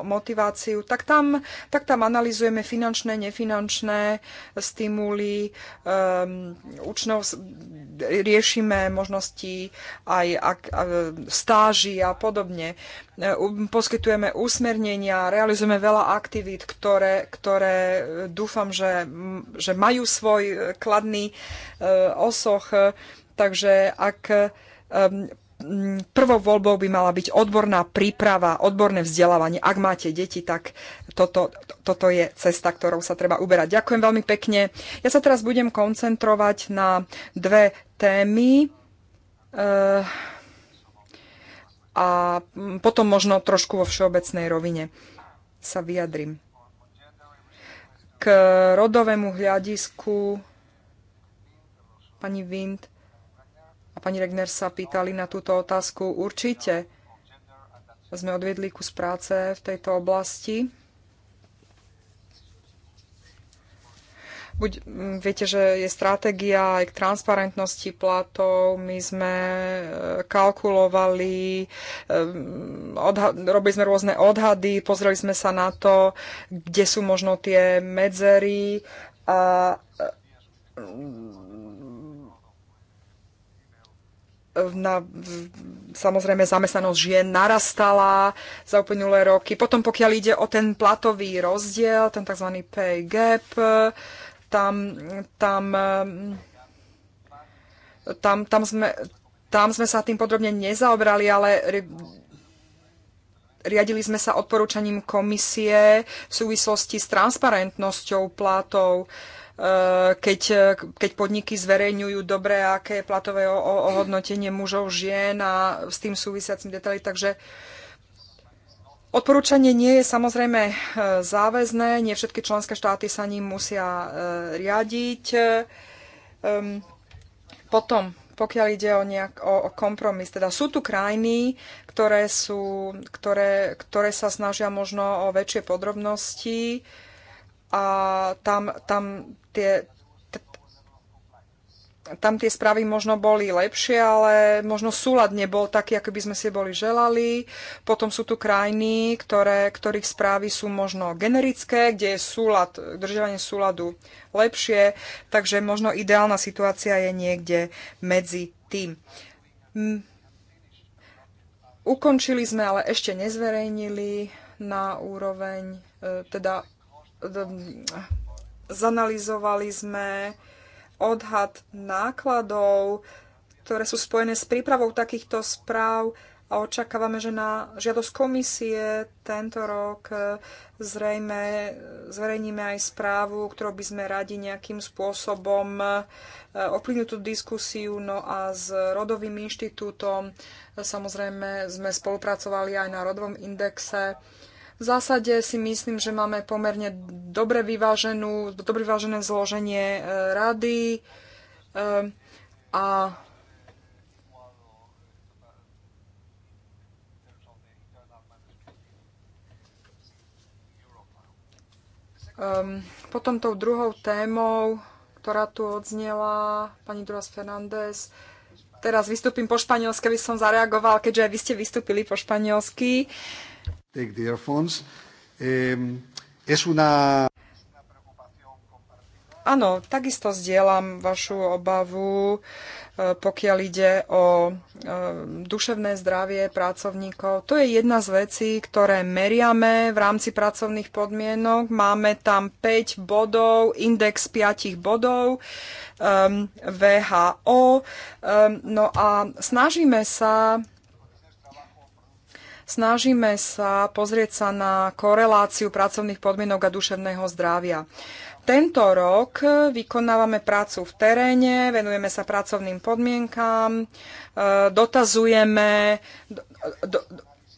motiváciu, tak tam, tak tam analizujeme finančné, nefinančné stimuly, um, ehm, učnov, riešime možnosti aj ak, stáži a podobne poskytujeme usmernenia, realizujeme veľa aktivít, ktoré, ktoré e, dúfam, že, že majú svoj e, kladný e, osoch. Takže ak prvou voľbou by mala byť odborná príprava, odborné vzdelávanie. Ak máte deti, tak toto, toto je cesta, ktorou sa treba uberať. Ďakujem veľmi pekne. Ja sa teraz budem koncentrovať na dve témy. Uh a potom možno trošku vo všeobecnej rovine sa vyjadrim. K rodovému hľadisku pani Wind a pani Regner sa pýtali na túto otázku. Určite sme odviedli kus práce v tejto oblasti. buď, mm, viete, že je stratégia aj k transparentnosti platov. My sme e, kalkulovali, e, odha- robili sme rôzne odhady, pozreli sme sa na to, kde sú možno tie medzery a e, na, samozrejme zamestnanosť žien narastala za uplynulé roky. Potom pokiaľ ide o ten platový rozdiel, ten tzv. pay gap, tam, tam, tam, tam, sme, tam sme sa tým podrobne nezaobrali, ale riadili sme sa odporúčaním komisie v súvislosti s transparentnosťou platov, e, keď, keď podniky zverejňujú dobre, aké je platové ohodnotenie mužov, žien a s tým súvisiacim detaily. Takže Odporúčanie nie je samozrejme e, záväzné, nie všetky členské štáty sa ním musia e, riadiť. E, potom, pokiaľ ide o, nejak, o, o kompromis, teda sú tu krajiny, ktoré, sú, ktoré, ktoré sa snažia možno o väčšie podrobnosti a tam, tam tie, tam tie správy možno boli lepšie, ale možno súlad nebol taký, ako by sme si boli želali. Potom sú tu krajiny, ktoré, ktorých správy sú možno generické, kde je súlad, držovanie súladu lepšie, takže možno ideálna situácia je niekde medzi tým. Ukončili sme, ale ešte nezverejnili na úroveň, e, teda zanalizovali sme odhad nákladov, ktoré sú spojené s prípravou takýchto správ a očakávame, že na žiadosť komisie tento rok e, zrejme zverejníme aj správu, ktorou by sme radi nejakým spôsobom e, ovplyvnili tú diskusiu. No a s Rodovým inštitútom e, samozrejme sme spolupracovali aj na Rodovom indexe v zásade si myslím, že máme pomerne dobre, vyváženú, dobre vyvážené zloženie e, rady e, a ehm, potom tou druhou témou, ktorá tu odznela, pani Duras Fernández, teraz vystúpim po španielsky, aby som zareagoval, keďže aj vy ste vystúpili po španielsky. Uh, Take the earphones. Um, es una... Áno, takisto zdieľam vašu obavu, e, pokiaľ ide o e, duševné zdravie pracovníkov. To je jedna z vecí, ktoré meriame v rámci pracovných podmienok. Máme tam 5 bodov, index 5 bodov VHO. no a snažíme sa Snažíme sa pozrieť sa na koreláciu pracovných podmienok a duševného zdravia. Tento rok vykonávame prácu v teréne, venujeme sa pracovným podmienkám, e, dotazujeme, do, do,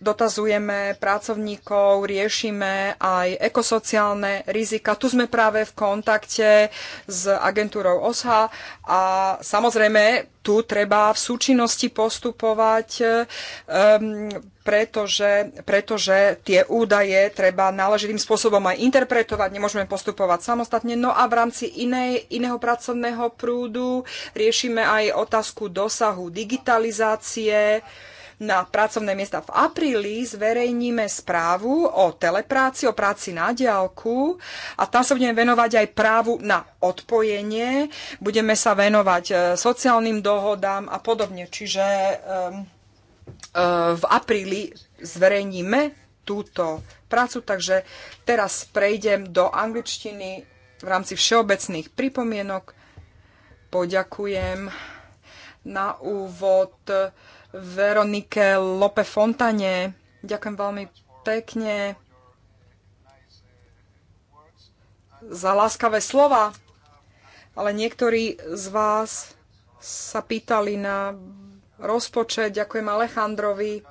dotazujeme pracovníkov, riešime aj ekosociálne rizika. Tu sme práve v kontakte s agentúrou OSHA a samozrejme tu treba v súčinnosti postupovať, um, pretože, pretože tie údaje treba náležitým spôsobom aj interpretovať, nemôžeme postupovať samostatne. No a v rámci inej, iného pracovného prúdu riešime aj otázku dosahu digitalizácie, na pracovné miesta. V apríli zverejníme správu o telepráci, o práci na diálku a tam sa budeme venovať aj právu na odpojenie, budeme sa venovať e, sociálnym dohodám a podobne. Čiže um, v apríli zverejníme túto prácu, takže teraz prejdem do angličtiny v rámci všeobecných pripomienok. Poďakujem na úvod Veronike Lope Fontane. Ďakujem veľmi pekne za láskavé slova, ale niektorí z vás sa pýtali na rozpočet. Ďakujem Alejandrovi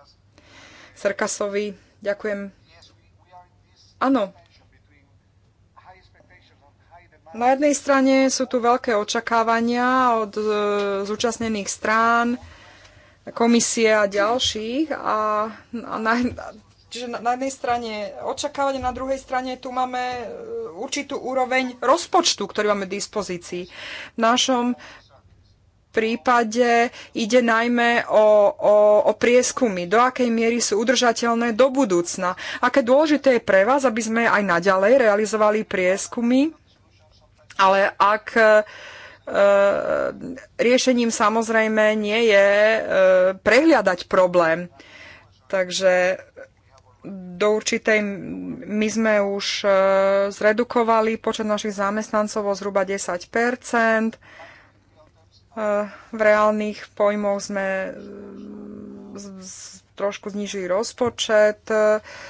Serkasovi. Ďakujem. Áno. Na jednej strane sú tu veľké očakávania od e, zúčastnených strán, komisie a ďalších. A, a na, čiže na, na jednej strane očakávanie, na druhej strane tu máme e, určitú úroveň rozpočtu, ktorý máme v dispozícii. V našom prípade ide najmä o, o, o prieskumy, do akej miery sú udržateľné do budúcna. Aké dôležité je pre vás, aby sme aj naďalej realizovali prieskumy, ale ak uh, E, riešením samozrejme nie je e, prehliadať problém. Takže do určitej, my sme už e, zredukovali počet našich zamestnancov o zhruba 10 V reálnych pojmoch sme trošku znižili rozpočet.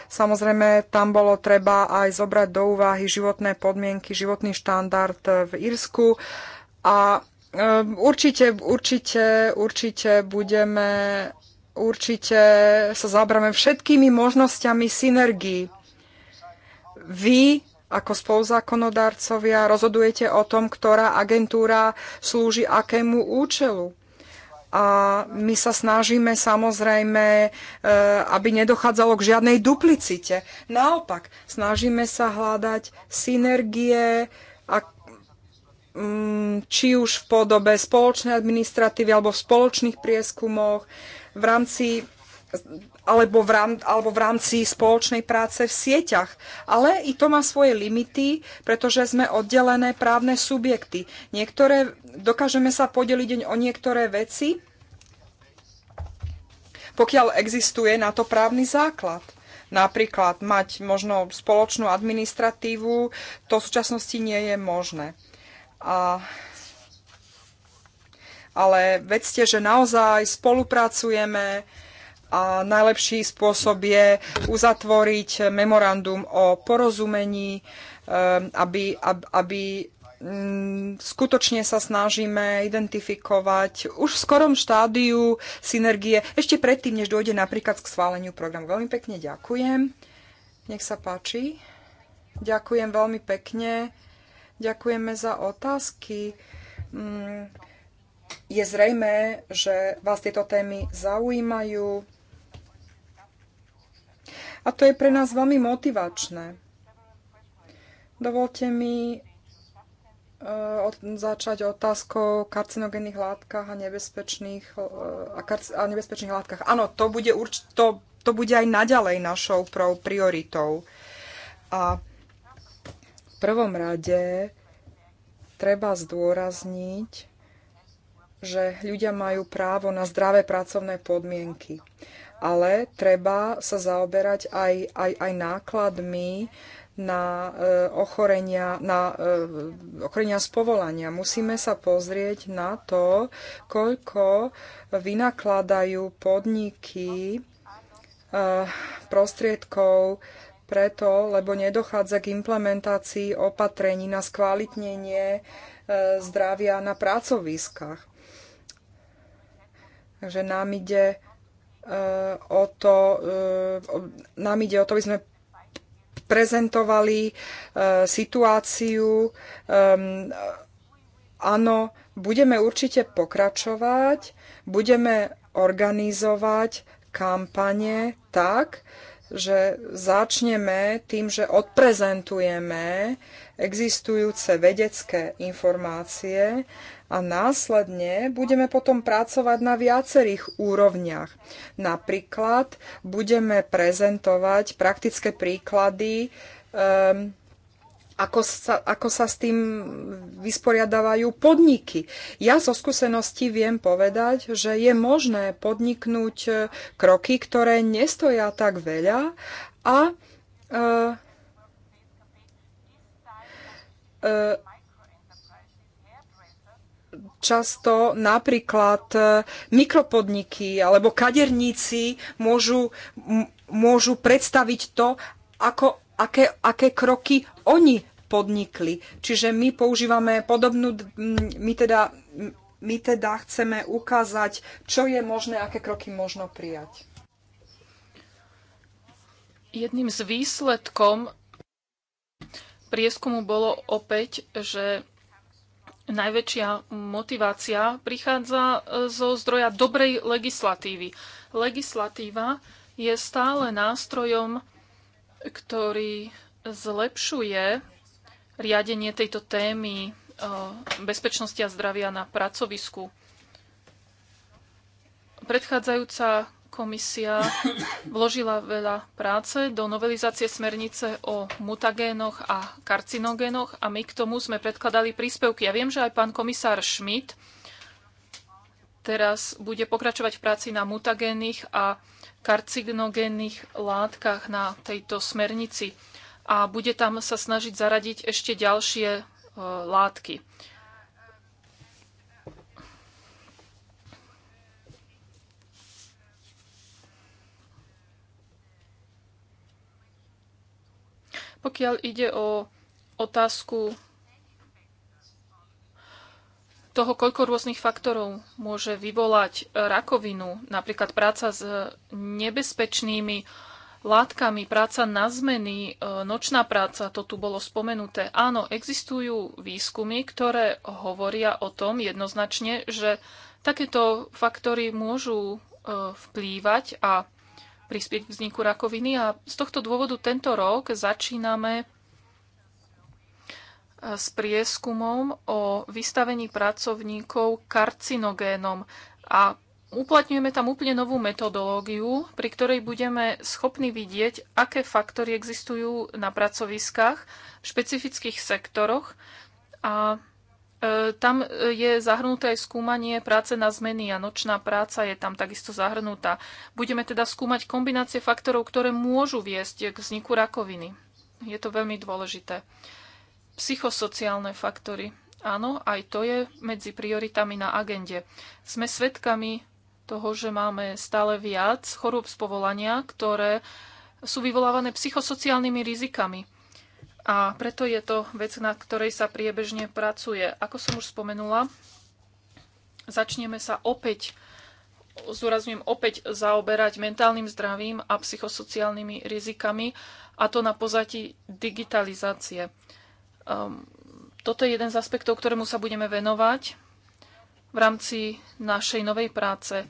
Samozrejme, tam bolo treba aj zobrať do úvahy životné podmienky, životný štandard v Írsku a určite, určite, určite budeme, určite sa zabrame všetkými možnosťami synergii. Vy ako spoluzákonodarcovia rozhodujete o tom, ktorá agentúra slúži akému účelu. A my sa snažíme samozrejme, eh, aby nedochádzalo k žiadnej duplicite. Naopak, snažíme sa hľadať synergie, Mm, či už v podobe spoločnej administratívy alebo v spoločných prieskumoch, v rámci alebo v, rám, alebo v rámci spoločnej práce v sieťach. Ale i to má svoje limity, pretože sme oddelené právne subjekty. Niektoré, dokážeme sa podeliť o niektoré veci, pokiaľ existuje na to právny základ. Napríklad mať možno spoločnú administratívu, to v súčasnosti nie je možné. A ale vedzte, že naozaj spolupracujeme a najlepší spôsob je uzatvoriť memorandum o porozumení, ehm, aby, aby mm, skutočne sa snažíme identifikovať už v skorom štádiu synergie, ešte predtým, než dôjde napríklad k schváleniu programu. Veľmi pekne ďakujem. Nech sa páči. Ďakujem veľmi pekne. Ďakujeme za otázky. Mm, je zrejme, že vás tieto témy zaujímajú. A to je pre nás veľmi motivačné. Dovolte mi e, začať otázkou o karcinogénnych látkach a nebezpečných, e, a, a nebezpečných látkach. Áno, to bude, urč- to, to bude aj naďalej našou prioritou. A prvom rade treba zdôrazniť, že ľudia majú právo na zdravé pracovné podmienky. Ale treba sa zaoberať aj, aj, aj nákladmi na e, ochorenia, na e, ochorenia z povolania. Musíme sa pozrieť na to, koľko vynakladajú podniky e, prostriedkov preto, lebo nedochádza k implementácii opatrení na skvalitnenie e, zdravia na pracoviskách. Takže nám ide e, o to, e, nám ide o to, aby sme prezentovali situáciu. Ehm, áno, budeme určite pokračovať, budeme organizovať kampane tak, že začneme tým, že odprezentujeme existujúce vedecké informácie a následne budeme potom pracovať na viacerých úrovniach. Napríklad budeme prezentovať praktické príklady um, ako sa, ako sa s tým vysporiadávajú podniky. Ja zo skúseností viem povedať, že je možné podniknúť e, kroky, ktoré nestoja tak veľa a e, e, často napríklad e, mikropodniky alebo kaderníci môžu, môžu predstaviť to, ako, aké, aké kroky oni podnikli. Čiže my používame podobnú, my teda, my teda chceme ukázať, čo je možné, aké kroky možno prijať. Jedným z výsledkom prieskumu bolo opäť, že najväčšia motivácia prichádza e, zo zdroja dobrej legislatívy. Legislatíva je stále nástrojom, ktorý zlepšuje riadenie tejto témy eh, bezpečnosti a zdravia na pracovisku. Predchádzajúca komisia vložila veľa práce do novelizácie smernice o mutagénoch a karcinogénoch a my k tomu sme predkladali príspevky. Ja viem, že aj pán komisár Schmidt teraz bude pokračovať v práci na mutagénnych a karcinogénnych látkach na tejto smernici a bude tam sa snažiť zaradiť ešte ďalšie e, látky. Pokiaľ ide o otázku toho, koľko rôznych faktorov môže vyvolať rakovinu, napríklad práca s nebezpečnými látkami, práca na zmeny, e, nočná práca, to tu bolo spomenuté. Áno, existujú výskumy, ktoré hovoria o tom jednoznačne, že takéto faktory môžu e, vplývať a prispieť k vzniku rakoviny a z tohto dôvodu tento rok začíname e, s prieskumom o vystavení pracovníkov karcinogénom a uplatňujeme tam úplne novú metodológiu, pri ktorej budeme schopní vidieť, aké faktory existujú na pracoviskách v špecifických sektoroch a e, tam e, je zahrnuté aj skúmanie práce na zmeny a nočná práca je tam takisto zahrnutá. Budeme teda skúmať kombinácie faktorov, ktoré môžu viesť k vzniku rakoviny. Je to veľmi dôležité. Psychosociálne faktory. Áno, aj to je medzi prioritami na agende. Sme svedkami toho, že máme stále viac chorôb z povolania, ktoré sú vyvolávané psychosociálnymi rizikami. A preto je to vec, na ktorej sa priebežne pracuje. Ako som už spomenula, začneme sa opäť, zúrazňujem opäť zaoberať mentálnym zdravím a psychosociálnymi rizikami, a to na pozati digitalizácie. Um, toto je jeden z aspektov, ktorému sa budeme venovať v rámci našej novej práce.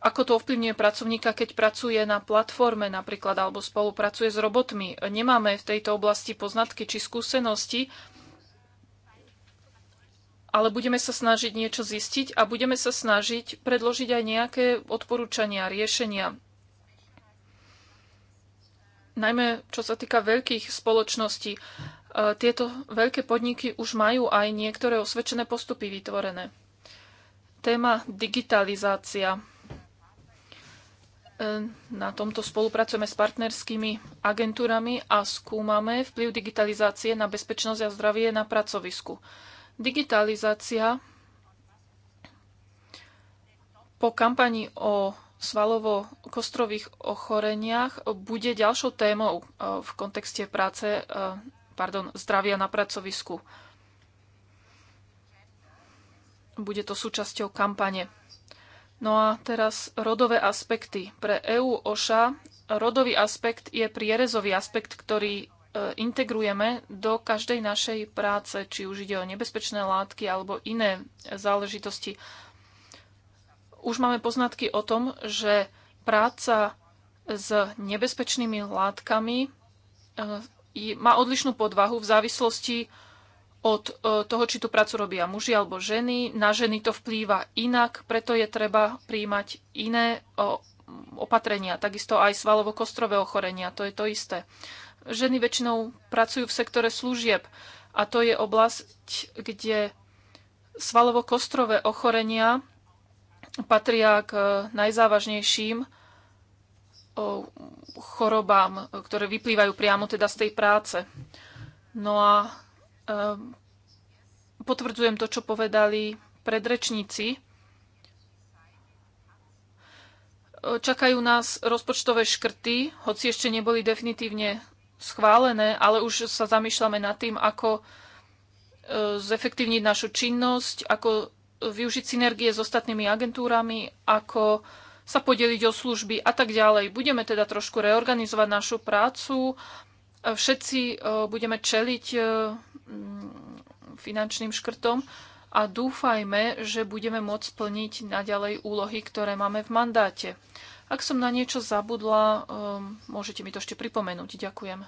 Ako to ovplyvňuje pracovníka, keď pracuje na platforme napríklad alebo spolupracuje s robotmi? Nemáme v tejto oblasti poznatky či skúsenosti, ale budeme sa snažiť niečo zistiť a budeme sa snažiť predložiť aj nejaké odporúčania, riešenia. Najmä čo sa týka veľkých spoločností. E, tieto veľké podniky už majú aj niektoré osvedčené postupy vytvorené. Téma digitalizácia. E, na tomto spolupracujeme s partnerskými agentúrami a skúmame vplyv digitalizácie na bezpečnosť a zdravie na pracovisku. Digitalizácia po kampani o svalovo-kostrových ochoreniach bude ďalšou témou e, v kontexte práce pardon, zdravia na pracovisku. Bude to súčasťou kampane. No a teraz rodové aspekty. Pre EU OŠA rodový aspekt je prierezový aspekt, ktorý e, integrujeme do každej našej práce, či už ide o nebezpečné látky alebo iné záležitosti. Už máme poznatky o tom, že práca s nebezpečnými látkami e, má odlišnú podvahu v závislosti od e, toho, či tú prácu robia muži alebo ženy. Na ženy to vplýva inak, preto je treba príjmať iné opatrenia. Takisto aj svalovo-kostrové ochorenia, to je to isté. Ženy väčšinou pracujú v sektore služieb a to je oblasť, kde svalovo-kostrové ochorenia patria k e, najzávažnejším chorobám, ktoré vyplývajú priamo teda z tej práce. No a potvrdzujem to, čo povedali predrečníci. Čakajú nás rozpočtové škrty, hoci ešte neboli definitívne schválené, ale už sa zamýšľame nad tým, ako e, zefektívniť našu činnosť, ako využiť synergie s ostatnými agentúrami, ako uh, sa podeliť o služby a tak ďalej. Budeme teda trošku reorganizovať našu prácu. Všetci e, budeme čeliť e, finančným škrtom a dúfajme, že budeme môcť plniť naďalej úlohy, ktoré máme v mandáte. Ak som na niečo zabudla, e, môžete mi to ešte pripomenúť. Ďakujem.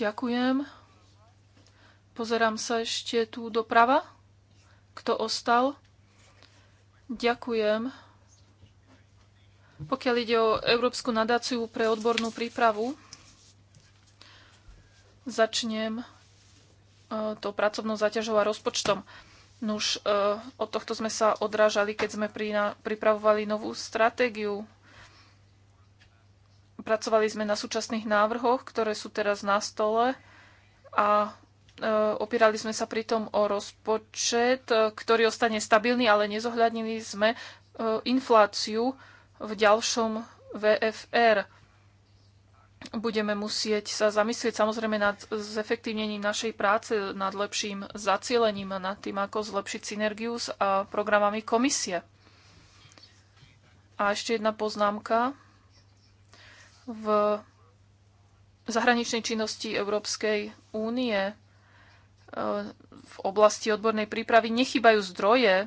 Ďakujem. Pozerám sa ešte tu doprava. Kto ostal? Ďakujem. Pokiaľ ide o Európsku nadáciu pre odbornú prípravu, začnem e, tou pracovnou zaťažou a rozpočtom. Nuž, e, od tohto sme sa odrážali, keď sme pripravovali novú stratégiu. Pracovali sme na súčasných návrhoch, ktoré sú teraz na stole a Eh, opírali sme sa pritom o rozpočet, eh, ktorý ostane stabilný, ale nezohľadnili sme eh, infláciu v ďalšom VFR. Budeme musieť sa zamyslieť samozrejme nad zefektívnením našej práce, nad lepším zacielením a nad tým, ako zlepšiť synergiu s programami komisie. A ešte jedna poznámka. V zahraničnej činnosti Európskej únie v oblasti odbornej prípravy nechybajú zdroje. E,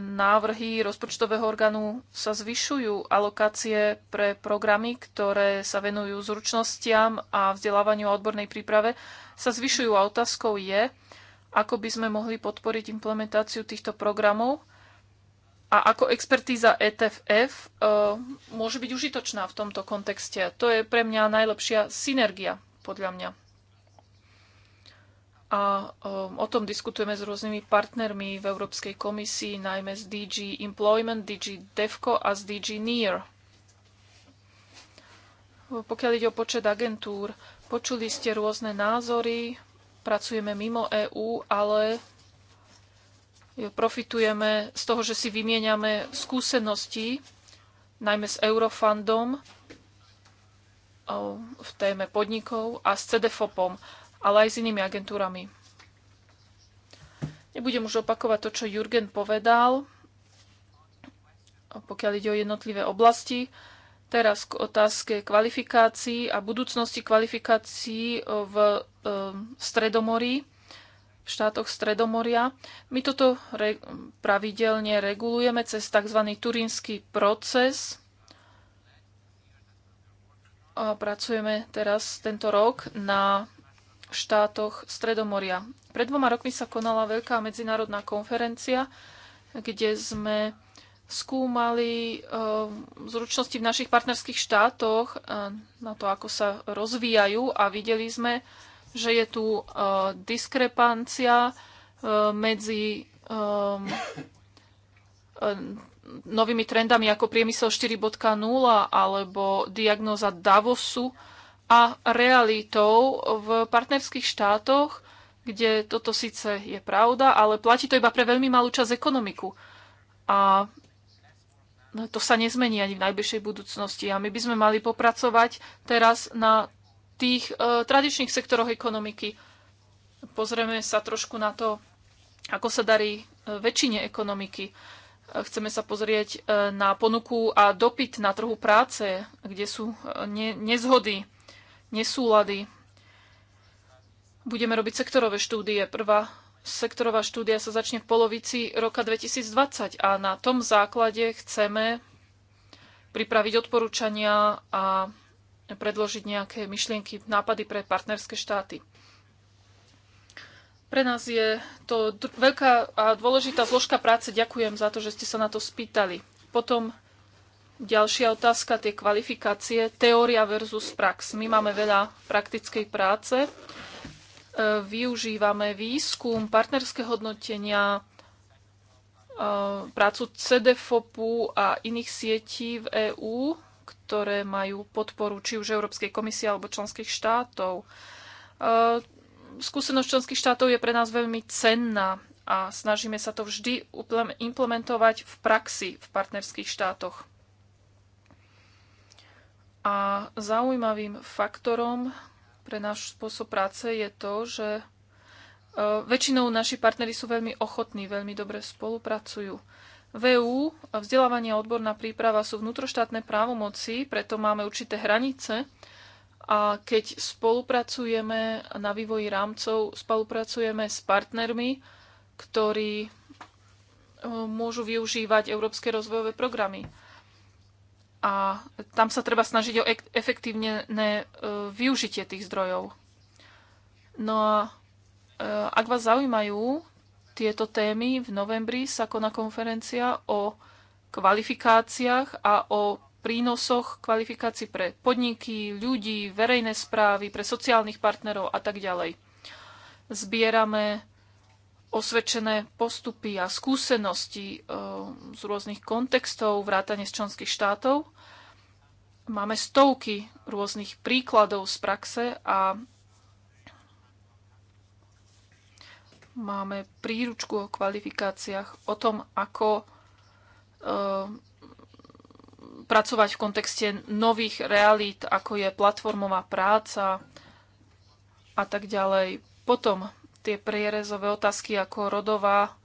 návrhy rozpočtového orgánu sa zvyšujú alokácie pre programy, ktoré sa venujú zručnostiam a vzdelávaniu a odbornej príprave sa zvyšujú a otázkou je, ako by sme mohli podporiť implementáciu týchto programov a ako expertíza ETFF e, môže byť užitočná v tomto kontexte. To je pre mňa najlepšia synergia, podľa mňa a o tom diskutujeme s rôznymi partnermi v Európskej komisii, najmä s DG Employment, DG DEFCO a s DG NEAR. Pokiaľ ide o počet agentúr, počuli ste rôzne názory, pracujeme mimo EÚ, ale profitujeme z toho, že si vymieňame skúsenosti, najmä s Eurofundom v téme podnikov a s CDFOPom ale aj s inými agentúrami. Nebudem už opakovať to, čo Jurgen povedal, pokiaľ ide o jednotlivé oblasti. Teraz k otázke kvalifikácií a budúcnosti kvalifikácií v ehm, Stredomorí, v štátoch Stredomoria. My toto re- pravidelne regulujeme cez tzv. turínsky proces. A pracujeme teraz tento rok na štátoch Stredomoria. Pred dvoma rokmi sa konala veľká medzinárodná konferencia, kde sme skúmali e, zručnosti v našich partnerských štátoch e, na to, ako sa rozvíjajú a videli sme, že je tu e, diskrepancia medzi novými trendami ako priemysel 4.0 alebo diagnoza Davosu a realitou v partnerských štátoch, kde toto síce je pravda, ale platí to iba pre veľmi malú časť ekonomiku. A to sa nezmení ani v najbližšej budúcnosti. A my by sme mali popracovať teraz na tých e, tradičných sektoroch ekonomiky. Pozrieme sa trošku na to, ako sa darí e, väčšine ekonomiky. E, chceme sa pozrieť e, na ponuku a dopyt na trhu práce, kde sú nezhody nesúlady. Budeme robiť sektorové štúdie. Prvá sektorová štúdia sa začne v polovici roka 2020 a na tom základe chceme pripraviť odporúčania a predložiť nejaké myšlienky, nápady pre partnerské štáty. Pre nás je to veľká a dôležitá zložka práce. Ďakujem za to, že ste sa na to spýtali. Potom Ďalšia otázka, tie kvalifikácie, teória versus prax. My máme veľa praktickej práce, e, využívame výskum, partnerské hodnotenia, e, prácu CDFOPu a iných sietí v EÚ, ktoré majú podporu či už Európskej komisie alebo členských štátov. E, skúsenosť členských štátov je pre nás veľmi cenná a snažíme sa to vždy implementovať v praxi v partnerských štátoch. A zaujímavým faktorom pre náš spôsob práce je to, že e, väčšinou naši partneri sú veľmi ochotní, veľmi dobre spolupracujú. VU, e vzdelávanie a odborná príprava sú vnútroštátne právomoci, preto máme určité hranice a keď spolupracujeme na vývoji rámcov, spolupracujeme s partnermi, ktorí e, môžu využívať európske rozvojové programy a tam sa treba snažiť o efektívne e, využitie tých zdrojov. No a e, ak vás zaujímajú tieto témy, v novembri sa koná konferencia o kvalifikáciách a o prínosoch kvalifikácií pre podniky, ľudí, verejné správy, pre sociálnych partnerov a tak ďalej. Zbierame osvedčené postupy a skúsenosti e, z rôznych kontextov, vrátane z členských štátov Máme stovky rôznych príkladov z praxe a máme príručku o kvalifikáciách, o tom, ako e, pracovať v kontexte nových realít, ako je platformová práca a tak ďalej. Potom tie prierezové otázky ako rodová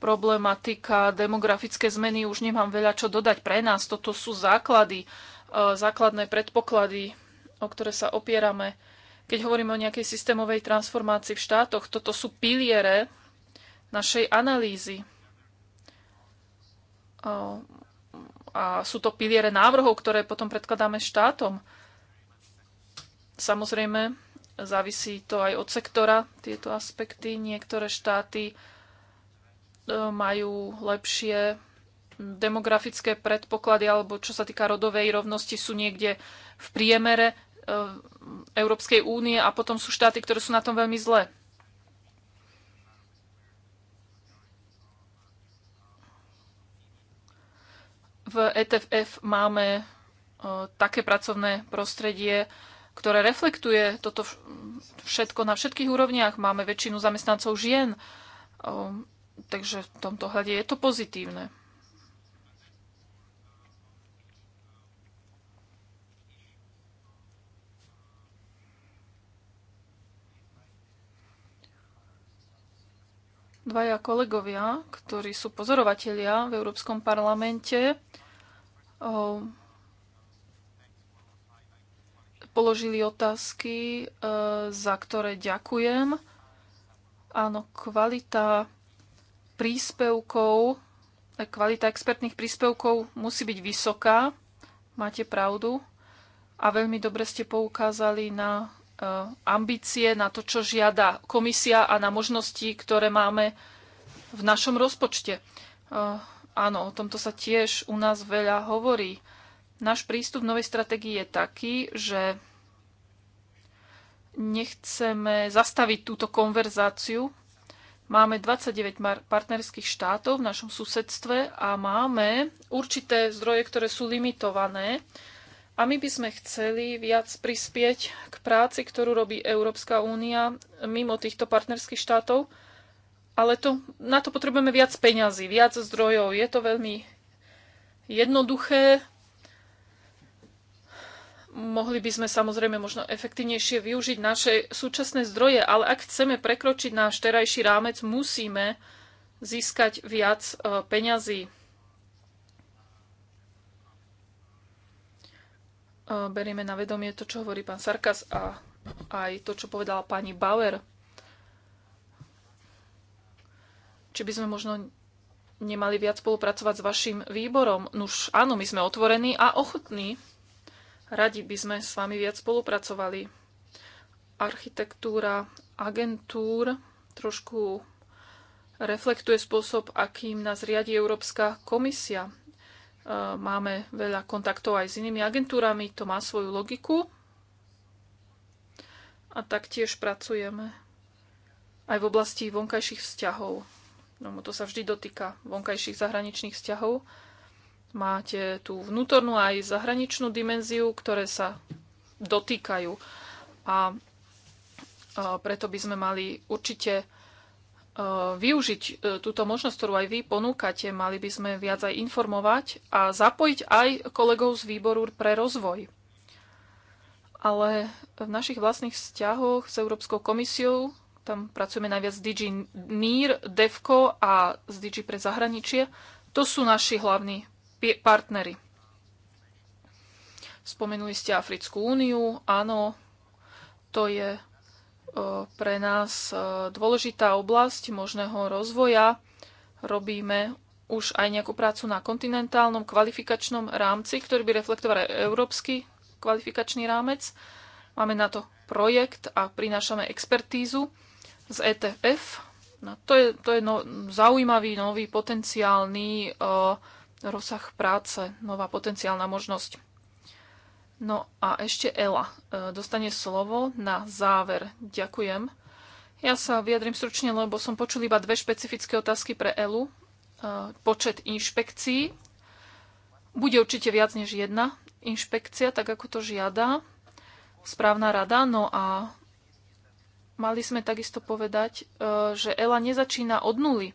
problematika, demografické zmeny, už nemám veľa čo dodať pre nás. Toto sú základy. E, základné predpoklady, o ktoré sa opierame. Keď hovoríme o nejakej systémovej transformácii v štátoch, toto sú piliere našej analýzy. E, a sú to piliere návrhov, ktoré potom predkladáme štátom. Samozrejme, závisí to aj od sektora, tieto aspekty. Niektoré štáty e, majú lepšie demografické predpoklady alebo čo sa týka rodovej rovnosti sú niekde v priemere eh, Európskej únie a potom sú štáty, ktoré sú na tom veľmi zlé. V ETFF máme eh, také pracovné prostredie, ktoré reflektuje toto všetko na všetkých úrovniach. Máme väčšinu zamestnancov žien, ehm, takže v tomto hľade je to pozitívne. Dvaja kolegovia, ktorí sú pozorovatelia v Európskom parlamente, položili otázky, e, za ktoré ďakujem. Áno, kvalita príspevkov, e, kvalita expertných príspevkov musí byť vysoká, máte pravdu. A veľmi dobre ste poukázali na Eh, ambície, na to, čo žiada komisia a na možnosti, ktoré máme v našom rozpočte. Eh, áno, o tomto sa tiež u nás veľa hovorí. Náš prístup v novej strategii je taký, že nechceme zastaviť túto konverzáciu. Máme 29 partnerských štátov v našom susedstve a máme určité zdroje, ktoré sú limitované. A my by sme chceli viac prispieť k práci, ktorú robí Európska únia mimo týchto partnerských štátov, ale to, na to potrebujeme viac peňazí, viac zdrojov. Je to veľmi jednoduché. Mohli by sme samozrejme možno efektívnejšie využiť naše súčasné zdroje, ale ak chceme prekročiť náš terajší rámec, musíme získať viac e, peňazí. berieme na vedomie to, čo hovorí pán Sarkas a aj to, čo povedala pani Bauer. Či by sme možno nemali viac spolupracovať s vašim výborom? Nuž áno, my sme otvorení a ochotní. Radi by sme s vami viac spolupracovali. Architektúra agentúr trošku reflektuje spôsob, akým nás riadi Európska komisia máme veľa kontaktov aj s inými agentúrami, to má svoju logiku. A taktiež pracujeme aj v oblasti vonkajších vzťahov. No, to sa vždy dotýka vonkajších zahraničných vzťahov. Máte tú vnútornú aj zahraničnú dimenziu, ktoré sa dotýkajú. A preto by sme mali určite E, využiť e, túto možnosť, ktorú aj vy ponúkate. Mali by sme viac aj informovať a zapojiť aj kolegov z výboru pre rozvoj. Ale v našich vlastných vzťahoch s Európskou komisiou, tam pracujeme najviac s DG NIR, DEVCO a s DG pre zahraničie, to sú naši hlavní partnery. Spomenuli ste Africkú úniu, áno, to je E, pre nás e, dôležitá oblasť možného rozvoja. Robíme už aj nejakú prácu na kontinentálnom kvalifikačnom rámci, ktorý by reflektoval aj európsky kvalifikačný rámec. Máme na to projekt a prinášame expertízu z ETF. No, to je, to je no, zaujímavý nový potenciálny uh, rozsah práce, nová potenciálna možnosť. No a ešte Ela e, dostane slovo na záver. Ďakujem. Ja sa vyjadrim stručne, lebo som počul iba dve špecifické otázky pre Elu. E, počet inšpekcií. Bude určite viac než jedna inšpekcia, tak ako to žiada správna rada. No a mali sme takisto povedať, e, že Ela nezačína od nuly.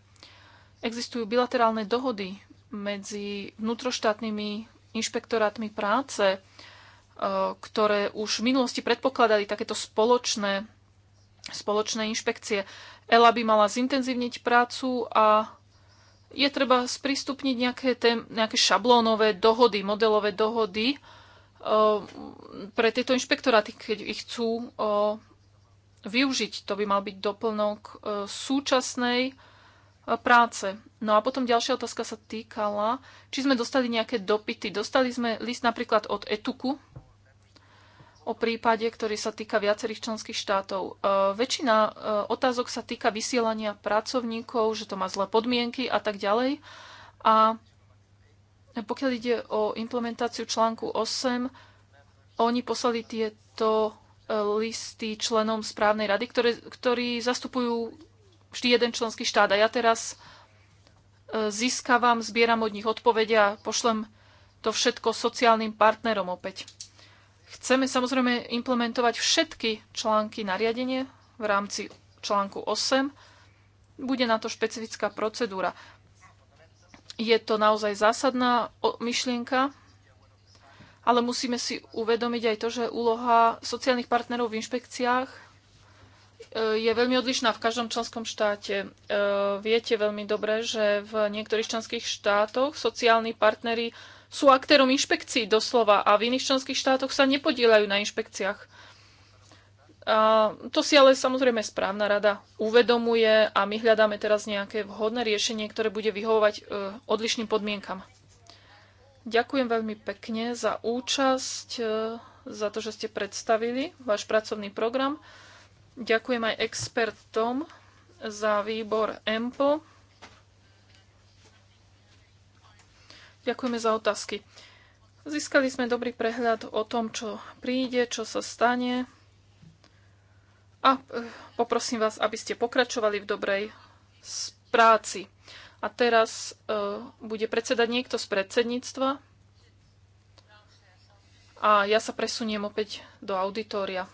Existujú bilaterálne dohody medzi vnútroštátnymi inšpektorátmi práce, E, ktoré už v minulosti predpokladali takéto spoločné, spoločné inšpekcie. ELA by mala zintenzívniť prácu a je treba sprístupniť nejaké, tém, nejaké šablónové dohody, modelové dohody e, pre tieto inšpektoráty, keď ich chcú e, využiť. To by mal byť doplnok súčasnej práce. No a potom ďalšia otázka sa týkala, či sme dostali nejaké dopity. Dostali sme list napríklad od Etuku, o prípade, ktorý sa týka viacerých členských štátov. E, väčšina e, otázok sa týka vysielania pracovníkov, že to má zlé podmienky a tak ďalej. A pokiaľ ide o implementáciu článku 8, oni poslali tieto e, listy členom správnej rady, ktoré, ktorí zastupujú vždy jeden členský štát. A ja teraz získavam, zbieram od nich odpovede a pošlem to všetko sociálnym partnerom opäť. Chceme samozrejme implementovať všetky články nariadenie v rámci článku 8. Bude na to špecifická procedúra. Je to naozaj zásadná myšlienka, ale musíme si uvedomiť aj to, že úloha sociálnych partnerov v inšpekciách e, je veľmi odlišná v každom členskom štáte. E, viete veľmi dobre, že v niektorých členských štátoch sociálni partnery sú aktérom inšpekcií doslova a v iných členských štátoch sa nepodielajú na inšpekciách. A to si ale samozrejme správna rada uvedomuje a my hľadáme teraz nejaké vhodné riešenie, ktoré bude vyhovovať e, odlišným podmienkam. Ďakujem veľmi pekne za účasť, e, za to, že ste predstavili váš pracovný program. Ďakujem aj expertom za výbor EMPO Ďakujeme za otázky. Získali sme dobrý prehľad o tom, čo príde, čo sa stane. A e, poprosím vás, aby ste pokračovali v dobrej práci. A teraz uh, bude predsedať niekto z predsedníctva. A ja sa presuniem opäť do auditória.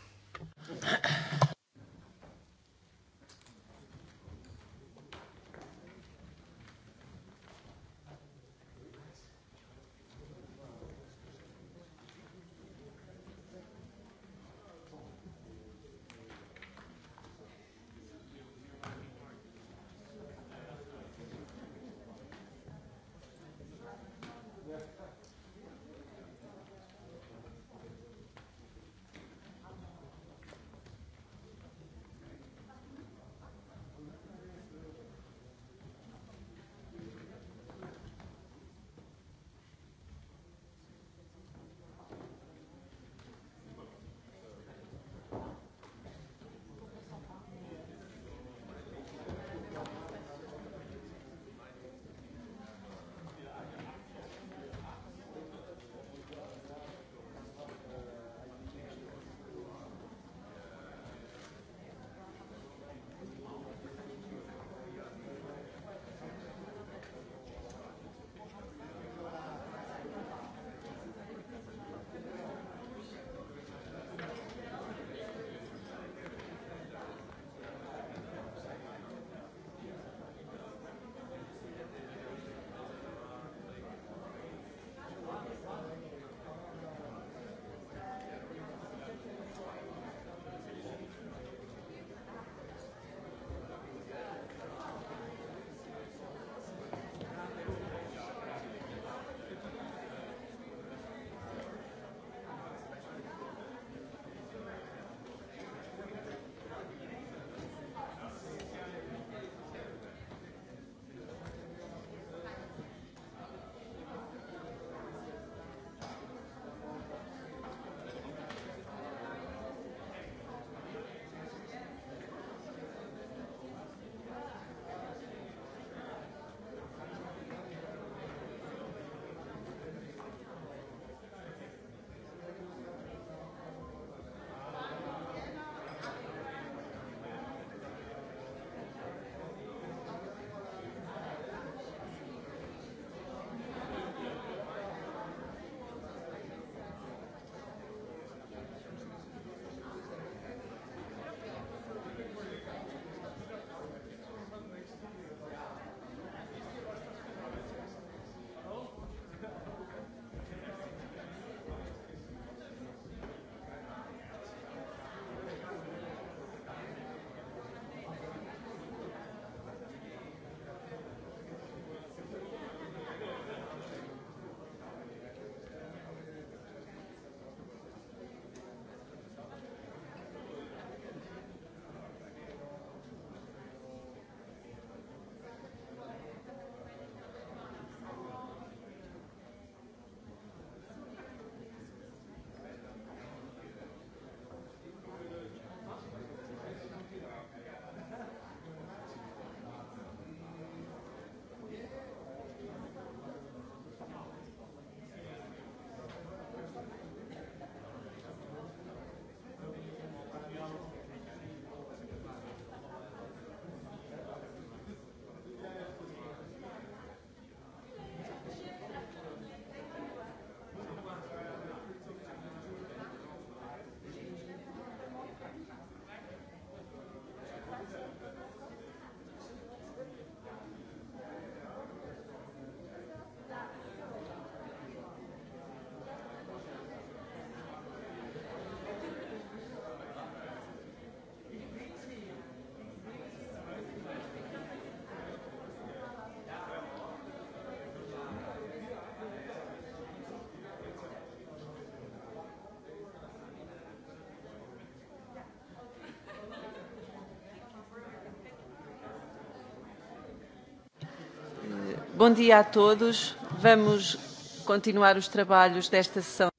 Bom dia a todos. Vamos continuar os trabalhos desta sessão.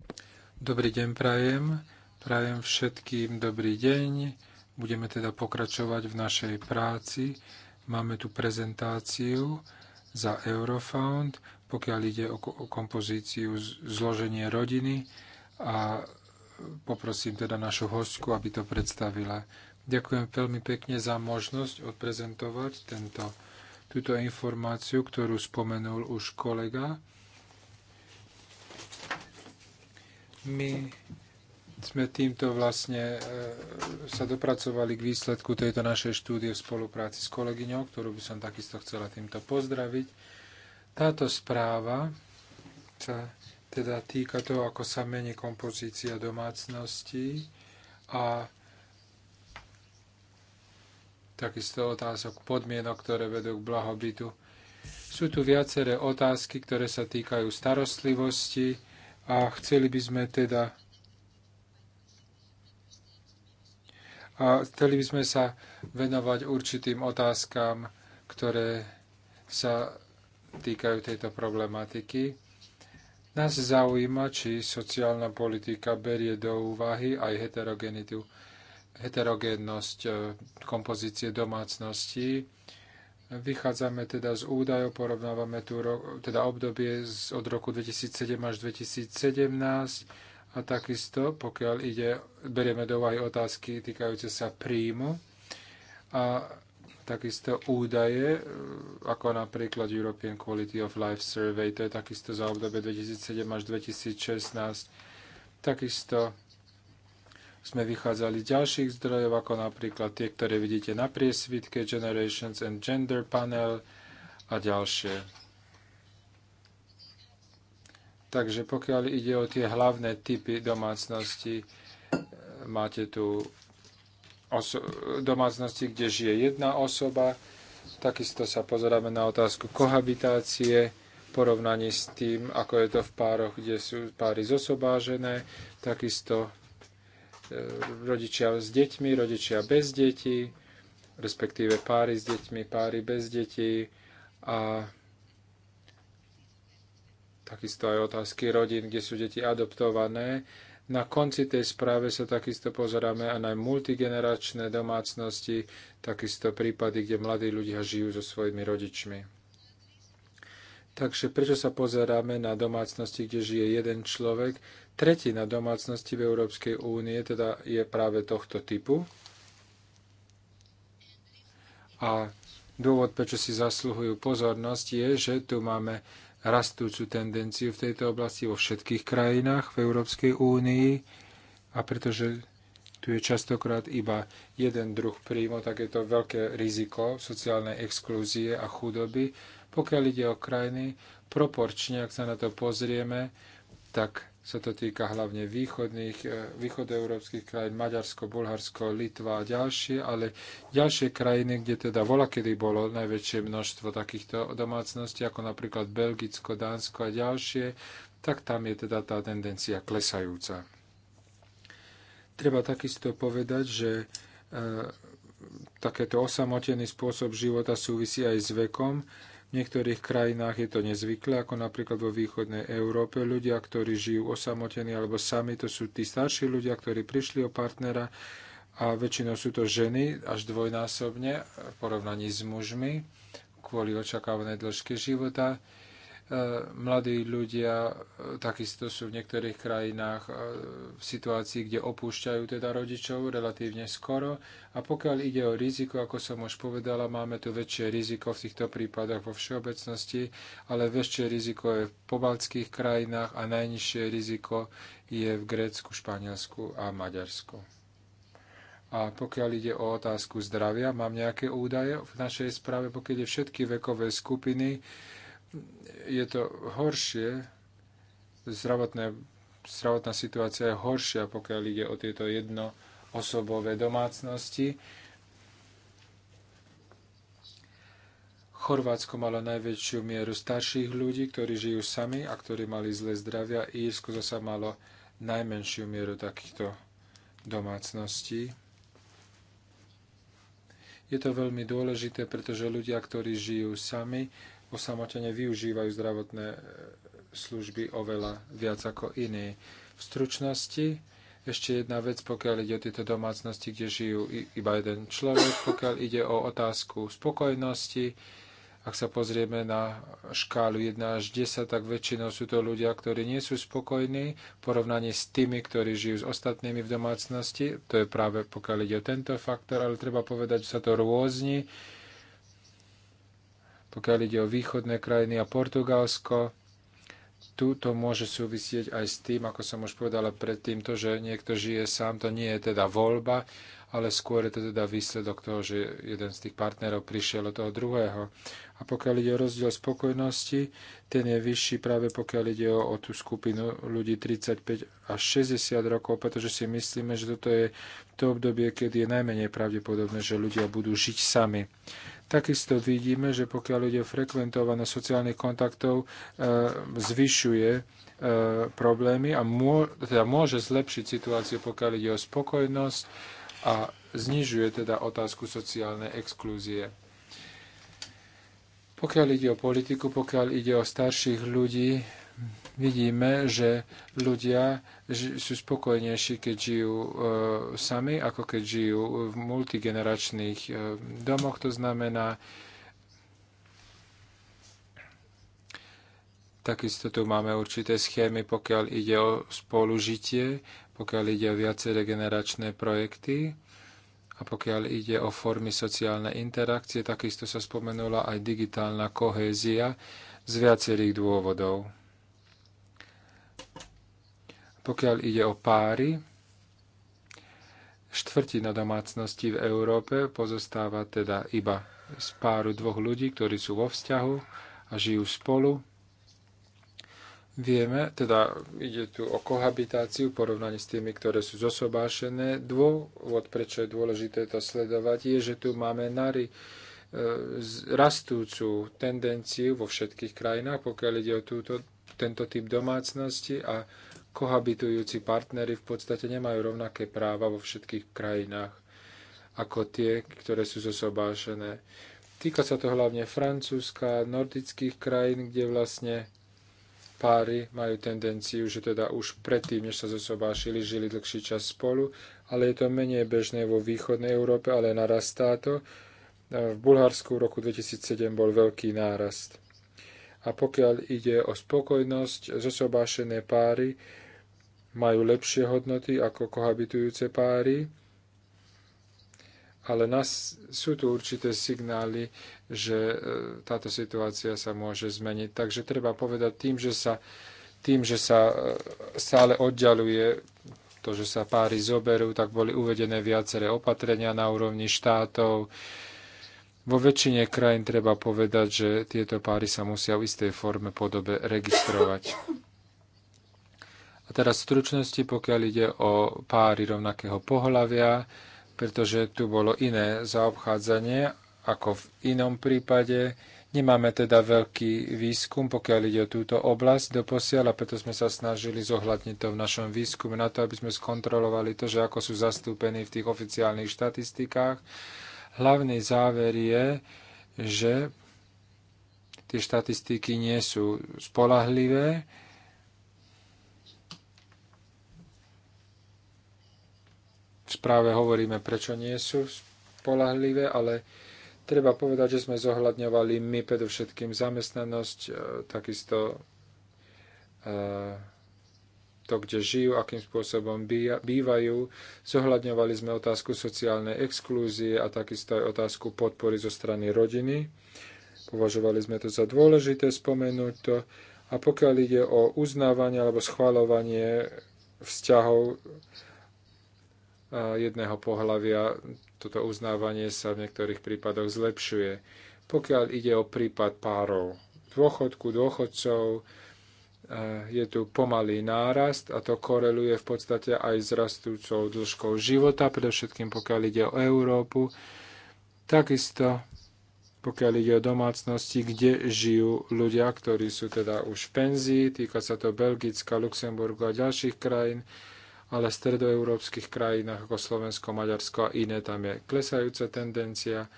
Dobrý deň prajem. Prajem všetkým dobrý deň. Budeme teda pokračovať v našej práci. Máme tu prezentáciu za Eurofound, pokiaľ ide o kompozíciu zloženie rodiny a poprosím teda našu hostku, aby to predstavila. Ďakujem veľmi pekne za možnosť odprezentovať tento túto informáciu, ktorú spomenul už kolega. My sme týmto vlastne e, sa dopracovali k výsledku tejto našej štúdie v spolupráci s kolegyňou, ktorú by som takisto chcela týmto pozdraviť. Táto správa sa teda týka toho, ako sa mení kompozícia domácnosti a takisto otázok podmienok, ktoré vedú k blahobytu. Sú tu viaceré otázky, ktoré sa týkajú starostlivosti a chceli by sme teda a chceli by sme sa venovať určitým otázkam, ktoré sa týkajú tejto problematiky. Nás zaujíma, či sociálna politika berie do úvahy aj heterogenitu heterogénnosť e, kompozície domácnosti. Vychádzame teda z údajov, porovnávame tu teda obdobie z, od roku 2007 až 2017 a takisto, pokiaľ ide, berieme do úvahy otázky týkajúce sa príjmu a takisto údaje, e, ako napríklad European Quality of Life Survey, to je takisto za obdobie 2007 až 2016. Takisto sme vychádzali z ďalších zdrojov, ako napríklad tie, ktoré vidíte na priesvitke Generations and Gender Panel a ďalšie. Takže pokiaľ ide o tie hlavné typy domácnosti, eh, máte tu domácnosti, kde žije jedna osoba, takisto sa pozeráme na otázku kohabitácie, porovnaní s tým, ako je to v pároch, kde sú páry zosobážené, takisto rodičia s deťmi, rodičia bez detí, respektíve páry s deťmi, páry bez detí a takisto aj otázky rodín, kde sú deti adoptované. Na konci tej správe sa takisto pozeráme aj na multigeneračné domácnosti, takisto prípady, kde mladí ľudia žijú so svojimi rodičmi. Takže prečo sa pozeráme na domácnosti, kde žije jeden človek? Tretina domácnosti v Európskej únie teda je práve tohto typu. A dôvod, prečo si zasluhujú pozornosť, je, že tu máme rastúcu tendenciu v tejto oblasti vo všetkých krajinách v Európskej únii a pretože tu je častokrát iba jeden druh príjmu, tak je to veľké riziko sociálnej exklúzie a chudoby. Pokiaľ ide o krajiny, proporčne, ak sa na to pozrieme, tak sa to týka hlavne východných, e, východoeurópskych krajín, Maďarsko, Bulharsko, Litva a ďalšie, ale ďalšie krajiny, kde teda kedy bolo najväčšie množstvo takýchto domácností, ako napríklad Belgicko, Dánsko a ďalšie, tak tam je teda tá tendencia klesajúca. Treba takisto povedať, že e, takéto osamotený spôsob života súvisí aj s vekom v niektorých krajinách je to nezvyklé, ako napríklad vo východnej Európe. Ľudia, ktorí žijú osamotení alebo sami, to sú tí starší ľudia, ktorí prišli o partnera a väčšinou sú to ženy až dvojnásobne v porovnaní s mužmi kvôli očakávanej dĺžke života. Eh, mladí ľudia eh, takisto sú v niektorých krajinách eh, v situácii, kde opúšťajú teda rodičov relatívne skoro. A pokiaľ ide o riziko, ako som už povedala, máme tu väčšie riziko v týchto prípadoch vo všeobecnosti, ale väčšie riziko je v pobaltských krajinách a najnižšie riziko je v Grécku, Španielsku a Maďarsku. A pokiaľ ide o otázku zdravia, mám nejaké údaje v našej správe, pokiaľ je všetky vekové skupiny, je to horšie, zdravotné, zdravotná situácia je horšia, pokiaľ ide o tieto jednoosobové domácnosti. Chorvátsko malo najväčšiu mieru starších ľudí, ktorí žijú sami a ktorí mali zlé zdravia. Írsko zase malo najmenšiu mieru takýchto domácností. Je to veľmi dôležité, pretože ľudia, ktorí žijú sami, osamotene využívajú zdravotné e, služby oveľa viac ako iní. V stručnosti ešte jedna vec, pokiaľ ide o tieto domácnosti, kde žijú iba jeden človek, pokiaľ ide o otázku spokojnosti, ak sa pozrieme na škálu 1 až 10, tak väčšinou sú to ľudia, ktorí nie sú spokojní v porovnaní s tými, ktorí žijú s ostatnými v domácnosti. To je práve pokiaľ ide o tento faktor, ale treba povedať, že sa to rôzni pokiaľ ide o východné krajiny a Portugalsko, tu to môže súvisieť aj s tým, ako som už povedala predtým, to, že niekto žije sám, to nie je teda voľba, ale skôr je to teda výsledok toho, že jeden z tých partnerov prišiel od toho druhého. A pokiaľ ide o rozdiel spokojnosti, ten je vyšší práve pokiaľ ide o, o tú skupinu ľudí 35 až 60 rokov, pretože si myslíme, že toto je to obdobie, kedy je najmenej pravdepodobné, že ľudia budú žiť sami. Takisto vidíme, že pokiaľ ide o frekventované sociálnych kontaktov, e, zvyšuje e, problémy a teda môže zlepšiť situáciu, pokiaľ ide o spokojnosť a znižuje teda otázku sociálnej exklúzie. Pokiaľ ide o politiku, pokiaľ ide o starších ľudí, vidíme, že ľudia sú spokojnejší, keď žijú e, sami, ako keď žijú v multigeneračných e, domoch. To znamená, takisto tu máme určité schémy, pokiaľ ide o spolužitie, pokiaľ ide o viaceré generačné projekty. A pokiaľ ide o formy sociálnej interakcie, takisto sa spomenula aj digitálna kohézia z viacerých dôvodov. Pokiaľ ide o páry, štvrtina domácnosti v Európe pozostáva teda iba z páru dvoch ľudí, ktorí sú vo vzťahu a žijú spolu. Vieme, teda ide tu o kohabitáciu v porovnaní s tými, ktoré sú zosobášené. Dôvod, prečo je dôležité to sledovať, je, že tu máme nary e, rastúcu tendenciu vo všetkých krajinách, pokiaľ ide o túto, tento typ domácnosti a kohabitujúci partnery v podstate nemajú rovnaké práva vo všetkých krajinách ako tie, ktoré sú zosobášené. Týka sa to hlavne Francúzska, nordických krajín, kde vlastne páry majú tendenciu, že teda už predtým, než sa zosobášili, žili dlhší čas spolu, ale je to menej bežné vo východnej Európe, ale narastá to. V Bulharsku v roku 2007 bol veľký nárast a pokiaľ ide o spokojnosť, zosobášené páry majú lepšie hodnoty ako kohabitujúce páry, ale nás, sú tu určité signály, že e, táto situácia sa môže zmeniť. Takže treba povedať tým, že sa, tým, že sa e, stále oddialuje to, že sa páry zoberú, tak boli uvedené viaceré opatrenia na úrovni štátov, vo väčšine krajín treba povedať, že tieto páry sa musia v istej forme podobe registrovať. A teraz v stručnosti, pokiaľ ide o páry rovnakého pohľavia, pretože tu bolo iné zaobchádzanie ako v inom prípade. Nemáme teda veľký výskum, pokiaľ ide o túto oblasť doposiaľ a preto sme sa snažili zohľadniť to v našom výskume na to, aby sme skontrolovali to, že ako sú zastúpení v tých oficiálnych štatistikách Hlavný záver je, že tie štatistiky nie sú spolahlivé. V správe hovoríme, prečo nie sú spolahlivé, ale treba povedať, že sme zohľadňovali my predovšetkým zamestnanosť, e, takisto e, to, kde žijú, akým spôsobom bývajú. Zohľadňovali sme otázku sociálnej exklúzie a takisto aj otázku podpory zo strany rodiny. Považovali sme to za dôležité spomenúť to. A pokiaľ ide o uznávanie alebo schvalovanie vzťahov jedného pohľavia, toto uznávanie sa v niektorých prípadoch zlepšuje. Pokiaľ ide o prípad párov, dôchodku, dôchodcov, je tu pomalý nárast a to koreluje v podstate aj s rastúcou dĺžkou života, predovšetkým pokiaľ ide o Európu. Takisto pokiaľ ide o domácnosti, kde žijú ľudia, ktorí sú teda už v penzii, týka sa to Belgicka, Luxemburgu a ďalších krajín, ale v stredoeurópskych krajinách ako Slovensko, Maďarsko a iné tam je klesajúca tendencia.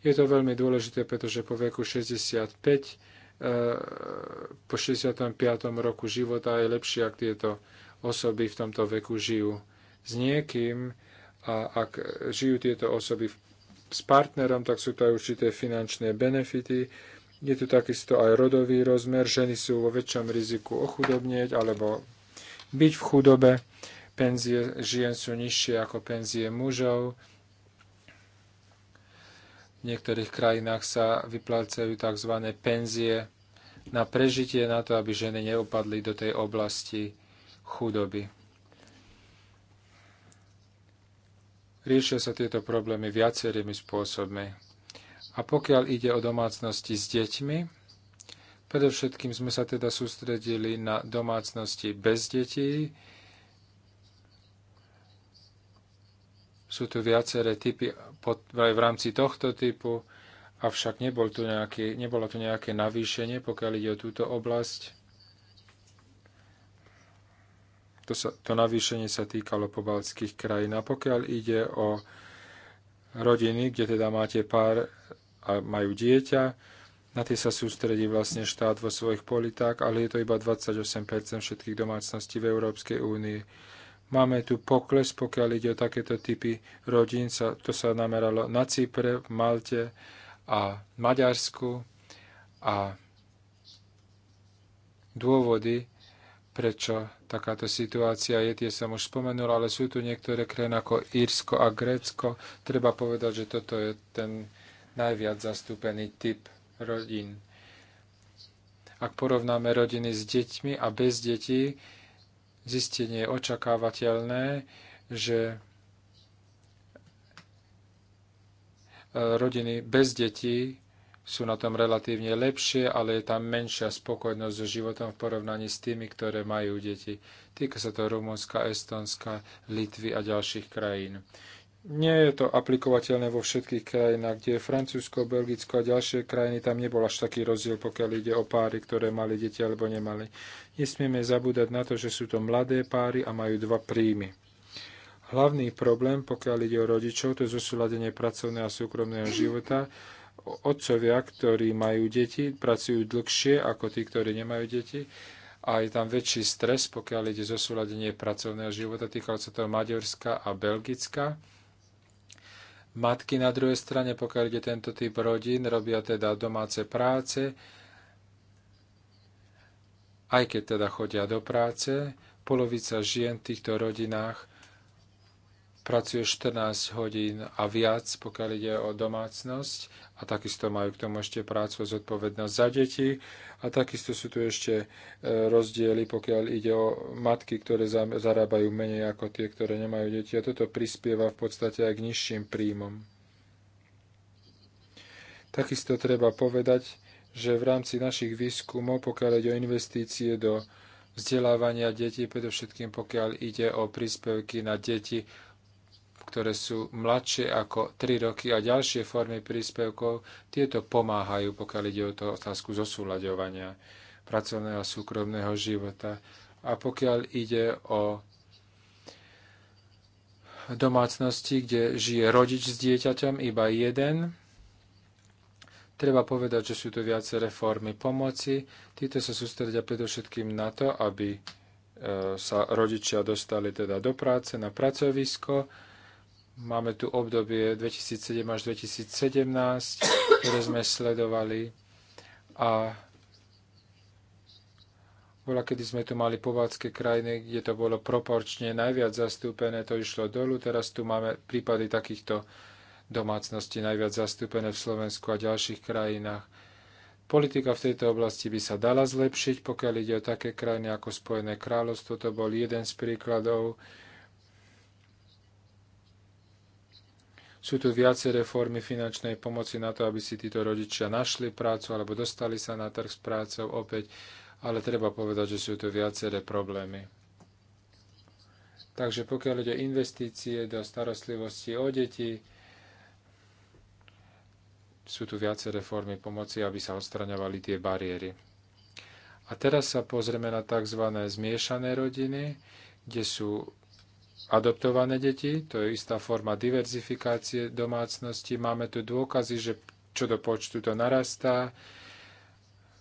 Je to veľmi dôležité, pretože po veku 65 E, po 65. roku života je lepšie, ak tieto osoby v tomto veku žijú s niekým a ak žijú tieto osoby s partnerom, tak sú to aj určité finančné benefity. Je tu takisto aj rodový rozmer. Ženy sú vo väčšom riziku ochudobnieť alebo byť v chudobe. Penzie žien sú nižšie ako penzie mužov. V niektorých krajinách sa vyplácajú tzv. penzie na prežitie, na to, aby ženy neopadli do tej oblasti chudoby. Riešia sa tieto problémy viacerými spôsobmi. A pokiaľ ide o domácnosti s deťmi, Predovšetkým sme sa teda sústredili na domácnosti bez detí, Sú tu viaceré typy pod, aj v rámci tohto typu, avšak nebol tu nejaký, nebolo tu nejaké navýšenie, pokiaľ ide o túto oblasť. To, sa, to navýšenie sa týkalo pobaltských krajín. A pokiaľ ide o rodiny, kde teda máte pár a majú dieťa, na tie sa sústredí vlastne štát vo svojich politách, ale je to iba 28% všetkých domácností v Európskej únii. Máme tu pokles, pokiaľ ide o takéto typy rodín. To sa nameralo na Cypre, v Malte a Maďarsku. A dôvody, prečo takáto situácia je, tie som už spomenul, ale sú tu niektoré krajiny ako Írsko a Grécko. Treba povedať, že toto je ten najviac zastúpený typ rodín. Ak porovnáme rodiny s deťmi a bez detí, zistenie je očakávateľné, že e, rodiny bez detí sú na tom relatívne lepšie, ale je tam menšia spokojnosť so životom v porovnaní s tými, ktoré majú deti. Týka sa to Rumunska, Estonska, Litvy a ďalších krajín. Nie je to aplikovateľné vo všetkých krajinách, kde je Francúzsko, Belgicko a ďalšie krajiny, tam nebol až taký rozdiel, pokiaľ ide o páry, ktoré mali deti alebo nemali. Nesmieme zabúdať na to, že sú to mladé páry a majú dva príjmy. Hlavný problém, pokiaľ ide o rodičov, to je zosúladenie pracovného a súkromného života. Otcovia, ktorí majú deti, pracujú dlhšie ako tí, ktorí nemajú deti a je tam väčší stres, pokiaľ ide zosúladenie pracovného života. Týkalo sa toho Maďarska a Belgicka Matky na druhej strane, pokiaľ ide tento typ rodín, robia teda domáce práce, aj keď teda chodia do práce. Polovica žien v týchto rodinách pracuje 14 hodín a viac, pokiaľ ide o domácnosť a takisto majú k tomu ešte prácu a zodpovednosť za deti a takisto sú tu ešte e, rozdiely, pokiaľ ide o matky, ktoré zarábajú menej ako tie, ktoré nemajú deti a toto prispieva v podstate aj k nižším príjmom. Takisto treba povedať, že v rámci našich výskumov, pokiaľ ide o investície do vzdelávania detí, predovšetkým pokiaľ ide o príspevky na deti, ktoré sú mladšie ako 3 roky a ďalšie formy príspevkov, tieto pomáhajú, pokiaľ ide o to otázku zosúľadovania pracovného a súkromného života. A pokiaľ ide o domácnosti, kde žije rodič s dieťaťom, iba jeden, Treba povedať, že sú to viaceré formy pomoci. Títo sa sústredia predovšetkým na to, aby e, sa rodičia dostali teda do práce, na pracovisko Máme tu obdobie 2007 až 2017, ktoré sme sledovali a bola, kedy sme tu mali povádzke krajiny, kde to bolo proporčne najviac zastúpené, to išlo dolu. Teraz tu máme prípady takýchto domácností najviac zastúpené v Slovensku a ďalších krajinách. Politika v tejto oblasti by sa dala zlepšiť, pokiaľ ide o také krajiny ako Spojené kráľovstvo. To bol jeden z príkladov, Sú tu viaceré formy finančnej pomoci na to, aby si títo rodičia našli prácu alebo dostali sa na trh s prácou opäť, ale treba povedať, že sú tu viaceré problémy. Takže pokiaľ ide investície do starostlivosti o deti, sú tu viaceré formy pomoci, aby sa odstraňovali tie bariéry. A teraz sa pozrieme na tzv. zmiešané rodiny, kde sú adoptované deti, to je istá forma diverzifikácie domácnosti. Máme tu dôkazy, že čo do počtu to narastá,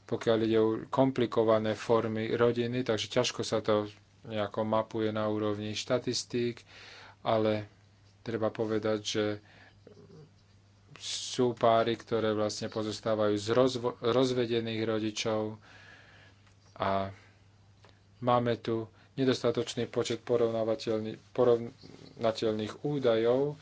pokiaľ ide o komplikované formy rodiny, takže ťažko sa to nejako mapuje na úrovni štatistík, ale treba povedať, že sú páry, ktoré vlastne pozostávajú z rozvedených rodičov a máme tu nedostatočný počet porovnateľných údajov.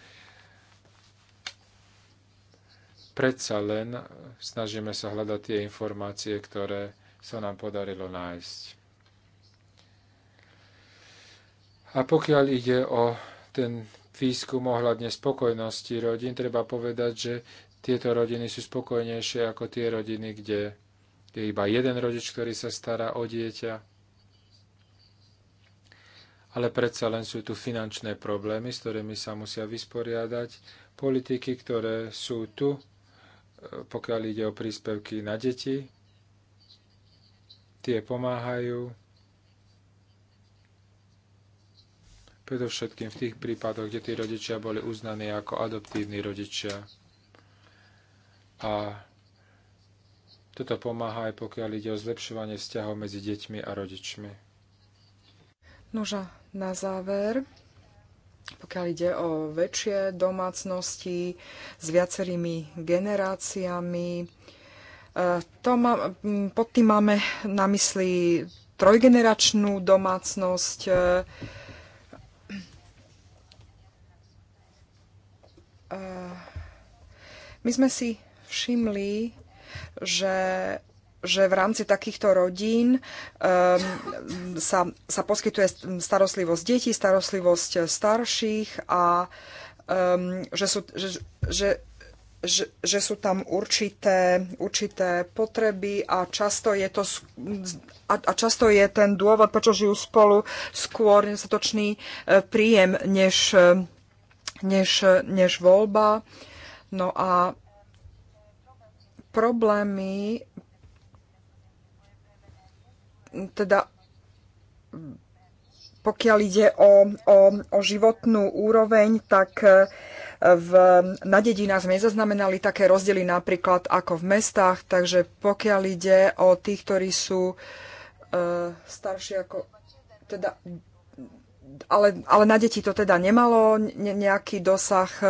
Predsa len snažíme sa hľadať tie informácie, ktoré sa nám podarilo nájsť. A pokiaľ ide o ten výskum ohľadne spokojnosti rodín, treba povedať, že tieto rodiny sú spokojnejšie ako tie rodiny, kde je iba jeden rodič, ktorý sa stará o dieťa ale predsa len sú tu finančné problémy, s ktorými sa musia vysporiadať. Politiky, ktoré sú tu, e, pokiaľ ide o príspevky na deti, tie pomáhajú predovšetkým v tých prípadoch, kde tí rodičia boli uznaní ako adoptívni rodičia. A toto pomáha aj pokiaľ ide o zlepšovanie vzťahov medzi deťmi a rodičmi. Nože, na záver, pokiaľ ide o väčšie domácnosti s viacerými generáciami, e, to má, pod tým máme na mysli trojgeneračnú domácnosť, e, e, my sme si všimli, že že v rámci takýchto rodín um, sa, sa poskytuje starostlivosť detí, starostlivosť starších a um, že, sú, že, že, že, že sú tam určité, určité potreby a často je to a, a často je ten dôvod, prečo žijú spolu skôr nedostatočný e, príjem než, e, než, e, než voľba. No a problémy teda pokiaľ ide o, o, o životnú úroveň, tak e, v, na dedinách sme nezaznamenali také rozdiely napríklad ako v mestách, takže pokiaľ ide o tých, ktorí sú e, starší ako... Teda, ale, ale na deti to teda nemalo nejaký dosah. E,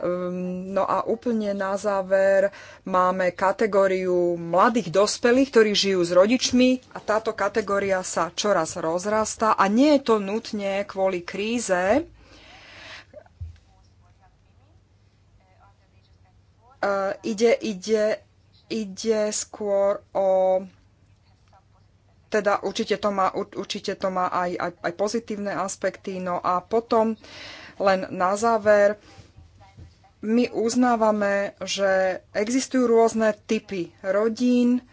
Ehm, no a úplne na záver máme kategóriu mladých dospelých, ktorí žijú s rodičmi a táto kategória sa čoraz rozrastá a nie je to nutne kvôli kríze. Uh, ide, ide, ide skôr o teda určite to má, určite to má aj, aj, aj pozitívne aspekty. No a potom len na záver, my uznávame, že existujú rôzne typy rodín,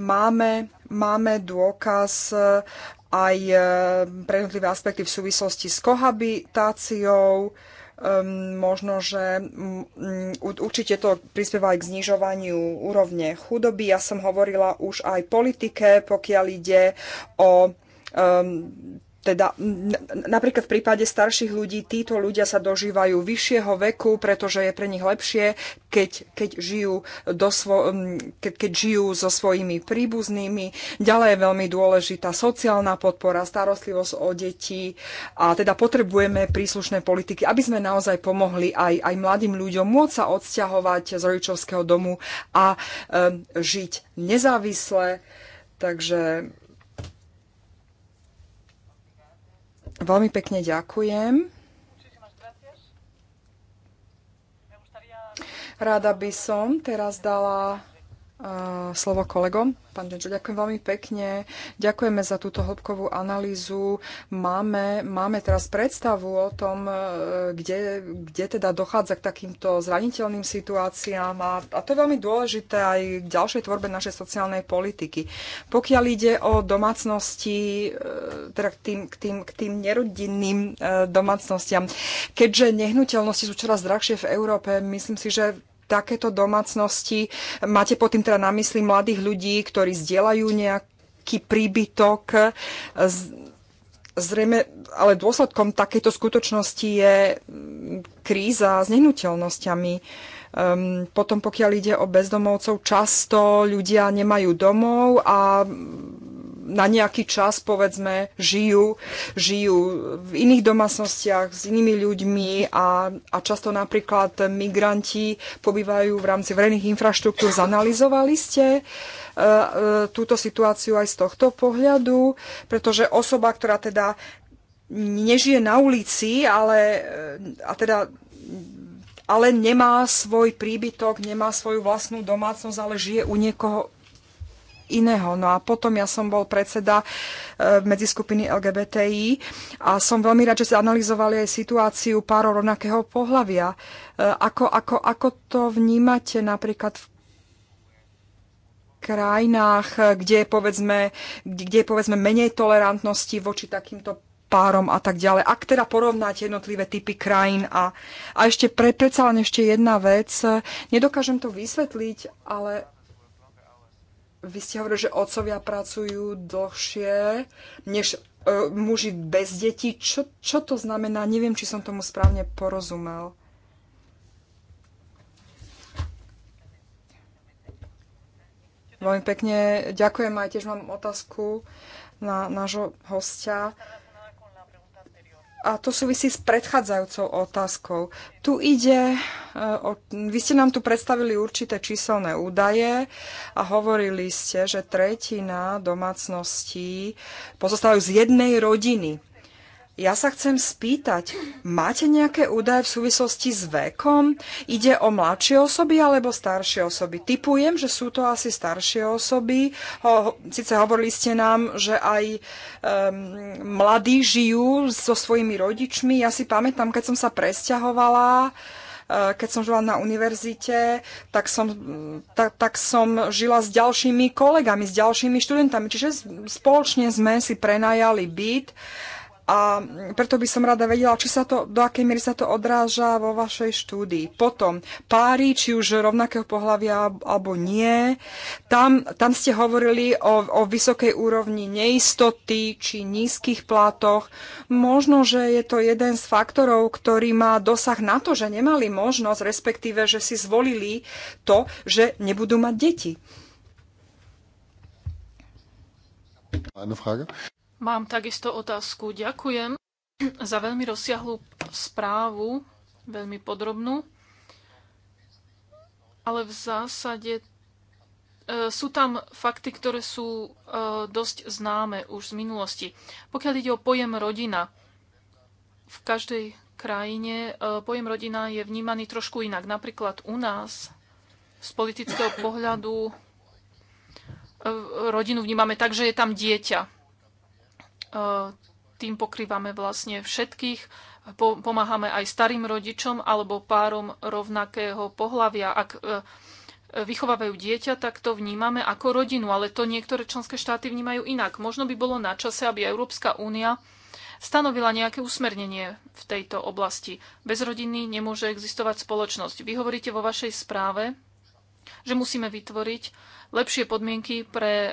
máme, máme dôkaz eh, aj eh, pre jednotlivé aspekty v súvislosti s kohabitáciou, ehm, možno, že mm, určite to prispieva aj k znižovaniu úrovne chudoby. Ja som hovorila už aj politike, pokiaľ ide o ehm, teda napríklad v prípade starších ľudí títo ľudia sa dožívajú vyššieho veku, pretože je pre nich lepšie, keď, keď, žijú, do svo, keď, keď žijú so svojimi príbuznými. Ďalej je veľmi dôležitá sociálna podpora, starostlivosť o deti a teda potrebujeme príslušné politiky, aby sme naozaj pomohli aj, aj mladým ľuďom môcť sa odsťahovať z rodičovského domu a e, žiť nezávisle. Takže Veľmi pekne ďakujem. Rada by som teraz dala slovo kolegom. Pán Denčo, ďakujem veľmi pekne. Ďakujeme za túto hĺbkovú analýzu. Máme, máme teraz predstavu o tom, e, kde, kde teda dochádza k takýmto zraniteľným situáciám a, a to je veľmi dôležité aj k ďalšej tvorbe našej sociálnej politiky. Pokiaľ ide o domácnosti, e, teda k tým, k tým, k tým nerodinným e, domácnostiam, keďže nehnuteľnosti sú čoraz drahšie v Európe, myslím si, že takéto domácnosti? Máte pod tým teda na mysli mladých ľudí, ktorí zdieľajú nejaký príbytok? Zrejme, ale dôsledkom takejto skutočnosti je mm, kríza s nehnuteľnosťami. Um, potom pokiaľ ide o bezdomovcov, často ľudia nemajú domov a mm, na nejaký čas, povedzme, žijú, žijú v iných domácnostiach s inými ľuďmi a, a často napríklad migranti pobývajú v rámci verejných infraštruktúr. Zanalizovali ste e, e, túto situáciu aj z tohto pohľadu, pretože osoba, ktorá teda nežije na ulici, ale, e, a teda, ale nemá svoj príbytok, nemá svoju vlastnú domácnosť, ale žije u niekoho iného. No a potom ja som bol predseda e, medzi skupiny LGBTI a som veľmi rád, že ste analyzovali aj situáciu párov rovnakého pohľavia. E, ako, ako, ako to vnímate napríklad v krajinách, kde je povedzme, kde je povedzme menej tolerantnosti voči takýmto párom a tak ďalej. Ak teda porovnáte jednotlivé typy krajín a, a ešte pre, predsa len ešte jedna vec, nedokážem to vysvetliť, ale vy ste hovorili, že otcovia pracujú dlhšie než e, muži bez detí. Čo, čo to znamená? Neviem, či som tomu správne porozumel. Veľmi pekne ďakujem aj tiež mám otázku na nášho hostia. A to súvisí s predchádzajúcou otázkou. Tu ide, e, vy ste nám tu predstavili určité číselné údaje a hovorili ste, že tretina domácností pozostávajú z jednej rodiny. Ja sa chcem spýtať, máte nejaké údaje v súvislosti s vekom? Ide o mladšie osoby alebo staršie osoby? Typujem, že sú to asi staršie osoby. Ho, sice hovorili ste nám, že aj um, mladí žijú so svojimi rodičmi. Ja si pamätám, keď som sa presťahovala, e, keď som žila na univerzite, tak som, ta, tak som žila s ďalšími kolegami, s ďalšími študentami. Čiže spoločne sme si prenajali byt a preto by som rada vedela, či sa to, do akej miery sa to odráža vo vašej štúdii. Potom páry, či už rovnakého pohľavia alebo nie. Tam, tam ste hovorili o, o vysokej úrovni neistoty či nízkych platoch. Možno, že je to jeden z faktorov, ktorý má dosah na to, že nemali možnosť, respektíve, že si zvolili to, že nebudú mať deti. Eine Frage. Mám takisto otázku. Ďakujem za veľmi rozsiahlú správu, veľmi podrobnú. Ale v zásade e, sú tam fakty, ktoré sú e, dosť známe už z minulosti. Pokiaľ ide o pojem rodina, v každej krajine e, pojem rodina je vnímaný trošku inak. Napríklad u nás z politického pohľadu rodinu vnímame tak, že je tam dieťa. E, tým pokrývame vlastne všetkých. Pomáhame aj starým rodičom alebo párom rovnakého pohľavia. Ak e, vychovávajú dieťa, tak to vnímame ako rodinu, ale to niektoré členské štáty vnímajú inak. Možno by bolo na čase, aby Európska únia stanovila nejaké usmernenie v tejto oblasti. Bez rodiny nemôže existovať spoločnosť. Vy hovoríte vo vašej správe, že musíme vytvoriť lepšie podmienky pre e,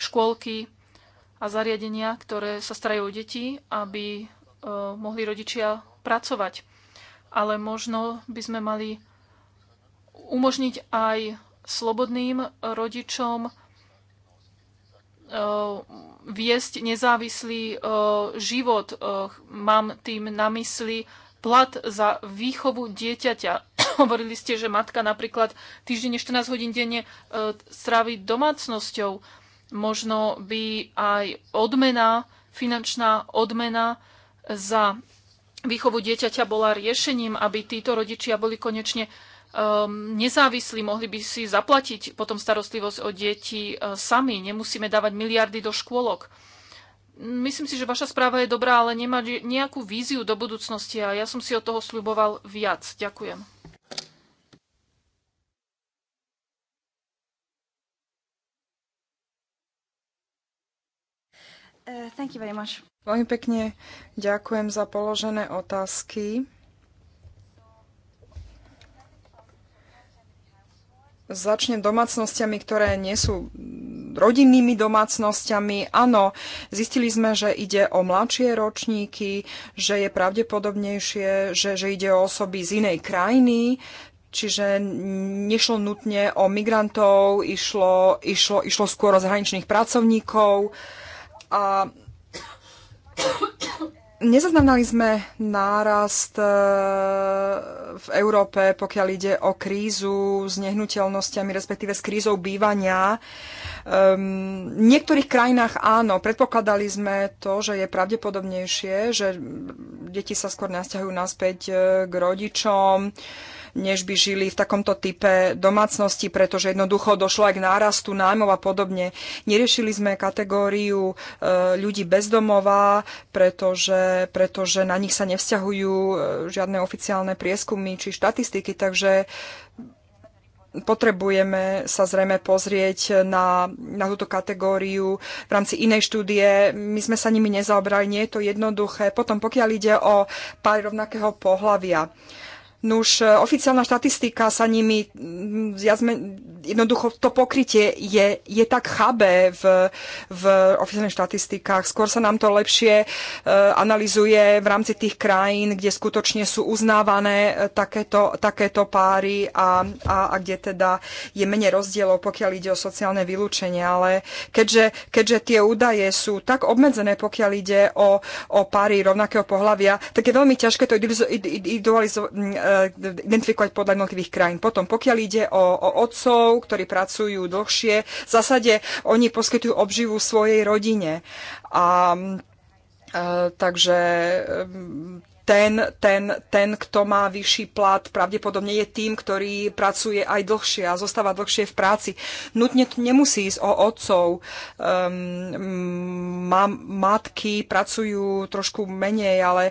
škôlky, a zariadenia, ktoré sa starajú o deti, aby e, mohli rodičia pracovať. Ale možno by sme mali umožniť aj slobodným rodičom e, viesť nezávislý e, život. Mám tým na mysli plat za výchovu dieťaťa. (coughs) Hovorili ste, že matka napríklad týždeň 14 hodín denne stráviť domácnosťou Možno by aj odmena, finančná odmena za výchovu dieťaťa bola riešením, aby títo rodičia boli konečne um, nezávislí, mohli by si zaplatiť potom starostlivosť o deti uh, sami. Nemusíme dávať miliardy do škôlok. Myslím si, že vaša správa je dobrá, ale nemá nejakú víziu do budúcnosti a ja som si od toho sľuboval viac. Ďakujem. Uh, Veľmi pekne ďakujem za položené otázky. Začnem domácnosťami, ktoré nie sú rodinnými domácnosťami. Áno, zistili sme, že ide o mladšie ročníky, že je pravdepodobnejšie, že, že ide o osoby z inej krajiny, čiže nešlo nutne o migrantov, išlo, išlo, išlo skôr o zahraničných pracovníkov. Uh, a nezaznamenali sme nárast e, v Európe, pokiaľ ide o krízu s nehnuteľnosťami, respektíve s krízou bývania. Um, v niektorých krajinách áno, predpokladali sme to, že je pravdepodobnejšie, že deti sa skôr nasťahujú naspäť e, k rodičom. Uh, než by žili v takomto type domácnosti, pretože jednoducho došlo aj k nárastu nájmov a podobne. Neriešili sme kategóriu e, ľudí bezdomová, pretože, pretože na nich sa nevzťahujú e, žiadne oficiálne prieskumy či štatistiky, takže potrebujeme sa zrejme pozrieť na, na túto kategóriu v rámci inej štúdie. My sme sa nimi nezaobrali, nie je to jednoduché. Potom, pokiaľ ide o pár rovnakého pohľavia, Nuž, e, oficiálna štatistika sa nimi, mm, sme, jednoducho to pokrytie je, je tak chabé v, v oficiálnych štatistikách. Skôr sa nám to lepšie e, analizuje v rámci tých krajín, kde skutočne sú uznávané e, takéto, takéto páry a, a, a kde teda je menej rozdielov, pokiaľ ide o sociálne vylúčenie. Ale keďže, keďže tie údaje sú tak obmedzené, pokiaľ ide o, o páry rovnakého pohľavia, tak je veľmi ťažké to idealizo- Eh, identifikovať podľa jednotlivých krajín. Potom, pokiaľ ide o, o otcov, ktorí pracujú dlhšie, v zásade oni poskytujú obživu svojej rodine. A eh, takže ten, ten, ten, kto má vyšší plat, pravdepodobne je tým, ktorý pracuje aj dlhšie a zostáva dlhšie v práci. Nutne tu nemusí ísť o otcov. Um, matky pracujú trošku menej, ale,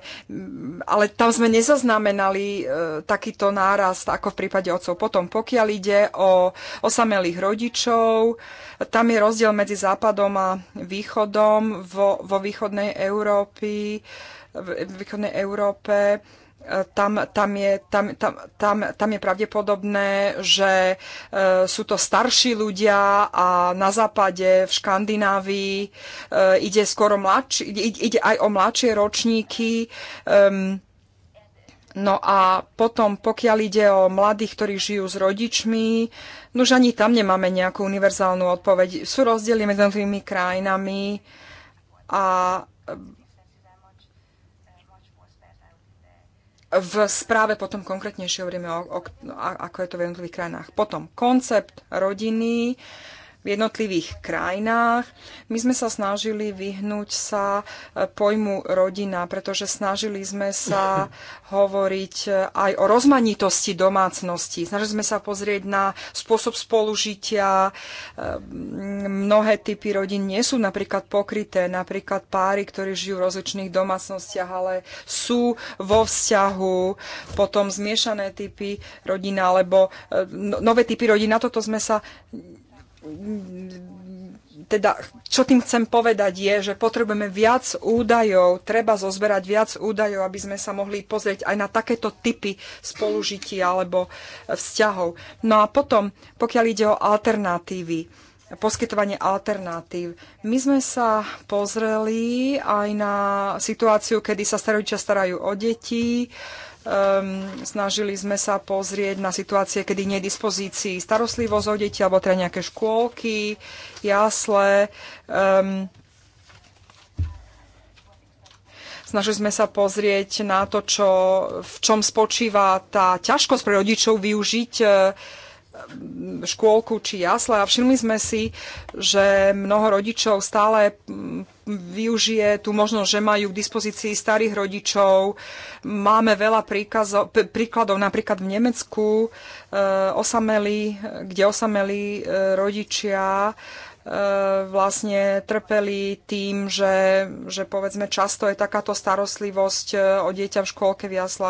ale tam sme nezaznamenali uh, takýto nárast ako v prípade otcov. Potom, pokiaľ ide o osamelých rodičov, tam je rozdiel medzi západom a východom. Vo, vo východnej Európy v východnej Európe, e, tam, tam, je, tam, tam, tam, tam je pravdepodobné, že e, sú to starší ľudia a na západe, v Škandinávii e, ide skoro mladší, ide, ide aj o mladšie ročníky. No a potom, pokiaľ ide o mladých, ktorí žijú s rodičmi, no už ani tam nemáme nejakú univerzálnu odpoveď. Sú rozdiely medzi tými krajinami a v správe potom konkrétnejšie hovoríme, o, o, ako je to v jednotlivých krajinách. Potom koncept rodiny, v jednotlivých krajinách. My sme sa snažili vyhnúť sa e, pojmu rodina, pretože snažili sme sa (laughs) hovoriť e, aj o rozmanitosti domácnosti. Snažili sme sa pozrieť na spôsob spolužitia. E, mnohé typy rodín nie sú napríklad pokryté, napríklad páry, ktorí žijú v rozličných domácnostiach, ale sú vo vzťahu, potom zmiešané typy rodina alebo no, nové typy rodín. toto sme sa teda, čo tým chcem povedať je, že potrebujeme viac údajov, treba zozberať viac údajov, aby sme sa mohli pozrieť aj na takéto typy spolužití alebo e, vzťahov. No a potom, pokiaľ ide o alternatívy, poskytovanie alternatív. My sme sa pozreli aj na situáciu, kedy sa starodičia starajú o deti, Um, snažili sme sa pozrieť na situácie, kedy nie je dispozícii starostlivosť o deti, alebo teda nejaké škôlky, jasle. Um, Snažili sme sa pozrieť na to, čo, v čom spočíva tá ťažkosť pre rodičov využiť uh, škôlku či jasle a všimli sme si, že mnoho rodičov stále mm, využije tú možnosť, že majú k dispozícii starých rodičov. Máme veľa príkazov, príkladov napríklad v Nemecku, e, osameli, kde osameli e, rodičia e, vlastne trpeli tým, že, že povedzme často je takáto starostlivosť e, o dieťa v škôlke v jaslách